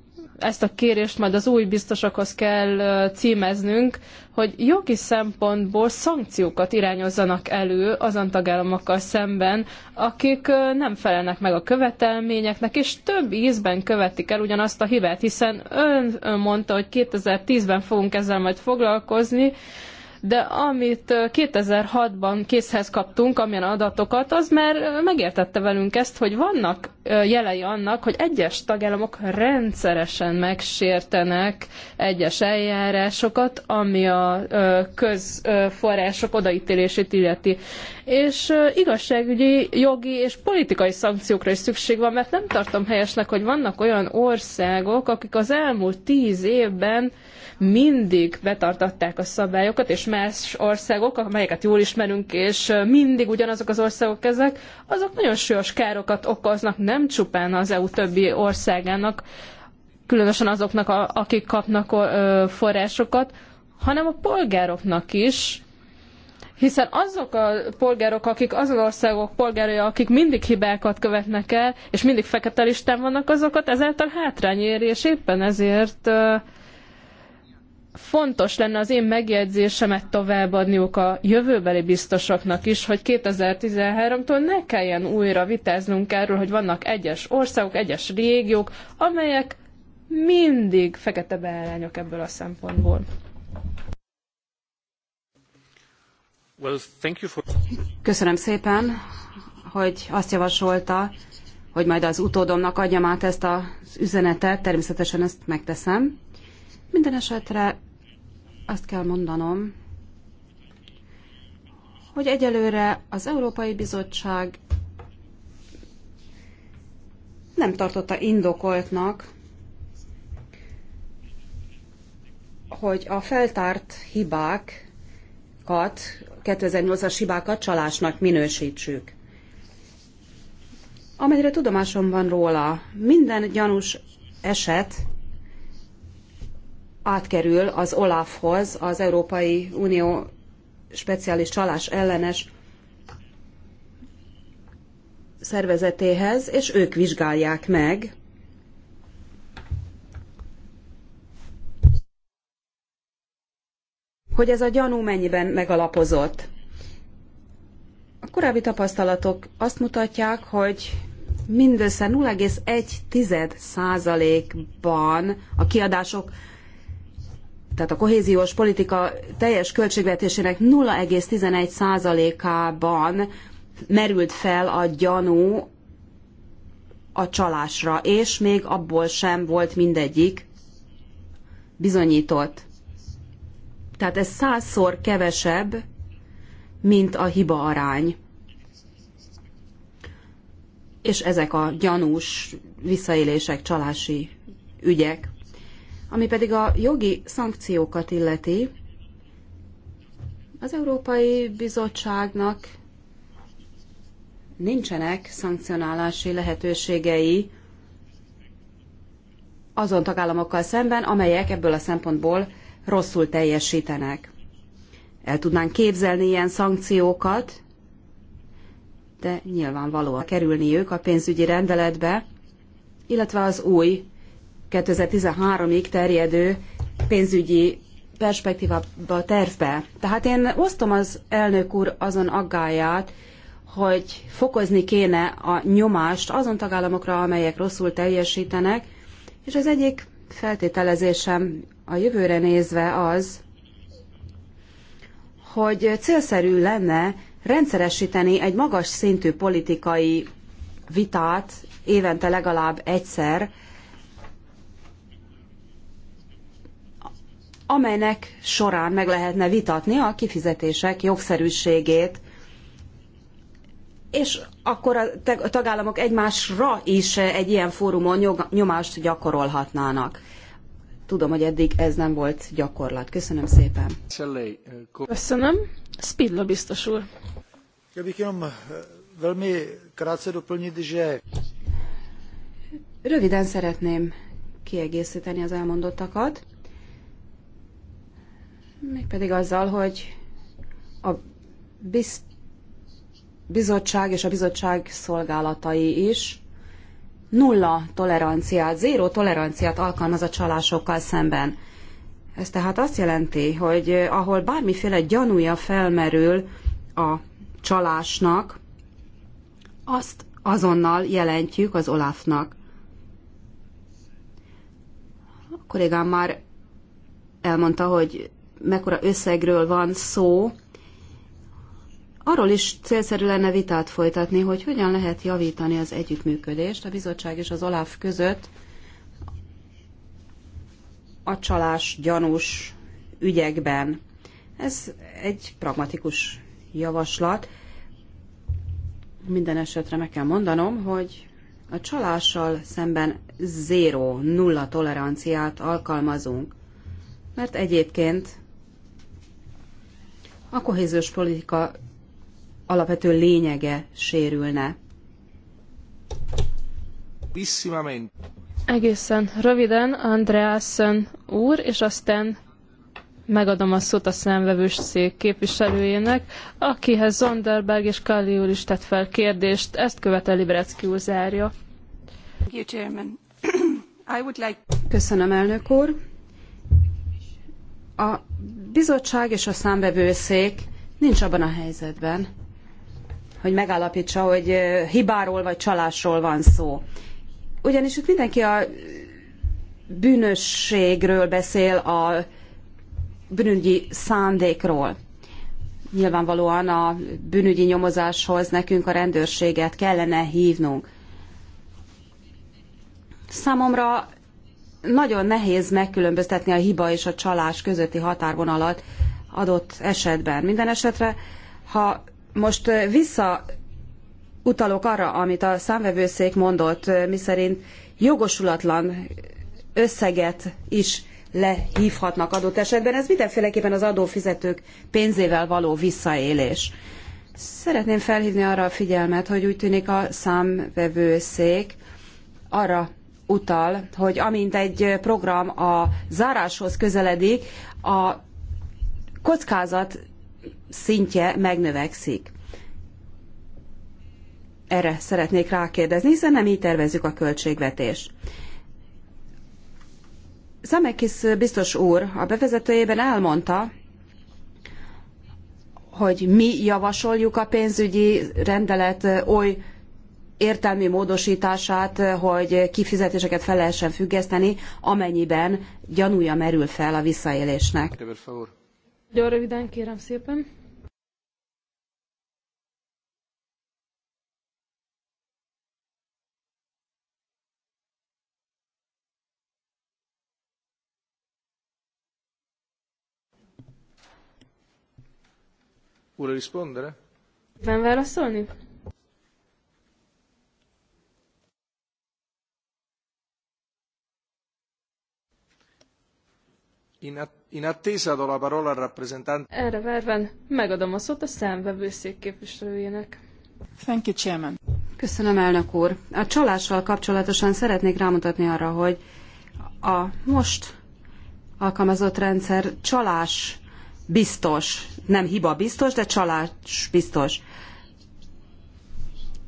ezt a kérést majd az új biztosokhoz kell címeznünk, hogy jogi szempontból szankciókat irányozzanak elő azon tagállamokkal szemben, akik nem felelnek meg a követelményeknek, és több ízben követik el ugyanazt a hibát, hiszen ön, mondta, hogy 2010-ben fogunk ezzel majd foglalkozni, de amit 2006-ban készhez kaptunk, amilyen adatokat, az már megértette velünk ezt, hogy vannak jelei annak, hogy egyes tagállamok rendszeresen megsértenek egyes eljárásokat, ami a közforrások odaítélését illeti és igazságügyi, jogi és politikai szankciókra is szükség van, mert nem tartom helyesnek, hogy vannak olyan országok, akik az elmúlt tíz évben mindig betartatták a szabályokat, és más országok, amelyeket jól ismerünk, és mindig ugyanazok az országok ezek, azok nagyon súlyos károkat okoznak nem csupán az EU többi országának, különösen azoknak, akik kapnak forrásokat, hanem a polgároknak is, hiszen azok a polgárok, akik azon országok polgárai, akik mindig hibákat követnek el, és mindig fekete listán vannak azokat, ezáltal hátrány éri, és éppen ezért fontos lenne az én megjegyzésemet továbbadniuk a jövőbeli biztosoknak is, hogy 2013-tól ne kelljen újra vitáznunk erről, hogy vannak egyes országok, egyes régiók, amelyek mindig fekete beállányok ebből a szempontból. Köszönöm szépen, hogy azt javasolta, hogy majd az utódomnak adjam át ezt az üzenetet, természetesen ezt megteszem. Minden esetre azt kell mondanom, hogy egyelőre az Európai Bizottság nem tartotta indokoltnak, hogy a feltárt hibákat 2008-as hibákat csalásnak minősítsük. Amennyire tudomásom van róla, minden gyanús eset átkerül az OLAF-hoz, az Európai Unió speciális csalás ellenes szervezetéhez, és ők vizsgálják meg hogy ez a gyanú mennyiben megalapozott. A korábbi tapasztalatok azt mutatják, hogy mindössze 0,1%-ban a kiadások, tehát a kohéziós politika teljes költségvetésének 0,11%-ában merült fel a gyanú a csalásra, és még abból sem volt mindegyik bizonyított. Tehát ez százszor kevesebb, mint a hiba arány. És ezek a gyanús visszaélések, csalási ügyek. Ami pedig a jogi szankciókat illeti, az Európai Bizottságnak nincsenek szankcionálási lehetőségei azon tagállamokkal szemben, amelyek ebből a szempontból rosszul teljesítenek. El tudnánk képzelni ilyen szankciókat, de nyilvánvalóan kerülni ők a pénzügyi rendeletbe, illetve az új 2013-ig terjedő pénzügyi perspektívába, tervbe. Tehát én osztom az elnök úr azon aggáját, hogy fokozni kéne a nyomást azon tagállamokra, amelyek rosszul teljesítenek, és az egyik feltételezésem a jövőre nézve az, hogy célszerű lenne rendszeresíteni egy magas szintű politikai vitát évente legalább egyszer, amelynek során meg lehetne vitatni a kifizetések jogszerűségét, és akkor a tagállamok egymásra is egy ilyen fórumon nyomást gyakorolhatnának. Tudom, hogy eddig ez nem volt gyakorlat. Köszönöm szépen. Köszönöm. Spidla biztos úr. Eh, Röviden szeretném kiegészíteni az elmondottakat, mégpedig azzal, hogy a biz bizottság és a bizottság szolgálatai is nulla toleranciát, zéró toleranciát alkalmaz a csalásokkal szemben. Ez tehát azt jelenti, hogy eh, ahol bármiféle gyanúja felmerül a csalásnak, azt azonnal jelentjük az Olafnak. A kollégám már elmondta, hogy mekkora összegről van szó, Arról is célszerű lenne vitát folytatni, hogy hogyan lehet javítani az együttműködést a bizottság és az OLAF között a csalás gyanús ügyekben. Ez egy pragmatikus javaslat. Minden esetre meg kell mondanom, hogy a csalással szemben zéró, nulla toleranciát alkalmazunk, mert egyébként a kohéziós politika alapvető lényege sérülne. Egészen röviden Andreasen úr, és aztán megadom a szót a szemvevős szék képviselőjének, akihez Zonderberg és Kalli úr is tett fel kérdést, ezt követeli Brecki úr zárja. (clears throat) Köszönöm, elnök úr. A bizottság és a számbevőszék nincs abban a helyzetben, hogy megállapítsa, hogy hibáról vagy csalásról van szó. Ugyanis itt mindenki a bűnösségről beszél, a bűnügyi szándékról. Nyilvánvalóan a bűnügyi nyomozáshoz nekünk a rendőrséget kellene hívnunk. Számomra nagyon nehéz megkülönböztetni a hiba és a csalás közötti határvonalat adott esetben. Minden esetre, ha most vissza utalok arra, amit a számvevőszék mondott, miszerint jogosulatlan összeget is lehívhatnak adott esetben. Ez mindenféleképpen az adófizetők pénzével való visszaélés. Szeretném felhívni arra a figyelmet, hogy úgy tűnik a számvevőszék arra utal, hogy amint egy program a záráshoz közeledik, a kockázat szintje megnövekszik. Erre szeretnék rákérdezni, hiszen nem így tervezzük a költségvetést. Zamekis biztos úr a bevezetőjében elmondta, hogy mi javasoljuk a pénzügyi rendelet oly értelmi módosítását, hogy kifizetéseket fel lehessen függeszteni, amennyiben gyanúja merül fel a visszaélésnek. Nagyon röviden kérem szépen. Vuole rispondere? Kíván válaszolni? In attesa do la parola al rappresentante. Erre várván megadom a szót a számvevőszék képviselőjének. Thank you, Chairman. Köszönöm, elnök úr. A csalással kapcsolatosan szeretnék rámutatni arra, hogy a most alkalmazott rendszer csalás biztos nem hiba biztos, de csalás biztos.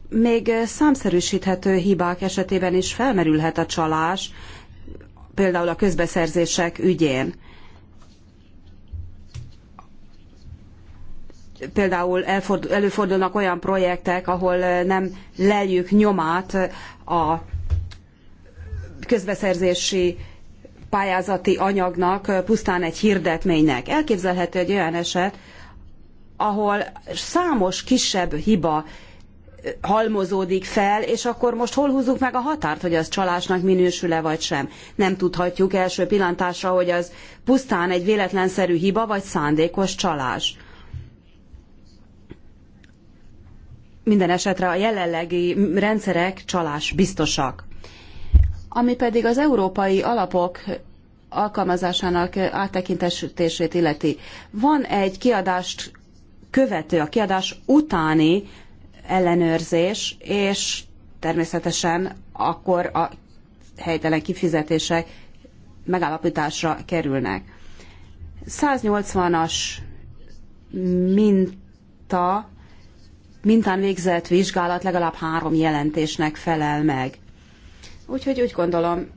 Még számszerűsíthető hibák esetében is felmerülhet a csalás, például a közbeszerzések ügyén. Például előfordulnak olyan projektek, ahol nem leljük nyomát a közbeszerzési pályázati anyagnak, pusztán egy hirdetménynek. Elképzelhető egy olyan eset, ahol számos kisebb hiba halmozódik fel, és akkor most hol húzzuk meg a határt, hogy az csalásnak minősül-e vagy sem. Nem tudhatjuk első pillantásra, hogy az pusztán egy véletlenszerű hiba vagy szándékos csalás. Minden esetre a jelenlegi rendszerek csalás biztosak. Ami pedig az európai alapok alkalmazásának áttekintését illeti. Van egy kiadást követő, a kiadás utáni ellenőrzés, és természetesen akkor a helytelen kifizetések megállapításra kerülnek. 180-as minta, mintán végzett vizsgálat legalább három jelentésnek felel meg. Úgyhogy úgy gondolom,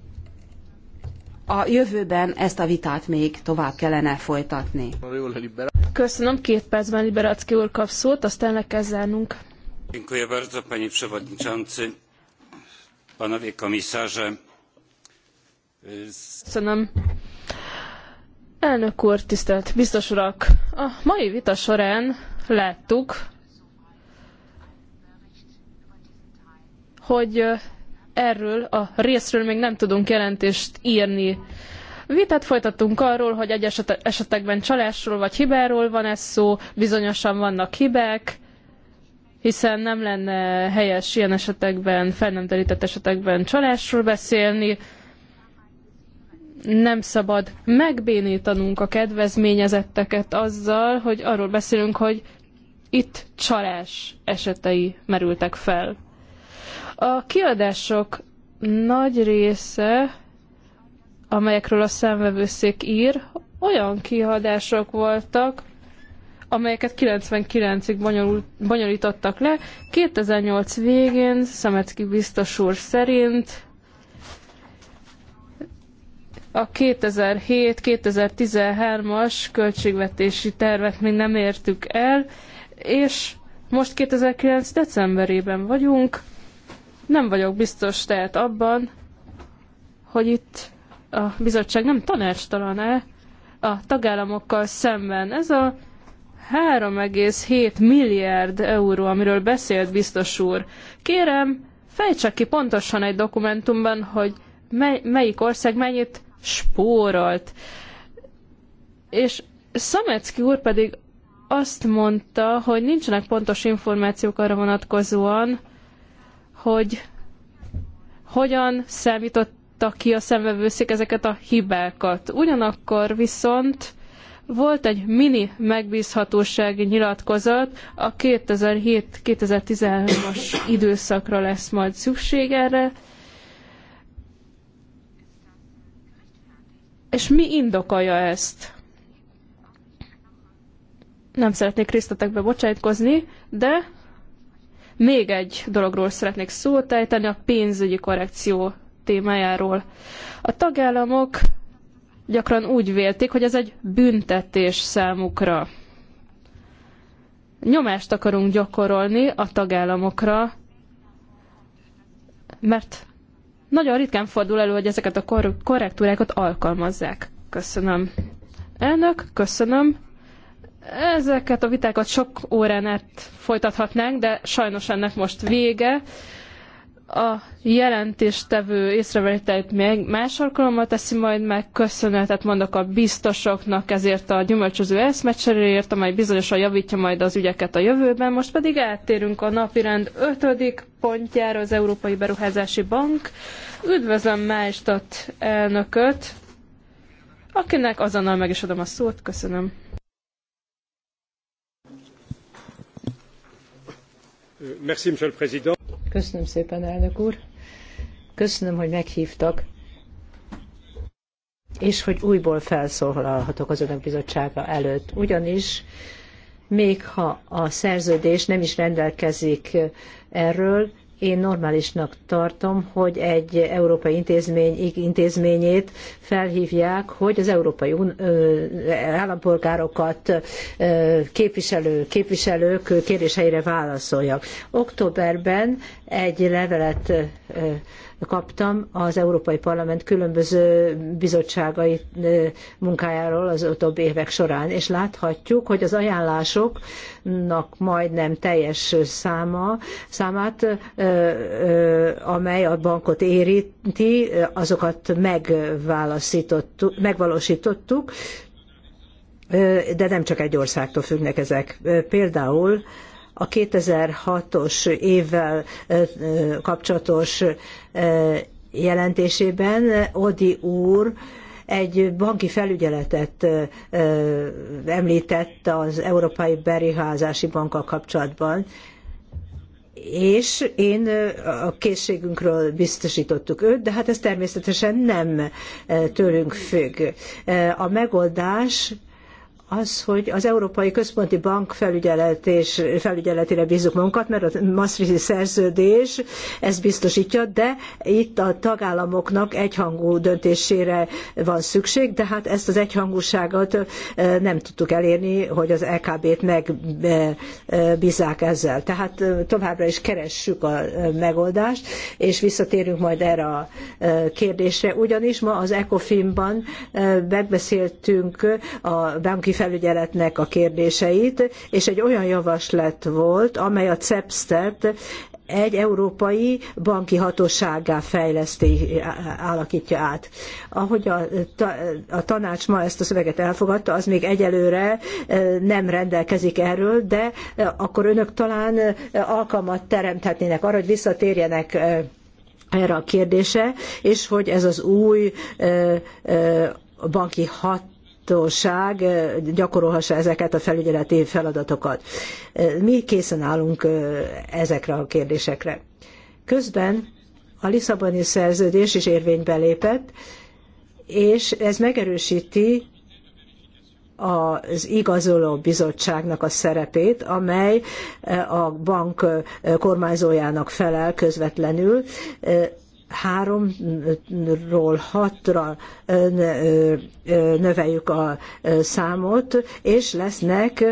a jövőben ezt a vitát még tovább kellene folytatni. Köszönöm, két percben Liberacki úr kap szót, aztán le kell zárnunk. Dziękuję bardzo, panie przewodniczący, panowie komisarze. Köszönöm. Elnök úr, tisztelt biztos urak! A mai vita során láttuk, hogy erről a részről még nem tudunk jelentést írni. Vitát folytattunk arról, hogy egy esetekben csalásról vagy hibáról van ez szó, bizonyosan vannak hibák, hiszen nem lenne helyes ilyen esetekben, fel nem terített esetekben csalásról beszélni. Nem szabad megbénítanunk a kedvezményezetteket azzal, hogy arról beszélünk, hogy itt csalás esetei merültek fel. A kiadások nagy része, amelyekről a szemvevőszék ír, olyan kiadások voltak, amelyeket 99-ig bonyolítottak le. 2008 végén Szemecki biztos úr szerint a 2007-2013-as költségvetési tervet még nem értük el, és most 2009. decemberében vagyunk, nem vagyok biztos tehát abban, hogy itt a bizottság nem tanácstalan-e a tagállamokkal szemben. Ez a 3,7 milliárd euró, amiről beszélt biztos úr. Kérem, fejtse ki pontosan egy dokumentumban, hogy mely, melyik ország mennyit spórolt. És Szamecki úr pedig azt mondta, hogy nincsenek pontos információk arra vonatkozóan, hogy hogyan számította ki a szemvevőszék ezeket a hibákat. Ugyanakkor viszont volt egy mini megbízhatósági nyilatkozat, a 2007-2013-as időszakra lesz majd szükség erre, És mi indokolja ezt? Nem szeretnék részletekbe bocsájtkozni, de még egy dologról szeretnék szót ejteni, a pénzügyi korrekció témájáról. A tagállamok gyakran úgy vélték, hogy ez egy büntetés számukra. Nyomást akarunk gyakorolni a tagállamokra, mert nagyon ritkán fordul elő, hogy ezeket a korrektúrákat alkalmazzák. Köszönöm. Elnök, köszönöm. Ezeket a vitákat sok órán át folytathatnánk, de sajnos ennek most vége. A jelentéstevő észrevételt még más alkalommal teszi majd meg. Köszönetet mondok a biztosoknak ezért a gyümölcsöző eszmecseréért, amely bizonyosan javítja majd az ügyeket a jövőben. Most pedig áttérünk a napirend ötödik pontjára, az Európai Beruházási Bank. Üdvözlöm Májstat elnököt, akinek azonnal meg is adom a szót. Köszönöm. Köszönöm szépen, elnök úr. Köszönöm, hogy meghívtak, és hogy újból felszólalhatok az Önök Bizottsága előtt. Ugyanis még ha a szerződés nem is rendelkezik erről, én normálisnak tartom, hogy egy európai intézmény, intézményét felhívják, hogy az európai állampolgárokat képviselő, képviselők kérdéseire válaszoljak. Októberben egy levelet kaptam az Európai Parlament különböző bizottságai munkájáról az utóbbi évek során, és láthatjuk, hogy az ajánlásoknak majdnem teljes száma, számát, amely a bankot érinti, azokat megvalósítottuk, de nem csak egy országtól függnek ezek. Például a 2006-os évvel kapcsolatos jelentésében Odi úr egy banki felügyeletet említett az Európai Beriházási Bankkal kapcsolatban, és én a készségünkről biztosítottuk őt, de hát ez természetesen nem tőlünk függ. A megoldás az, hogy az Európai Központi Bank felügyeletés, felügyeletére bízunk magunkat, mert a Maastrichti szerződés ezt biztosítja, de itt a tagállamoknak egyhangú döntésére van szükség, de hát ezt az egyhangúságot nem tudtuk elérni, hogy az EKB-t megbízzák ezzel. Tehát továbbra is keressük a megoldást, és visszatérünk majd erre a kérdésre. Ugyanis ma az ECOFIN-ban megbeszéltünk a banki felügyeletnek a kérdéseit, és egy olyan javaslat volt, amely a CEPSZ-et egy európai banki hatósággá fejleszti, alakítja át. Ahogy a, a tanács ma ezt a szöveget elfogadta, az még egyelőre nem rendelkezik erről, de akkor önök talán alkalmat teremthetnének arra, hogy visszatérjenek erre a kérdése, és hogy ez az új banki hat hatóság eh, gyakorolhassa ezeket a felügyeleti feladatokat. Eh, mi készen állunk eh, ezekre a kérdésekre. Közben a Lisszaboni szerződés is érvénybe lépett, és ez megerősíti az igazoló bizottságnak a szerepét, amely a bank kormányzójának felel közvetlenül, háromról hatra növeljük a számot, és lesznek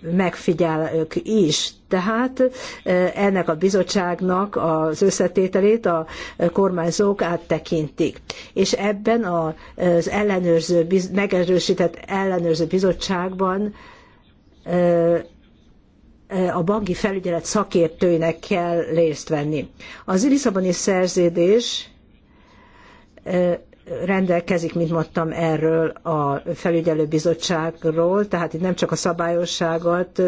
megfigyelők is. Tehát ennek a bizottságnak az összetételét a kormányzók áttekintik. És ebben az ellenőrző, megerősített ellenőrző bizottságban a banki felügyelet szakértőinek kell részt venni. Az Lisszaboni szerződés rendelkezik, mint mondtam, erről a felügyelőbizottságról, tehát itt nem csak a szabályosságot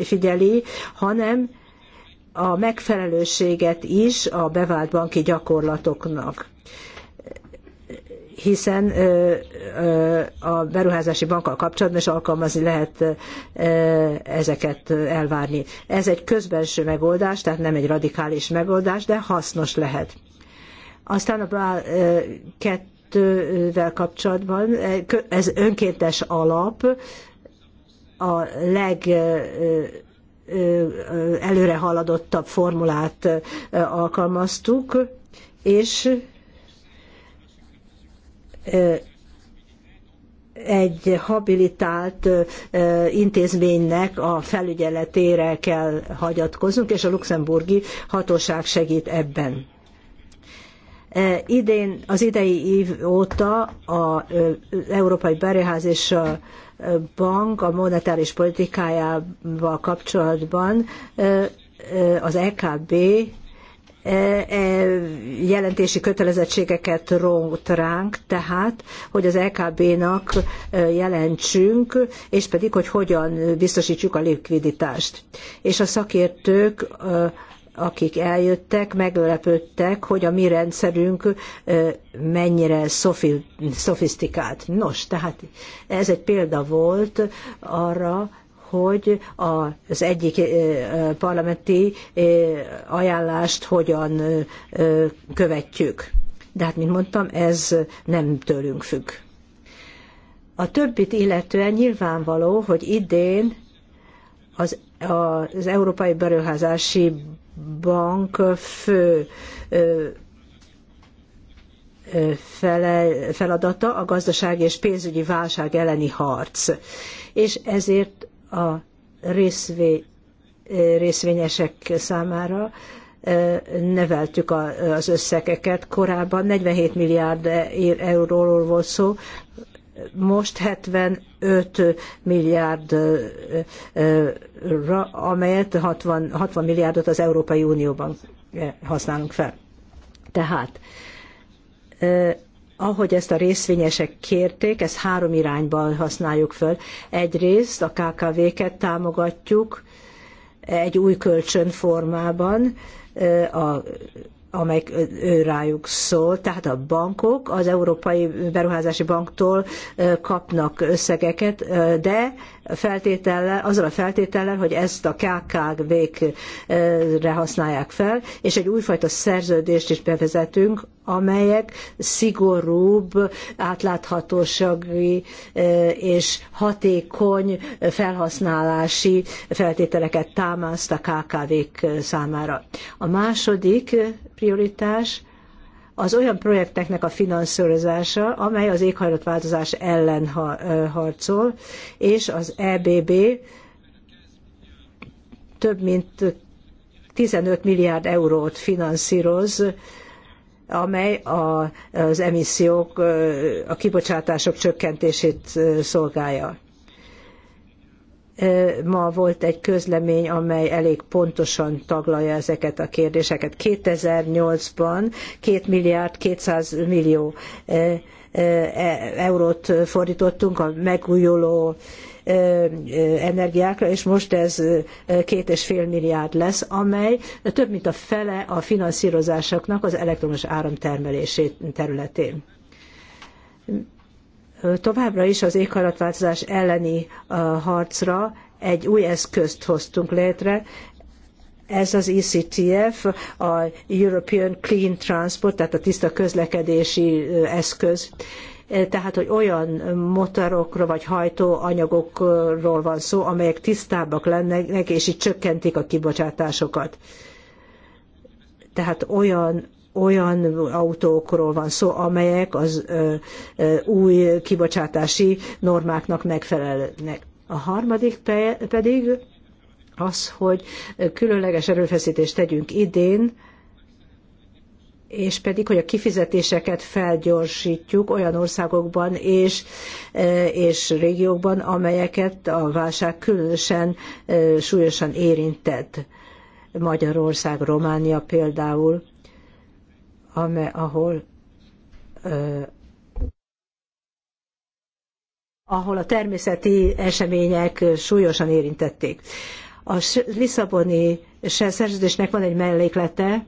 figyeli, hanem a megfelelőséget is a bevált banki gyakorlatoknak hiszen a beruházási bankkal kapcsolatban is alkalmazni lehet ezeket elvárni. Ez egy közbenső megoldás, tehát nem egy radikális megoldás, de hasznos lehet. Aztán a BRAL 2-vel kapcsolatban ez önkéntes alap, a leg előre haladottabb formulát alkalmaztuk, és egy habilitált intézménynek a felügyeletére kell hagyatkoznunk, és a luxemburgi hatóság segít ebben. Idén, az idei év óta az Európai Beréház és a bank a monetáris politikájával kapcsolatban az EKB E, e, jelentési kötelezettségeket rót ránk, tehát, hogy az LKB-nak e, jelentsünk, és pedig, hogy hogyan biztosítsuk a likviditást. És a szakértők akik eljöttek, meglepődtek, hogy a mi rendszerünk mennyire szofi, szofisztikált. Nos, tehát ez egy példa volt arra, hogy az egyik eh, eh, parlamenti eh, ajánlást hogyan követjük. De hát, mint mondtam, ez nem tőlünk függ. A többit illetően nyilvánvaló, hogy idén az, az Európai Beruházási Bank fő feladata a gazdasági és pénzügyi válság elleni harc. És ezért a részvé, részvényesek számára, neveltük az összegeket. Korábban 47 milliárd euróról volt szó, most 75 milliárdra, amelyet 60, 60 milliárdot az Európai Unióban használunk fel. Tehát ahogy ezt a részvényesek kérték, ezt három irányban használjuk föl. Egyrészt a KKV-ket támogatjuk egy új kölcsön formában, a, amely ő rájuk szól, tehát a bankok az Európai Beruházási Banktól kapnak összegeket, de feltétellel, azzal a feltétellel, hogy ezt a KKV-kre használják fel, és egy újfajta szerződést is bevezetünk, amelyek szigorúbb átláthatósági e, és hatékony felhasználási feltételeket támaszt a KKV-k számára. A második prioritás az olyan projekteknek a finanszírozása, amely az éghajlatváltozás ellen e, harcol, és az EBB több mint 15 milliárd eurót finanszíroz amely a, az emissziók, a kibocsátások csökkentését szolgálja. Ma volt egy közlemény, amely elég pontosan taglalja ezeket a kérdéseket. 2008-ban 2 milliárd 200 millió e, eurót fordítottunk a megújuló energiákra, és most ez két és fél milliárd lesz, amely több mint a fele a finanszírozásoknak az elektromos áramtermelését területén. Továbbra is az éghajlatváltozás elleni harcra egy új eszközt hoztunk létre, ez az ECTF, a European Clean Transport, tehát a tiszta közlekedési eszköz, Eh, tehát hogy olyan motorokról vagy hajtóanyagokról van szó, amelyek tisztábbak lennek, és így csökkentik a kibocsátásokat. Tehát olyan olyan autókról van szó, amelyek az ö, ö, új kibocsátási normáknak megfelelnek. A harmadik pe, pedig az, hogy különleges erőfeszítést tegyünk idén, és pedig, hogy a kifizetéseket felgyorsítjuk olyan országokban és, e, és régiókban, amelyeket a válság különösen e, súlyosan érintett. Magyarország, Románia például, ahol e, ahol a természeti események súlyosan érintették. A Lisszaboni szerződésnek van egy melléklete,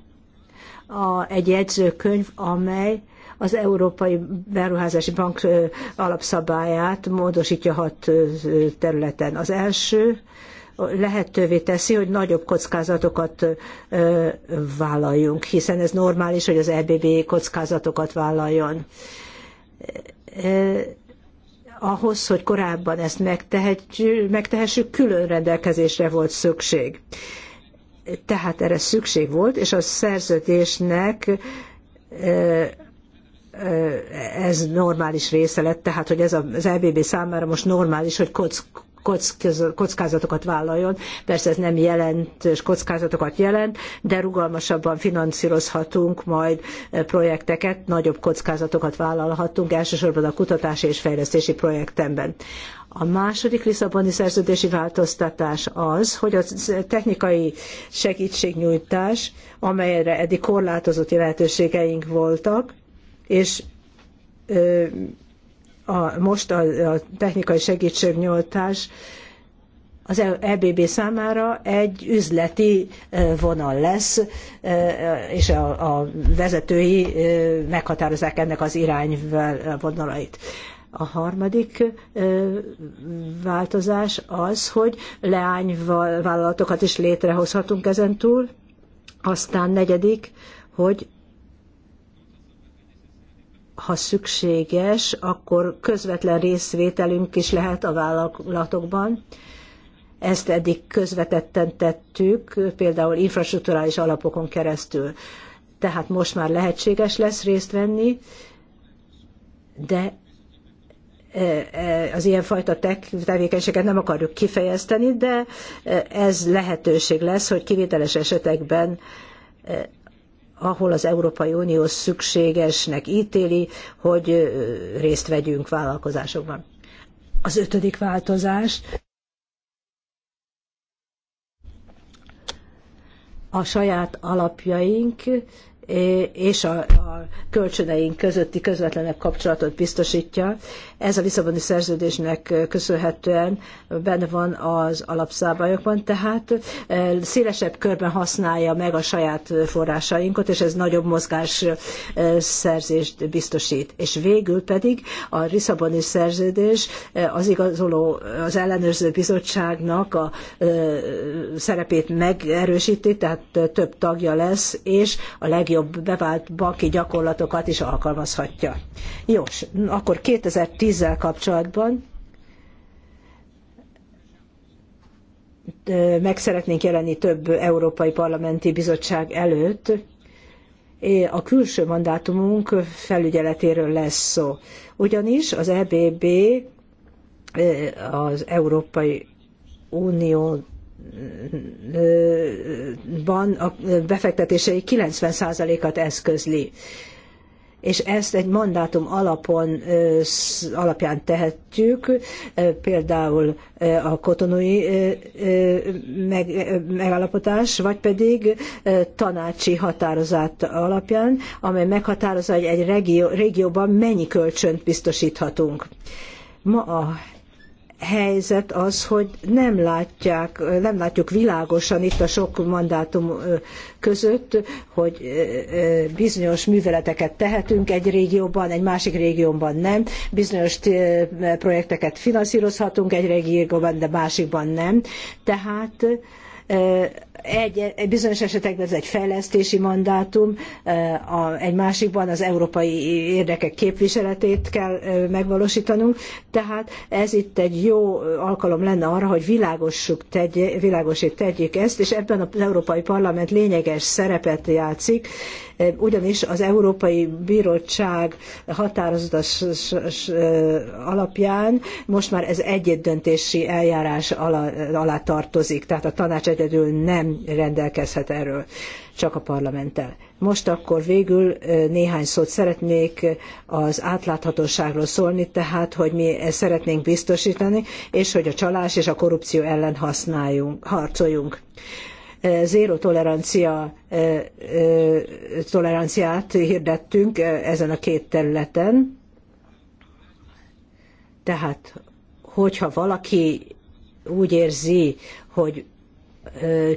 a, egy jegyzőkönyv, amely az Európai Beruházási Bank alapszabályát módosítja hat területen. Az első lehetővé teszi, hogy nagyobb kockázatokat vállaljunk, hiszen ez normális, hogy az EBB kockázatokat vállaljon ahhoz, hogy korábban ezt megtehessük, külön rendelkezésre volt szükség. Tehát erre szükség volt, és a szerződésnek ez normális része lett, tehát hogy ez az LBB e számára most normális, hogy kock, kockázatokat vállaljon. Persze ez nem jelentős kockázatokat jelent, de rugalmasabban finanszírozhatunk majd projekteket, nagyobb kockázatokat vállalhatunk, elsősorban a kutatási és fejlesztési projektemben. A második Lisszaboni szerződési változtatás az, hogy a technikai segítségnyújtás, amelyre eddig korlátozott lehetőségeink voltak, és a, most a, a technikai segítségnyújtás az EBB számára egy üzleti vonal lesz, és a, vezetői meghatározzák ennek az irányvonalait. A harmadik változás az, hogy leányvállalatokat is létrehozhatunk ezen túl. Aztán negyedik, hogy ha szükséges, akkor közvetlen részvételünk is lehet a vállalatokban. Ezt eddig közvetetten tettük, például infrastruktúrális alapokon keresztül. Tehát most már lehetséges lesz részt venni, de E, e, az ilyenfajta tevékenységet nem akarjuk kifejezteni, de e, ez lehetőség lesz, hogy kivételes esetekben ahol az Európai Unió szükségesnek ítéli, hogy részt vegyünk vállalkozásokban. Az ötödik változás a saját alapjaink és a, a kölcsöneink közötti közvetlenebb kapcsolatot biztosítja, ez a Lisszaboni szerződésnek köszönhetően benne van az alapszabályokban, tehát eh, szélesebb körben használja meg a saját forrásainkat, és ez nagyobb mozgás eh, szerzést biztosít. És végül pedig a Lisszaboni szerződés eh, az igazoló, az ellenőrző bizottságnak a szerepét megerősíti, tehát több tagja lesz, és a legjobb bevált banki gyakorlatokat is alkalmazhatja. Jó, akkor 2010 2010 kapcsolatban. Meg szeretnénk jelenni több Európai Parlamenti Bizottság előtt. A külső mandátumunk felügyeletéről lesz szó. Ugyanis az EBB az Európai Unió ban a befektetései 90%-át eszközli és ezt egy mandátum alapon, alapján tehetjük, például a kotonói meg, megállapotás, vagy pedig tanácsi határozat alapján, amely meghatározza, hogy egy régió, régióban mennyi kölcsönt biztosíthatunk. Ma a helyzet az, hogy nem látják, nem látjuk világosan itt a sok mandátum között, hogy bizonyos műveleteket tehetünk egy régióban, egy másik régióban nem, bizonyos projekteket finanszírozhatunk egy régióban, de másikban nem. Tehát egy, egy bizonyos esetekben ez egy fejlesztési mandátum, a, egy másikban az európai érdekek képviseletét kell megvalósítanunk, tehát ez itt egy jó alkalom lenne arra, hogy világossuk tegye, világosít tegyük ezt, és ebben az Európai Parlament lényeges szerepet játszik, ugyanis az Európai Bíróság határozatás alapján most már ez egyet döntési eljárás alá, alá tartozik, tehát a tanács egyedül nem nem rendelkezhet erről, csak a parlamenttel. Most akkor végül néhány szót szeretnék az átláthatóságról szólni, tehát, hogy mi ezt szeretnénk biztosítani, és hogy a csalás és a korrupció ellen használjunk, harcoljunk zéró tolerancia, toleranciát hirdettünk ezen a két területen. Tehát, hogyha valaki úgy érzi, hogy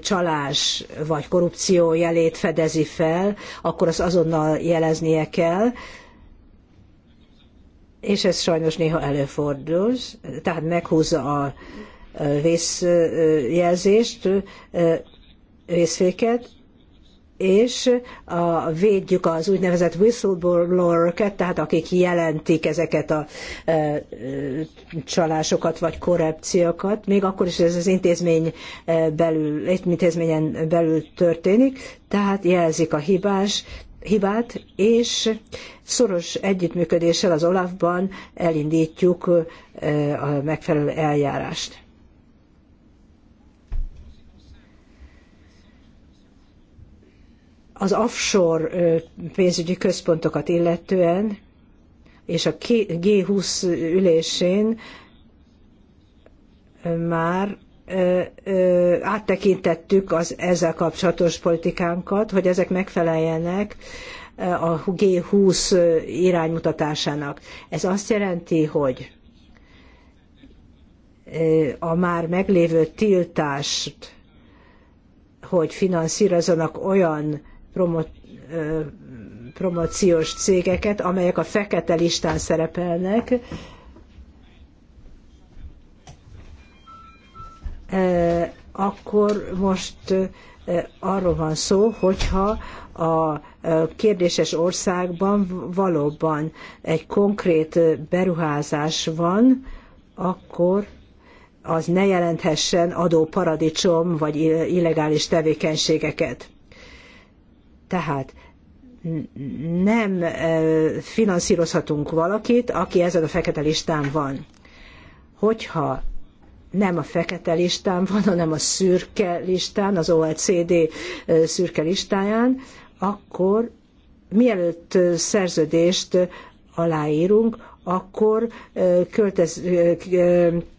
csalás vagy korrupció jelét fedezi fel, akkor azt azonnal jeleznie kell, és ez sajnos néha előfordul, tehát meghúzza a vészjelzést, vészféket, és a, védjük az úgynevezett whistleblower-ket, tehát akik jelentik ezeket a e, e csalásokat vagy korrupciókat, még akkor is ez az intézmény e, belül, intézményen belül történik, tehát jelzik a hibás, hibát, és szoros együttműködéssel az OLAF-ban elindítjuk e, a megfelelő eljárást. az offshore pénzügyi központokat illetően, és a G20 ülésén már áttekintettük az ezzel kapcsolatos politikánkat, hogy ezek megfeleljenek a G20 iránymutatásának. Ez azt jelenti, hogy a már meglévő tiltást, hogy finanszírozzanak olyan promo, promóciós cégeket, amelyek a fekete listán szerepelnek. Akkor most arról van szó, hogyha a kérdéses országban valóban egy konkrét beruházás van, akkor az ne jelenthessen adóparadicsom vagy illegális tevékenységeket. Tehát nem finanszírozhatunk valakit, aki ezen a fekete listán van. Hogyha nem a fekete listán van, hanem a szürke listán, az OECD szürke listáján, akkor mielőtt szerződést aláírunk, akkor költez,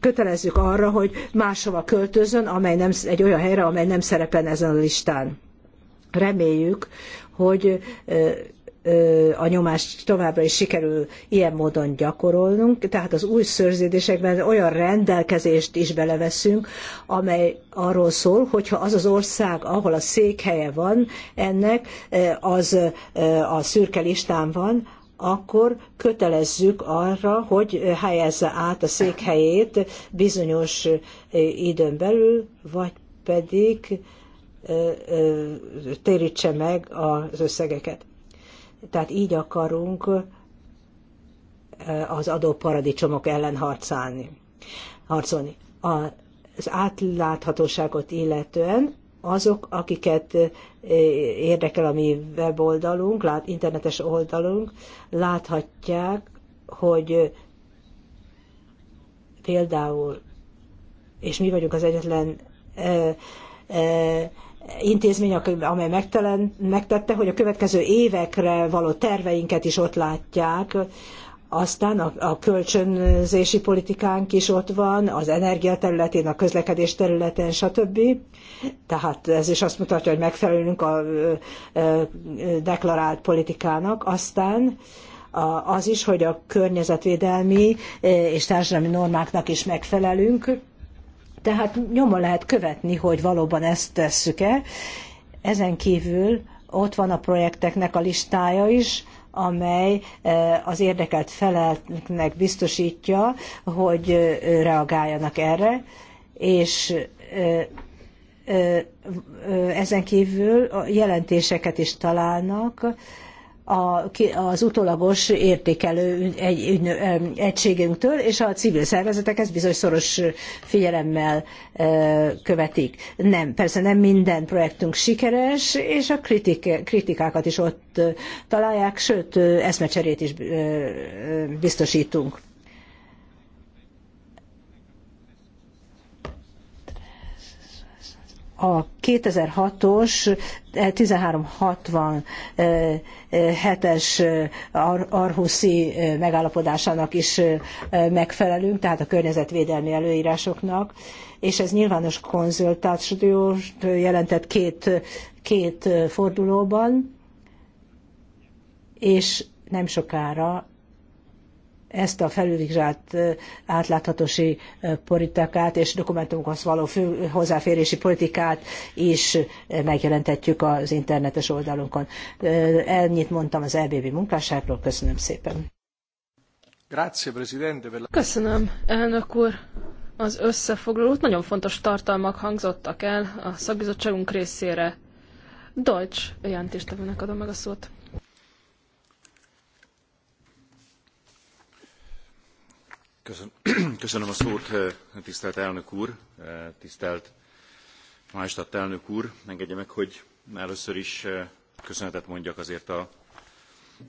kötelezzük arra, hogy máshova költözön, amely nem, egy olyan helyre, amely nem szerepel ezen a listán. Reméljük, hogy a nyomást továbbra is sikerül ilyen módon gyakorolnunk, tehát az új szerződésekben olyan rendelkezést is beleveszünk, amely arról szól, hogyha az az ország, ahol a székhelye van ennek, az a szürke listán van, akkor kötelezzük arra, hogy helyezze át a székhelyét bizonyos időn belül, vagy pedig térítse meg az összegeket. Tehát így akarunk az adóparadicsomok ellen harcálni, harcolni. Az átláthatóságot illetően azok, akiket érdekel a mi weboldalunk, lát, internetes oldalunk, láthatják, hogy például, és mi vagyunk az egyetlen intézmény, amely megtelen, megtette, hogy a következő évekre való terveinket is ott látják, aztán a, a kölcsönzési politikánk is ott van, az energia területén, a közlekedés területén, stb. Tehát ez is azt mutatja, hogy megfelelünk a deklarált politikának. Aztán az is, hogy a környezetvédelmi és társadalmi normáknak is megfelelünk tehát nyoma lehet követni, hogy valóban ezt tesszük-e. Ezen kívül ott van a projekteknek a listája is, amely eh, az érdekelt felelnek biztosítja, hogy eh, reagáljanak erre, és eh, ezen kívül jelentéseket is találnak, a, az utólagos értékelő egy, ügy, egységünktől, és a civil szervezetek ezt bizony szoros figyelemmel követik. Nem, persze nem minden projektünk sikeres, és a kritik, kritikákat is ott találják, sőt, eszmecserét is biztosítunk. a 2006-os 1367-es eh, eh, eh, Arhuszi megállapodásának is megfelelünk, tehát a környezetvédelmi előírásoknak, és ez nyilvános konzultációt jelentett két, két fordulóban, és nem sokára ezt a felülvizsgált átláthatósi politikát és dokumentumokhoz való hozzáférési politikát is megjelentetjük az internetes oldalunkon. Ennyit mondtam az EBB munkásságról, köszönöm szépen. Köszönöm, elnök úr. Az összefoglalót nagyon fontos tartalmak hangzottak el a szakbizottságunk részére. Deutsch jelentéstevőnek adom meg a szót. (clears throat) Köszönöm, a szót, eh, tisztelt elnök úr, eh, tisztelt Maestat elnök úr. Engedje meg, hogy először is eh, köszönetet mondjak azért a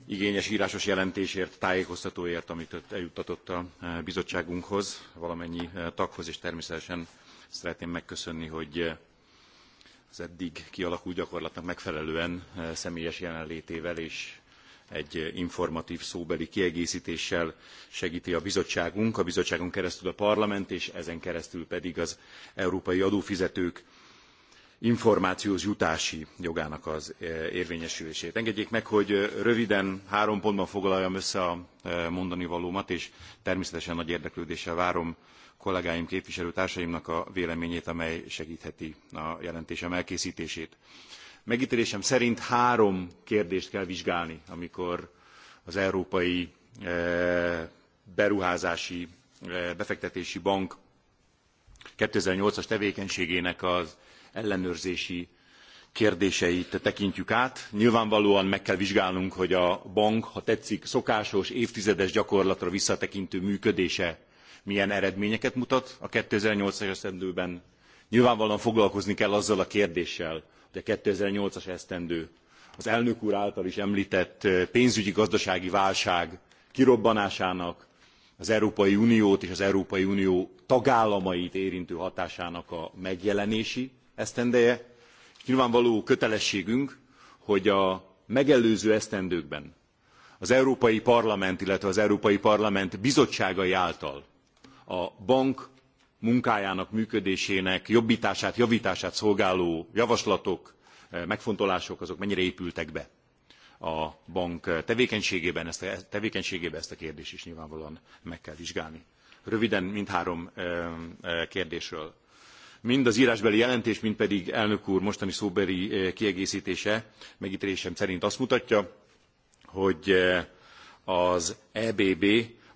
igényes írásos jelentésért, tájékoztatóért, amit eljuttatott a bizottságunkhoz, valamennyi taghoz, és természetesen szeretném megköszönni, hogy az eddig kialakult gyakorlatnak megfelelően személyes jelenlétével és egy informatív szóbeli kiegészítéssel segíti a bizottságunk, a bizottságon keresztül a parlament, és ezen keresztül pedig az európai adófizetők információhoz jutási jogának az érvényesülését. Engedjék meg, hogy röviden három pontban foglaljam össze a mondani valómat, és természetesen nagy érdeklődéssel várom kollégáim, képviselőtársaimnak a véleményét, amely segítheti a jelentésem elkészítését. Megítélésem szerint három kérdést kell vizsgálni, amikor az Európai eh, Beruházási eh, Befektetési Bank 2008-as tevékenységének az ellenőrzési kérdéseit tekintjük át. Nyilvánvalóan meg kell vizsgálnunk, hogy a bank, ha tetszik, szokásos, évtizedes gyakorlatra visszatekintő működése milyen eredményeket mutat a 2008-as esztendőben. Nyilvánvalóan foglalkozni kell azzal a kérdéssel, de 2008-as esztendő, az elnök úr által is említett eh, pénzügyi gazdasági válság kirobbanásának, az Európai Uniót és az Európai Unió tagállamait érintő hatásának a megjelenési esztendeje, és nyilvánvaló kötelességünk, hogy a megelőző esztendőkben az Európai Parlament, illetve az Európai Parlament bizottságai által a bank munkájának, működésének jobbítását, javítását szolgáló javaslatok, eh, megfontolások, azok mennyire épültek be a bank tevékenységében, ezt a, tevékenységében ezt a kérdést is nyilvánvalóan meg kell vizsgálni. Röviden mindhárom eh, eh, kérdésről mind az rásbeli jelentés mind pedig elnök úr mostani szóbeli kiegésztése megtélésem szerint azt mutatja hogy az ebb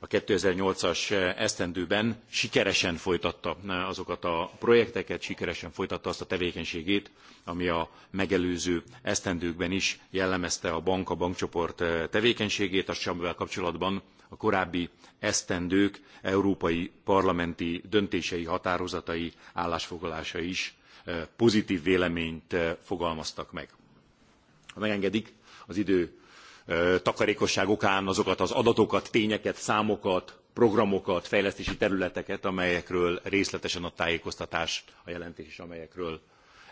a 2008-as esztendőben sikeresen folytatta azokat a projekteket, sikeresen folytatta azt a tevékenységét, ami a megelőző esztendőkben is jellemezte a bank, a bankcsoport tevékenységét, az amivel kapcsolatban a korábbi esztendők európai parlamenti döntései, határozatai, állásfoglalása is pozitív véleményt fogalmaztak meg. Ha megengedik, az idő takarékosság okán azokat az adatokat, tényeket, számokat, programokat, fejlesztési területeket, amelyekről részletesen a tájékoztatás, a jelentés is, amelyekről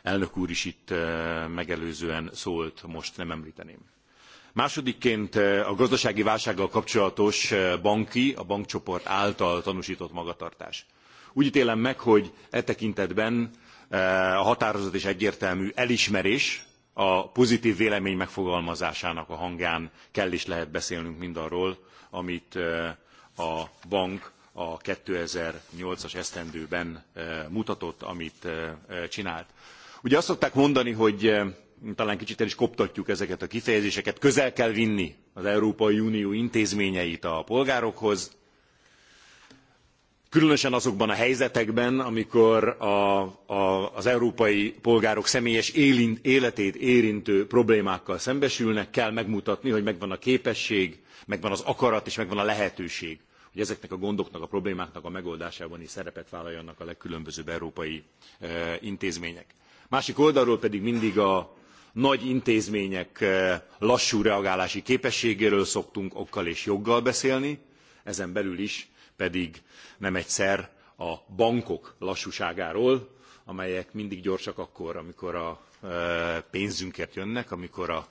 elnök úr is itt megelőzően szólt, most nem említeném. Másodikként a gazdasági válsággal kapcsolatos banki, a bankcsoport által tanúsított magatartás. Úgy ítélem meg, hogy e tekintetben a határozat és egyértelmű elismerés, a pozitv vélemény megfogalmazásának a hangján kell és lehet beszélnünk mindarról amit a bank a two thousand and eight as esztendőben mutatott amit csinált. ugye azt szokták mondani hogy talán kicsit el is koptatjuk ezeket a kifejezéseket közel kell vinni az európai unió intézményeit a polgárokhoz különösen azokban a helyzetekben amikor a, a, az európai polgárok személyes élint, életét érintő problémákkal szembesülnek kell megmutatni hogy megvan a képesség megvan az akarat és megvan a lehetőség hogy ezeknek a gondoknak a problémáknak a megoldásában is szerepet vállaljanak a legkülönbözőbb európai e, intézmények. másik oldalról pedig mindig a nagy intézmények e, lassú reagálási képességéről szoktunk okkal és joggal beszélni ezen belül is pedig nem egyszer a bankok lassúságáról, amelyek mindig gyorsak akkor, amikor a e, pénzünkért jönnek, amikor a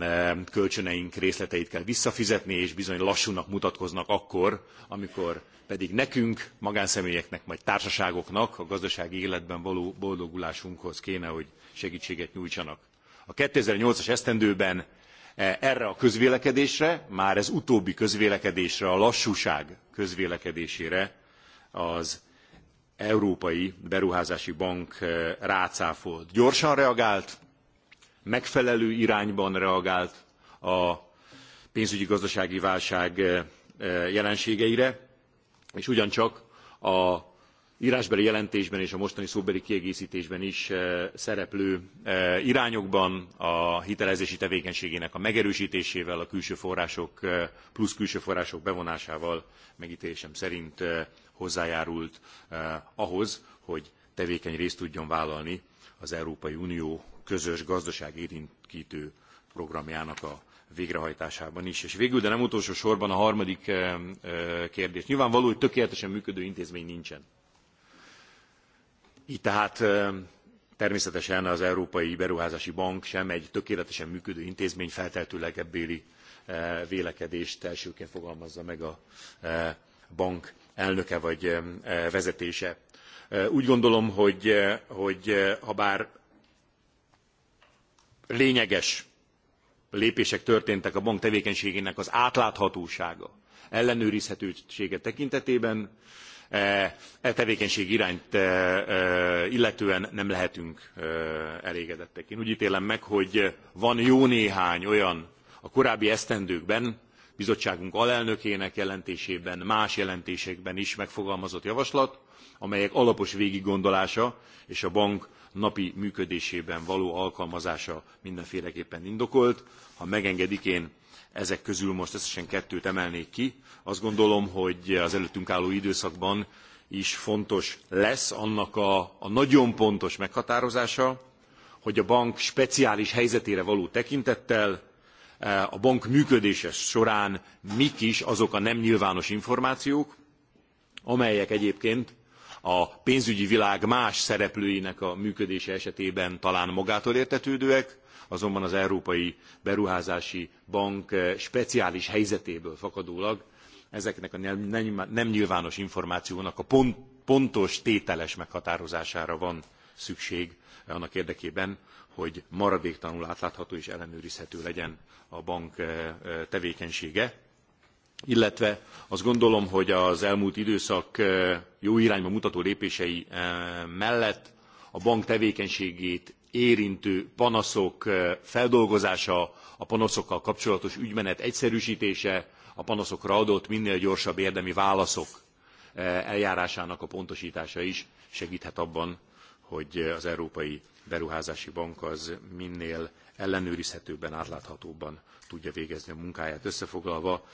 e, kölcsöneink részleteit kell visszafizetni, és bizony lassúnak mutatkoznak akkor, amikor pedig nekünk, magánszemélyeknek, vagy társaságoknak a gazdasági életben való boldogulásunkhoz kéne, hogy segítséget nyújtsanak. A 2008-as esztendőben Eh, erre a közvélekedésre, már ez utóbbi közvélekedésre, a lassúság közvélekedésére az Európai Beruházási Bank eh, rácáfolt. Gyorsan reagált, megfelelő irányban reagált a pénzügyi gazdasági válság eh, jelenségeire, és ugyancsak a rásbeli jelentésben és a mostani szóbeli kiegésztésben is eh, szereplő eh, irányokban a hitelezési tevékenységének a megerőstésével a külső források eh, plusz külső források bevonásával megtélésem szerint hozzájárult ahhoz hogy tevékeny részt tudjon vállalni az európai unió közös gazdaságérintő programjának a végrehajtásában is. És végül, de nem utolsó sorban a harmadik kérdés. Nyilvánvaló, hogy tökéletesen működő intézmény nincsen gy tehát természetesen az európai beruházási bank sem egy tökéletesen működő intézmény feltehetőleg ebbéli vélekedést elsőként fogalmazza meg a bank elnöke vagy vezetése. úgy gondolom hogy, hogy habár lényeges lépések történtek a bank tevékenységének az átláthatósága ellenőrizhetősége tekintetében E, e tevékenység irányt e, e, illetően nem lehetünk elégedettek. én úgy télem meg hogy van jó néhány olyan a korábbi esztendőkben bizottságunk alelnökének jelentésében más jelentésekben is megfogalmazott javaslat amelyek alapos végiggondolása és a bank napi működésében való alkalmazása mindenféleképpen indokolt. ha megengedik én ezek közül most összesen kettőt emelnék ki. Azt gondolom, hogy az előttünk álló időszakban is fontos lesz annak a, a nagyon pontos meghatározása, hogy a bank speciális helyzetére való tekintettel e, a bank működése során mik is azok a nem nyilvános információk, amelyek egyébként a pénzügyi világ más szereplőinek a működése esetében talán magától értetődőek, azonban az Európai Beruházási Bank eh, speciális helyzetéből fakadólag ezeknek a nem, nyilvános információnak a pont, pontos tételes meghatározására van szükség eh, annak érdekében, hogy maradéktalanul átlátható és ellenőrizhető legyen a bank eh, tevékenysége. Illetve azt gondolom, hogy az elmúlt időszak jó irányba mutató lépései mellett a bank tevékenységét érintő panaszok eh, feldolgozása a panaszokkal kapcsolatos ügymenet egyszerűstése a panaszokra adott minél gyorsabb érdemi válaszok eh, eljárásának a pontostása is segthet abban hogy az európai beruházási bank az minél ellenőrizhetőbben, átláthatóbban tudja végezni a munkáját. Összefoglalva,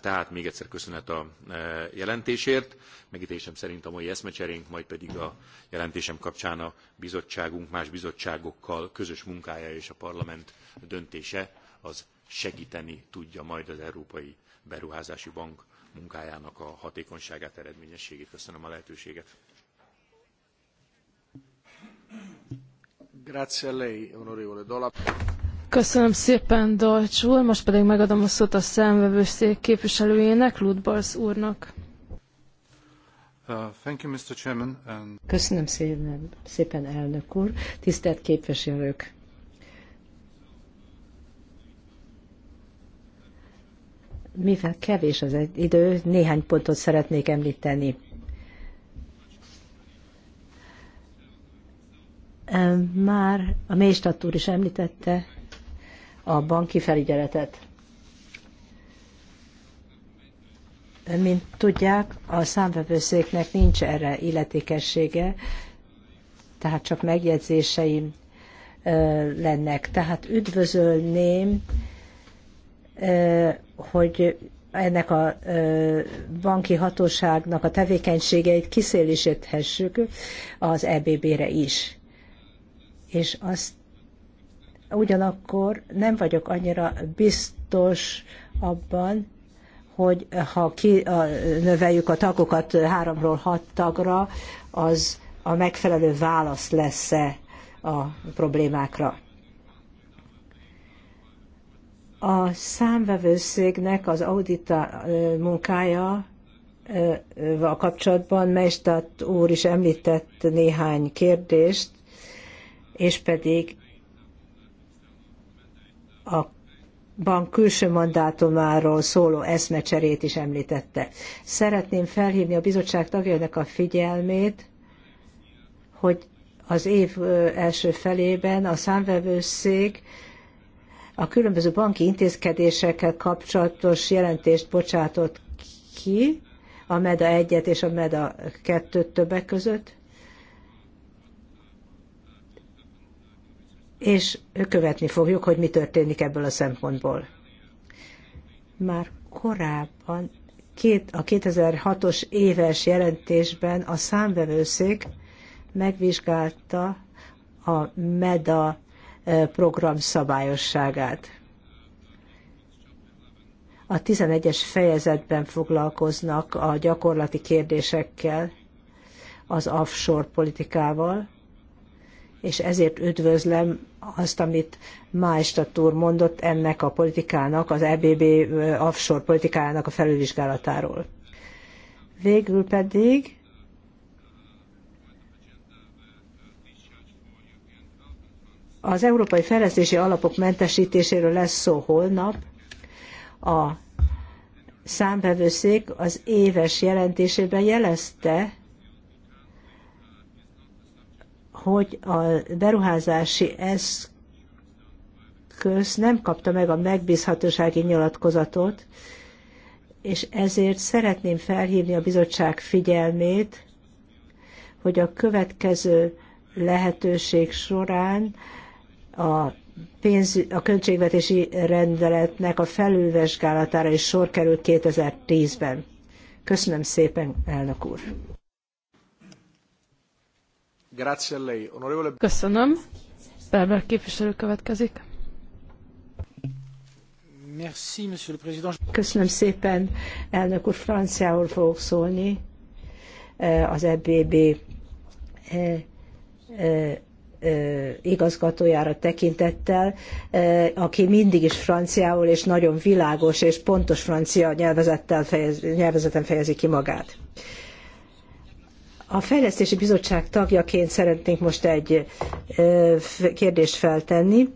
tehát még egyszer köszönet a e, jelentésért. Megítélésem szerint a mai eszmecserénk, majd pedig a jelentésem kapcsán a bizottságunk más bizottságokkal közös munkája és a parlament döntése az segíteni tudja majd az Európai Beruházási Bank munkájának a hatékonyságát, eredményességét. Köszönöm a lehetőséget. Grazie lei, onorevole Dola. Köszönöm szépen, Dolcs úr. Most pedig megadom a szót a számvevőszék képviselőjének, Ludbars úrnak. Uh, you, Chairman, and... Köszönöm szépen, szépen, elnök úr. Tisztelt képviselők! Mivel kevés az idő, néhány pontot szeretnék említeni. Már a Mélystat úr is említette a banki felügyeletet. Mint tudják, a számvevőszéknek nincs erre illetékessége, tehát csak megjegyzéseim lennek. Tehát üdvözölném, hogy ennek a banki hatóságnak a tevékenységeit kiszélésíthessük az EBB-re is és azt ugyanakkor nem vagyok annyira biztos abban, hogy ha ki, a, növeljük a tagokat háromról hat tagra, az a megfelelő válasz lesz-e a problémákra. A számvevőszégnek az audita munkája a kapcsolatban Mestat úr is említett néhány kérdést, és pedig a bank külső mandátumáról szóló eszmecserét is említette. Szeretném felhívni a bizottság tagjainak a figyelmét, hogy az év első felében a számvevőszék a különböző banki intézkedésekkel kapcsolatos jelentést bocsátott ki, a MEDA 1-et és a MEDA 2-t többek között, és követni fogjuk, hogy mi történik ebből a szempontból. Már korábban a 2006-os éves jelentésben a számvevőszék megvizsgálta a MEDA e, program szabályosságát. A 11-es fejezetben foglalkoznak a gyakorlati kérdésekkel, az offshore politikával, és ezért üdvözlöm azt, amit Maestat úr mondott ennek a politikának, az EBB offshore politikájának a felülvizsgálatáról. Végül pedig az Európai Fejlesztési Alapok mentesítéséről lesz szó holnap. A számvevőszék az éves jelentésében jelezte, hogy a beruházási eszköz nem kapta meg a megbízhatósági nyilatkozatot, és ezért szeretném felhívni a bizottság figyelmét, hogy a következő lehetőség során a pénz, a költségvetési rendeletnek a felülvizsgálatára is sor kerül 2010-ben. Köszönöm szépen, elnök úr! Köszönöm. Berber képviselő következik. Merci, monsieur le président. Köszönöm szépen, elnök úr, franciául fogok szólni e, az EBB e, e, igazgatójára tekintettel, aki mindig is franciául és nagyon világos és pontos francia nyelvezettel fejez, nyelvezeten fejezi ki magát. A Fejlesztési Bizottság tagjaként szeretnénk most egy kérdést feltenni,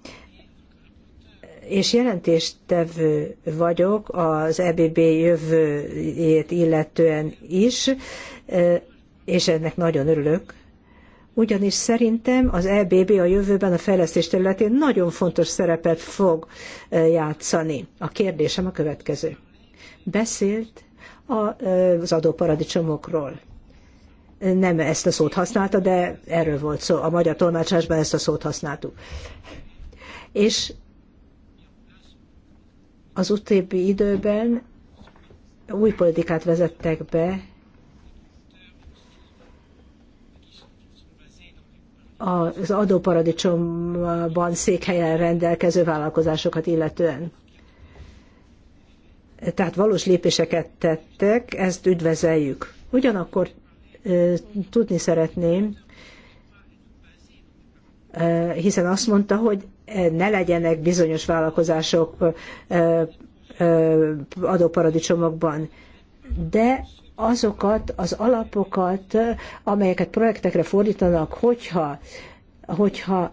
és jelentéstevő vagyok az EBB jövőjét illetően is, és ennek nagyon örülök, ugyanis szerintem az EBB a jövőben a fejlesztés területén nagyon fontos szerepet fog játszani. A kérdésem a következő. Beszélt az adóparadicsomokról nem ezt a szót használta, de erről volt szó. A magyar tolmácsásban ezt a szót használtuk. És az utóbbi időben új politikát vezettek be, az adóparadicsomban székhelyen rendelkező vállalkozásokat illetően. Tehát valós lépéseket tettek, ezt üdvözöljük. Ugyanakkor tudni szeretném, hiszen azt mondta, hogy ne legyenek bizonyos vállalkozások adóparadicsomokban. De azokat az alapokat, amelyeket projektekre fordítanak, hogyha, hogyha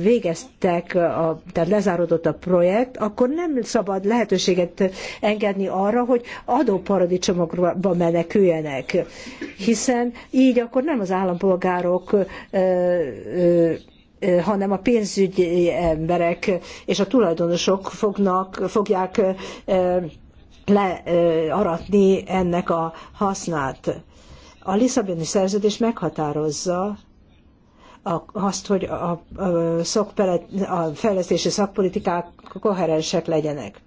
végeztek, a, tehát lezáródott a projekt, akkor nem szabad lehetőséget engedni arra, hogy adóparadicsomokba meneküljenek, hiszen így akkor nem az állampolgárok hanem a pénzügyi emberek és a tulajdonosok fognak, fogják learatni ennek a hasznát. A Lisszaboni szerződés meghatározza, azt, hogy a, a, a fejlesztési szakpolitikák koherensek legyenek.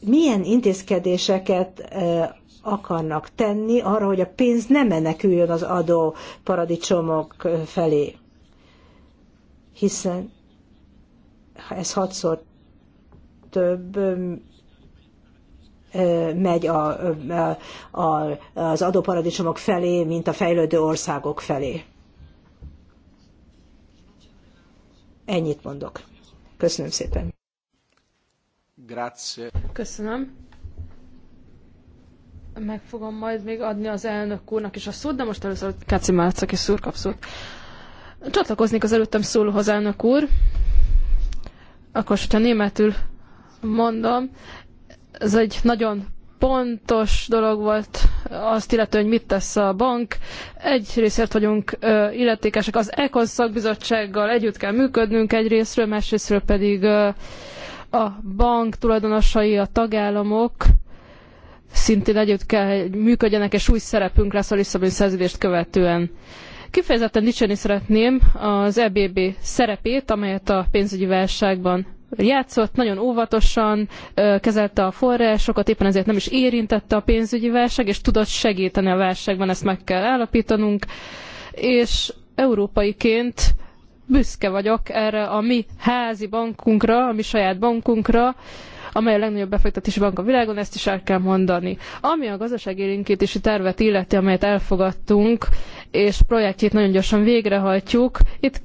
Milyen intézkedéseket e, akarnak tenni arra, hogy a pénz ne meneküljön az adó paradicsomok e, felé? Hiszen ez hatszor több, megy a, a, az adóparadicsomok felé, mint a fejlődő országok felé. Ennyit mondok. Köszönöm szépen. Grazie. Köszönöm. Meg fogom majd még adni az elnök úrnak is a szót, de most először Káci aki szúr kap szót. Csatlakoznék az előttem szólóhoz, elnök úr. Akkor, hogyha németül mondom, ez egy nagyon pontos dolog volt azt illetően, hogy mit tesz a bank. Egy részért vagyunk ö, illetékesek, az ECON szakbizottsággal együtt kell működnünk egy részről, másrésztről pedig ö, a bank tulajdonosai, a tagállamok szintén együtt kell működjenek, és új szerepünk lesz a Lisszaboni szerződést követően. Kifejezetten dicsérni szeretném az EBB szerepét, amelyet a pénzügyi válságban játszott, nagyon óvatosan kezelte a forrásokat, éppen ezért nem is érintette a pénzügyi válság, és tudott segíteni a válságban, ezt meg kell állapítanunk, és európaiként büszke vagyok erre a mi házi bankunkra, a mi saját bankunkra, amely a legnagyobb befektetési bank a világon, ezt is el kell mondani. Ami a gazdaságélénkítési tervet illeti, amelyet elfogadtunk, és projektjét nagyon gyorsan végrehajtjuk, itt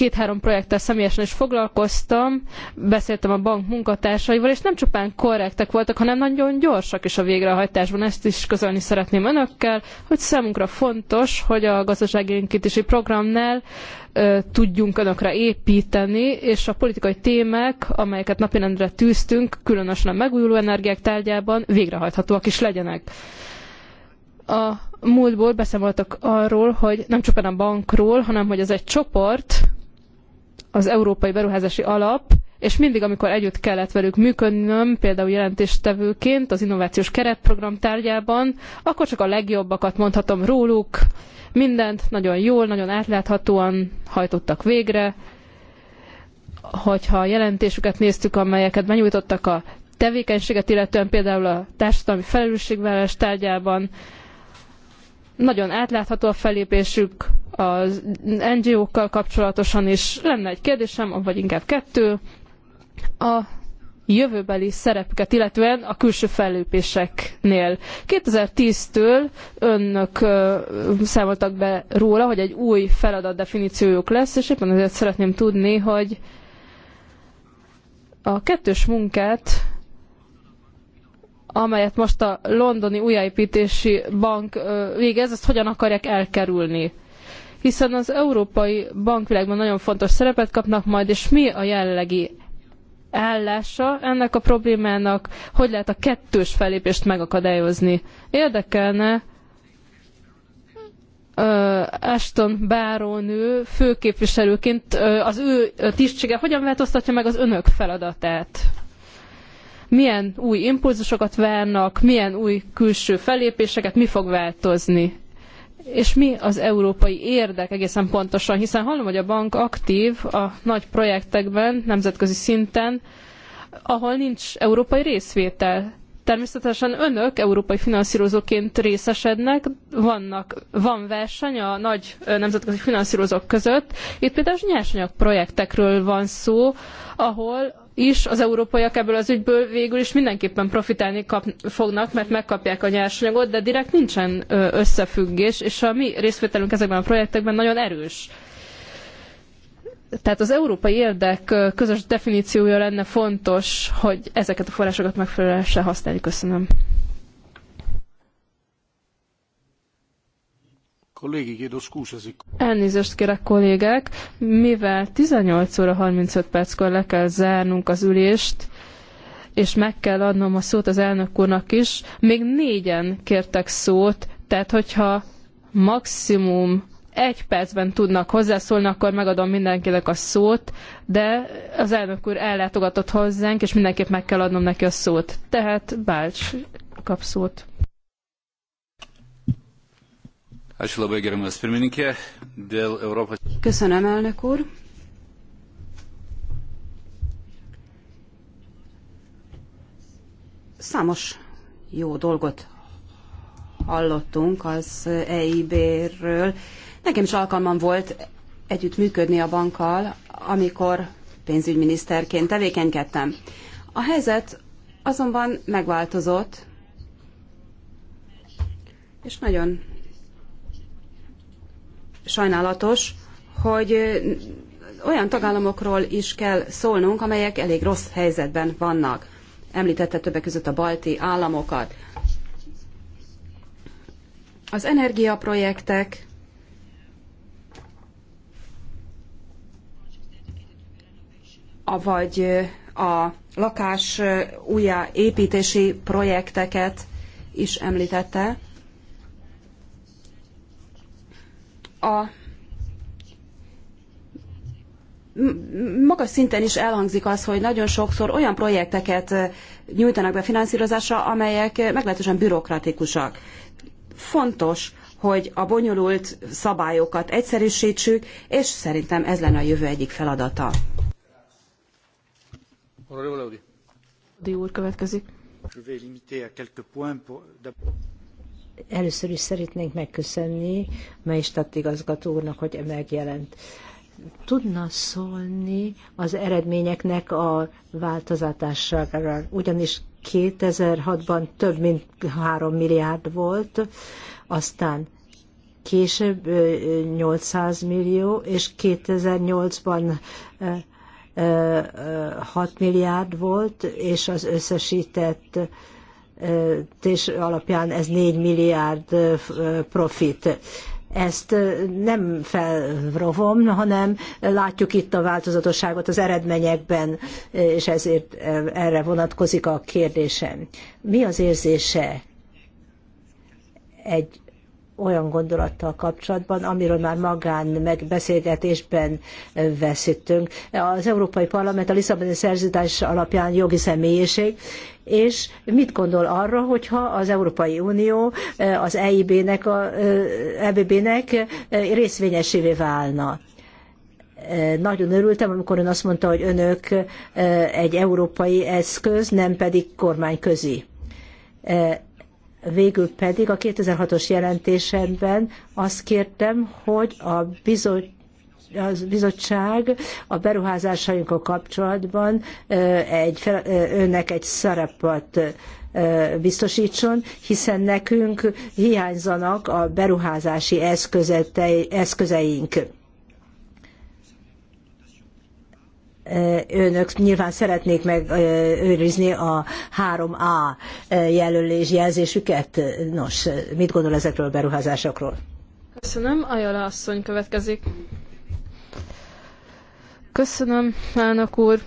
két-három projekttel személyesen is foglalkoztam, beszéltem a bank munkatársaival, és nem csupán korrektek voltak, hanem nagyon gyorsak is a végrehajtásban. Ezt is közölni szeretném önökkel, hogy számunkra fontos, hogy a gazdaságénkítési programnál ö, tudjunk önökre építeni, és a politikai témák, amelyeket napirendre tűztünk, különösen a megújuló energiák tárgyában végrehajthatóak is legyenek a múltból beszámoltak arról, hogy nem csupán a bankról, hanem hogy ez egy csoport, az Európai Beruházási Alap, és mindig, amikor együtt kellett velük működnöm, például jelentéstevőként az innovációs keretprogram tárgyában, akkor csak a legjobbakat mondhatom róluk. Mindent nagyon jól, nagyon átláthatóan hajtottak végre. Hogyha a jelentésüket néztük, amelyeket benyújtottak a tevékenységet, illetően például a társadalmi felelősségvállalás tárgyában, nagyon átlátható a felépésük az NGO-kkal kapcsolatosan is. Lenne egy kérdésem, vagy inkább kettő. A jövőbeli szerepüket, illetően a külső fellépéseknél. 2010-től önök ö, számoltak be róla, hogy egy új feladat definíciójuk lesz, és éppen ezért szeretném tudni, hogy a kettős munkát amelyet most a londoni újjáépítési bank végez, ezt hogyan akarják elkerülni? Hiszen az európai bankvilágban nagyon fontos szerepet kapnak majd, és mi a jelenlegi állása ennek a problémának, hogy lehet a kettős fellépést megakadályozni. Érdekelne Ashton Bárónő főképviselőként az ő tisztsége hogyan változtatja meg az önök feladatát? milyen új impulzusokat várnak, milyen új külső fellépéseket, mi fog változni. És mi az európai érdek egészen pontosan, hiszen hallom, hogy a bank aktív a nagy projektekben, nemzetközi szinten, ahol nincs európai részvétel. Természetesen önök európai finanszírozóként részesednek, vannak, van verseny a nagy nemzetközi finanszírozók között. Itt például nyersanyag projektekről van szó, ahol is az európaiak ebből az ügyből végül is mindenképpen profitálni kap, fognak, mert megkapják a nyersanyagot, de direkt nincsen összefüggés, és a mi részvételünk ezekben a projektekben nagyon erős. Tehát az európai érdek közös definíciója lenne fontos, hogy ezeket a forrásokat megfelelően használni. Köszönöm. Elnézést kérek kollégák, mivel 18 óra 35 perckor le kell zárnunk az ülést, és meg kell adnom a szót az elnök úrnak is, még négyen kértek szót, tehát hogyha maximum egy percben tudnak hozzászólni, akkor megadom mindenkinek a szót, de az elnök úr ellátogatott hozzánk, és mindenképp meg kell adnom neki a szót. Tehát Bálcs kap szót. Ačiū labai gerimas pirmininkė. Dėl Europos. Köszönöm, elnök úr. Számos jó dolgot hallottunk az EIB-ről. Nekem is alkalmam volt együtt működni a bankkal, amikor pénzügyminiszterként tevékenykedtem. A helyzet azonban megváltozott, és nagyon sajnálatos, hogy olyan tagállamokról is kell szólnunk, amelyek elég rossz helyzetben vannak. Említette többek között a balti államokat. Az energiaprojektek vagy a lakás újjáépítési projekteket is említette. a magas szinten is elhangzik az, hogy nagyon sokszor olyan projekteket nyújtanak be finanszírozásra, amelyek meglehetősen bürokratikusak. Fontos, hogy a bonyolult szabályokat egyszerűsítsük, és szerintem ez lenne a jövő egyik feladata. Audi úr következik. Először is szeretnénk megköszönni Meistat igazgató úrnak, hogy e megjelent. Tudna szólni az eredményeknek a változatására, ugyanis 2006-ban több mint 3 milliárd volt, aztán később 800 millió, és 2008-ban 6 milliárd volt, és az összesített és alapján ez 4 milliárd profit. Ezt nem felrovom, hanem látjuk itt a változatosságot az eredményekben, és ezért erre vonatkozik a kérdésem. Mi az érzése egy olyan gondolattal kapcsolatban, amiről már magán megbeszélgetésben eh, veszítünk. Az Európai Parlament a Lisszaboni szerződés alapján jogi személyiség, és mit gondol arra, hogyha az Európai Unió eh, az EIB-nek, a, EBB-nek eh, e részvényesévé válna? nagyon örültem, amikor ön azt mondta, hogy önök egy európai eszköz, nem pedig kormányközi. Végül pedig a 2006-os jelentésemben azt kértem, hogy a bizottság bizottság a beruházásainkkal kapcsolatban egy, önnek egy szerepet biztosítson, hiszen nekünk hiányzanak a beruházási eszközeink. önök nyilván szeretnék megőrizni a 3A jelölés jelzésüket. Nos, mit gondol ezekről a beruházásokról? Köszönöm. Ajala asszony következik. Köszönöm, elnök úr.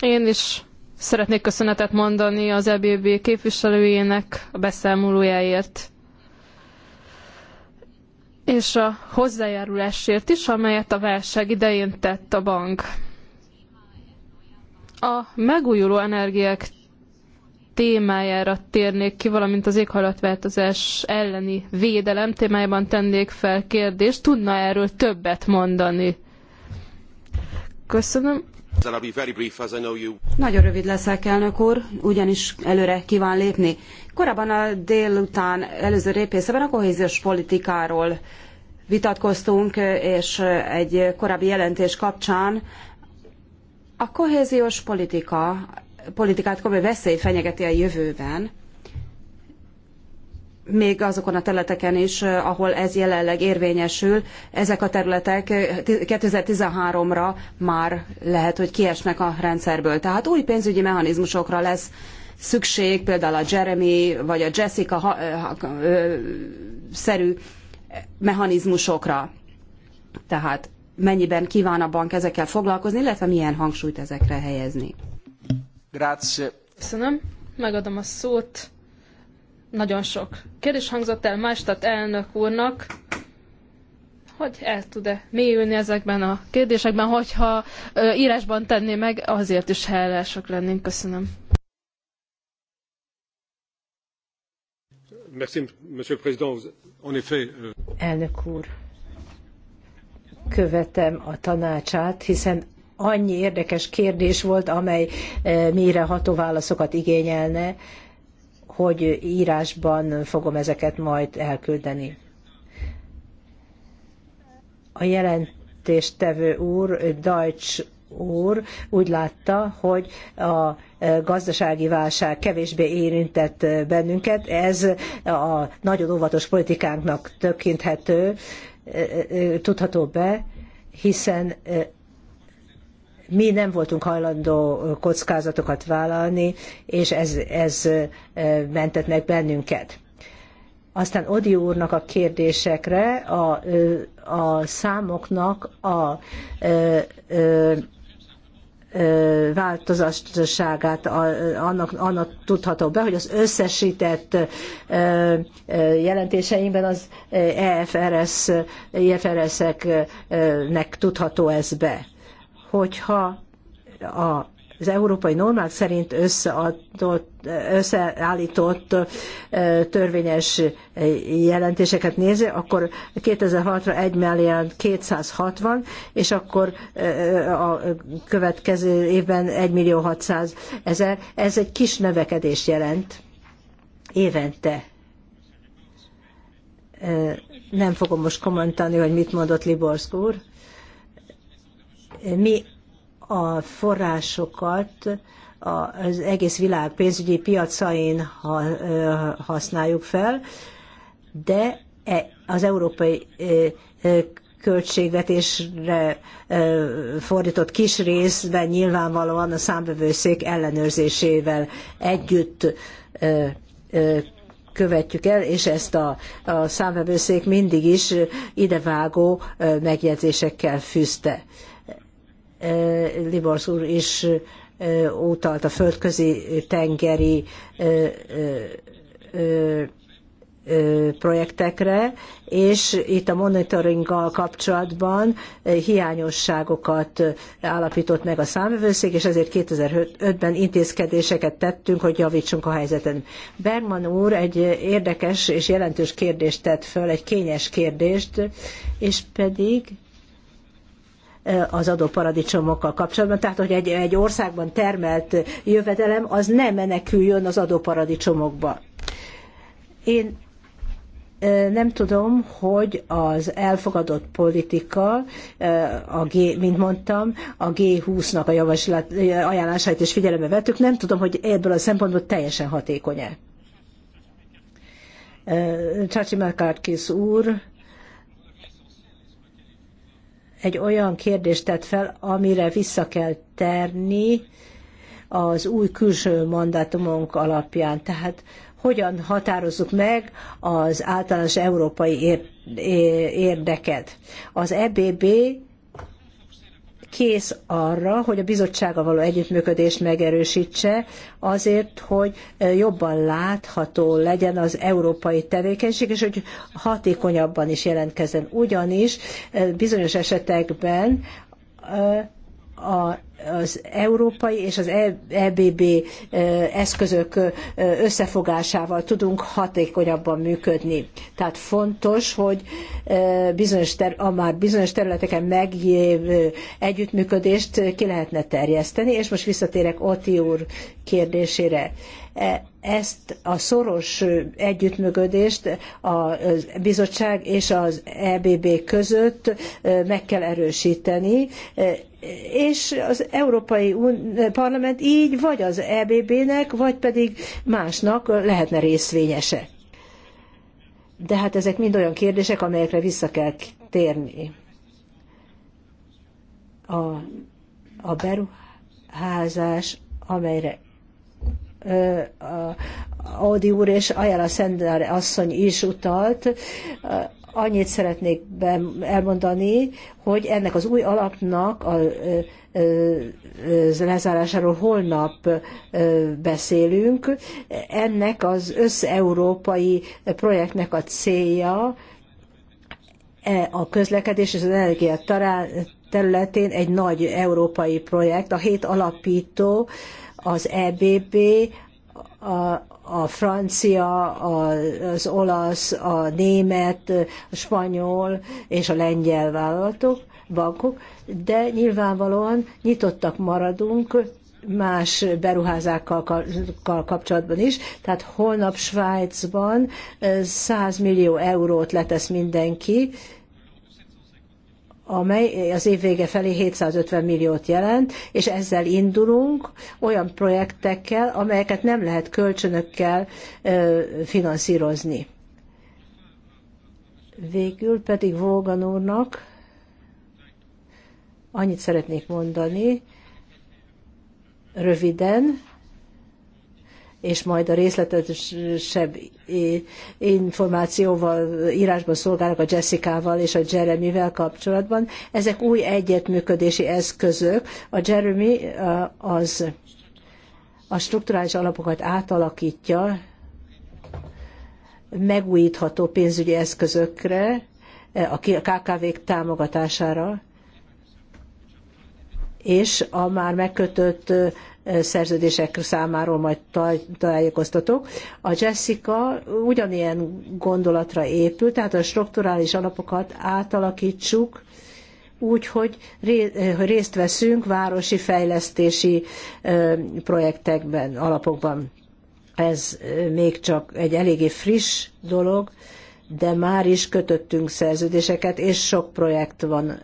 Én is szeretnék köszönetet mondani az EBB képviselőjének a beszámolójáért és a hozzájárulásért is, amelyet a válság idején tett a bank. A megújuló energiák témájára térnék ki, valamint az éghajlatváltozás elleni védelem témájában tennék fel kérdést. Tudna erről többet mondani? Köszönöm. Nagyon rövid leszek, elnök úr, ugyanis előre kíván lépni. Korábban a délután előző répészeben a kohéziós politikáról vitatkoztunk, és egy korábbi jelentés kapcsán a kohéziós politika, politikát komoly veszély fenyegeti a jövőben, még azokon a területeken is, eh, ahol ez jelenleg érvényesül, ezek a területek 2013-ra eh, már lehet, hogy kiesnek a rendszerből. Tehát új pénzügyi mechanizmusokra lesz szükség, például a Jeremy vagy a Jessica eh, szerű mechanizmusokra. Tehát mennyiben kíván a bank ezekkel foglalkozni, illetve milyen hangsúlyt ezekre helyezni. Grazie. Köszönöm. Megadom a szót nagyon sok kérdés hangzott el Maestat elnök úrnak, hogy el tud-e mélyülni ezekben a kérdésekben, hogyha ö, írásban tenné meg, azért is hálások lennénk. Köszönöm. Merci, Monsieur le Président. En effet, euh, Elnök úr, követem a tanácsát, hiszen annyi érdekes kérdés volt, amely ható válaszokat igényelne, hogy írásban fogom ezeket majd elküldeni. A jelentéstevő úr, Deutsch úr úgy látta, hogy a e, gazdasági válság kevésbé érintett bennünket. Ez a nagyon óvatos politikánknak tökinthető, e, e, tudható be, hiszen mi nem voltunk hajlandó kockázatokat vállalni, és ez, ez mentett meg bennünket. Aztán Odi úrnak a kérdésekre a, a számoknak a, a, a változatosságát annak, annak tudható be, hogy az összesített jelentéseimben az EFRS, EFRS-eknek tudható ez be hogyha a az európai normák szerint összeadott, összeállított törvényes jelentéseket nézi, akkor 2006-ra 1 milliárd 260, és akkor a következő évben 1 millió 600 ezer. Ez egy kis növekedést jelent évente. Nem fogom most kommentálni, hogy mit mondott Liborszk úr mi a forrásokat az egész világ pénzügyi piacain használjuk fel, de e, az európai költségvetésre fordított kis részben nyilvánvalóan a számbevőszék ellenőrzésével együtt követjük el, és ezt a, a számvevőszék mindig is idevágó megjegyzésekkel fűzte. Eh, Liborz úr is eh, utalt a földközi tengeri eh, projektekre, és itt a monitoringgal kapcsolatban hiányosságokat állapított meg a számvevőszék, és ezért 2005-ben intézkedéseket tettünk, hogy javítsunk a helyzeten. Bergman úr egy érdekes és jelentős kérdést tett föl, egy kényes kérdést, és pedig Eh, az adóparadicsomokkal kapcsolatban. Tehát, hogy egy, egy országban termelt jövedelem, az nem meneküljön az adóparadicsomokba. Én eh, nem tudom, hogy az elfogadott politika, eh, a G, mint mondtam, a G20-nak a javaslat, ajánlásait is figyelembe vettük, nem tudom, hogy ebből a szempontból teljesen hatékony-e. Csácsi úr egy olyan kérdést tett fel, amire vissza kell terni az új külső mandátumunk alapján. Tehát hogyan határozzuk meg az általános európai érdeket. Az EBB kész arra, hogy a bizottsága való együttműködést megerősítse, azért, hogy eh, jobban látható legyen az európai tevékenység, és hogy hatékonyabban is jelentkezzen. Ugyanis eh, bizonyos esetekben eh, a az európai és az EBB e eszközök összefogásával tudunk hatékonyabban működni. Tehát fontos, hogy bizonyos ter- a már bizonyos területeken meglévő együttműködést ki lehetne terjeszteni, és most visszatérek Oti úr kérdésére e- ezt a szoros együttműködést a bizottság és az EBB között meg kell erősíteni, és az Európai Parlament így vagy az EBB-nek, vagy pedig másnak lehetne részvényese. De hát ezek mind olyan kérdések, amelyekre vissza kell térni. A, a beruházás, amelyre ö, a Audi úr és Ajala Szender asszony is utalt, annyit szeretnék elmondani, hogy ennek az új alapnak a lezárásáról holnap beszélünk. Ennek az összeurópai projektnek a célja e, a közlekedés és az energia területén egy nagy európai projekt. A hét alapító, az EBB, a francia, az olasz, a német, a spanyol és a lengyel vállalatok, bankok, de nyilvánvalóan nyitottak maradunk más beruházákkal kapcsolatban is. Tehát holnap Svájcban 100 millió eurót letesz mindenki, amely az év vége felé 750 milliót jelent, és ezzel indulunk olyan projektekkel, amelyeket nem lehet kölcsönökkel finanszírozni. Végül pedig Volgan úrnak annyit szeretnék mondani, röviden, és majd a részletesebb információval írásban szolgálok a Jessica-val és a Jeremy-vel kapcsolatban. Ezek új egyetműködési eszközök. A Jeremy az a strukturális alapokat átalakítja megújítható pénzügyi eszközökre, a KKV-k támogatására, és a már megkötött szerződések számáról majd tájékoztatok. A Jessica ugyanilyen gondolatra épül, tehát a strukturális alapokat átalakítsuk, úgy, hogy részt veszünk városi fejlesztési projektekben, alapokban. Ez még csak egy eléggé friss dolog, de már is kötöttünk szerződéseket, és sok projekt van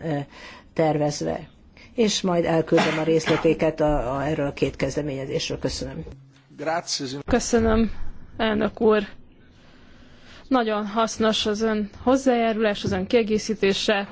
tervezve és majd elküldöm a részletéket a, a, erről a két kezdeményezésről. Köszönöm. Köszönöm, elnök úr. Nagyon hasznos az ön hozzájárulás, az ön kiegészítése.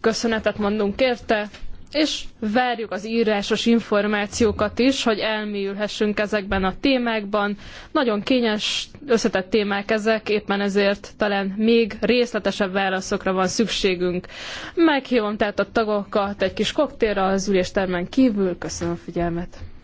Köszönetet mondunk érte és várjuk az írásos információkat is, hogy elmélyülhessünk ezekben a témákban. Nagyon kényes, összetett témák ezek, éppen ezért talán még részletesebb válaszokra van szükségünk. Meghívom tehát a tagokat egy kis koktélra az üléstermen kívül. Köszönöm a figyelmet!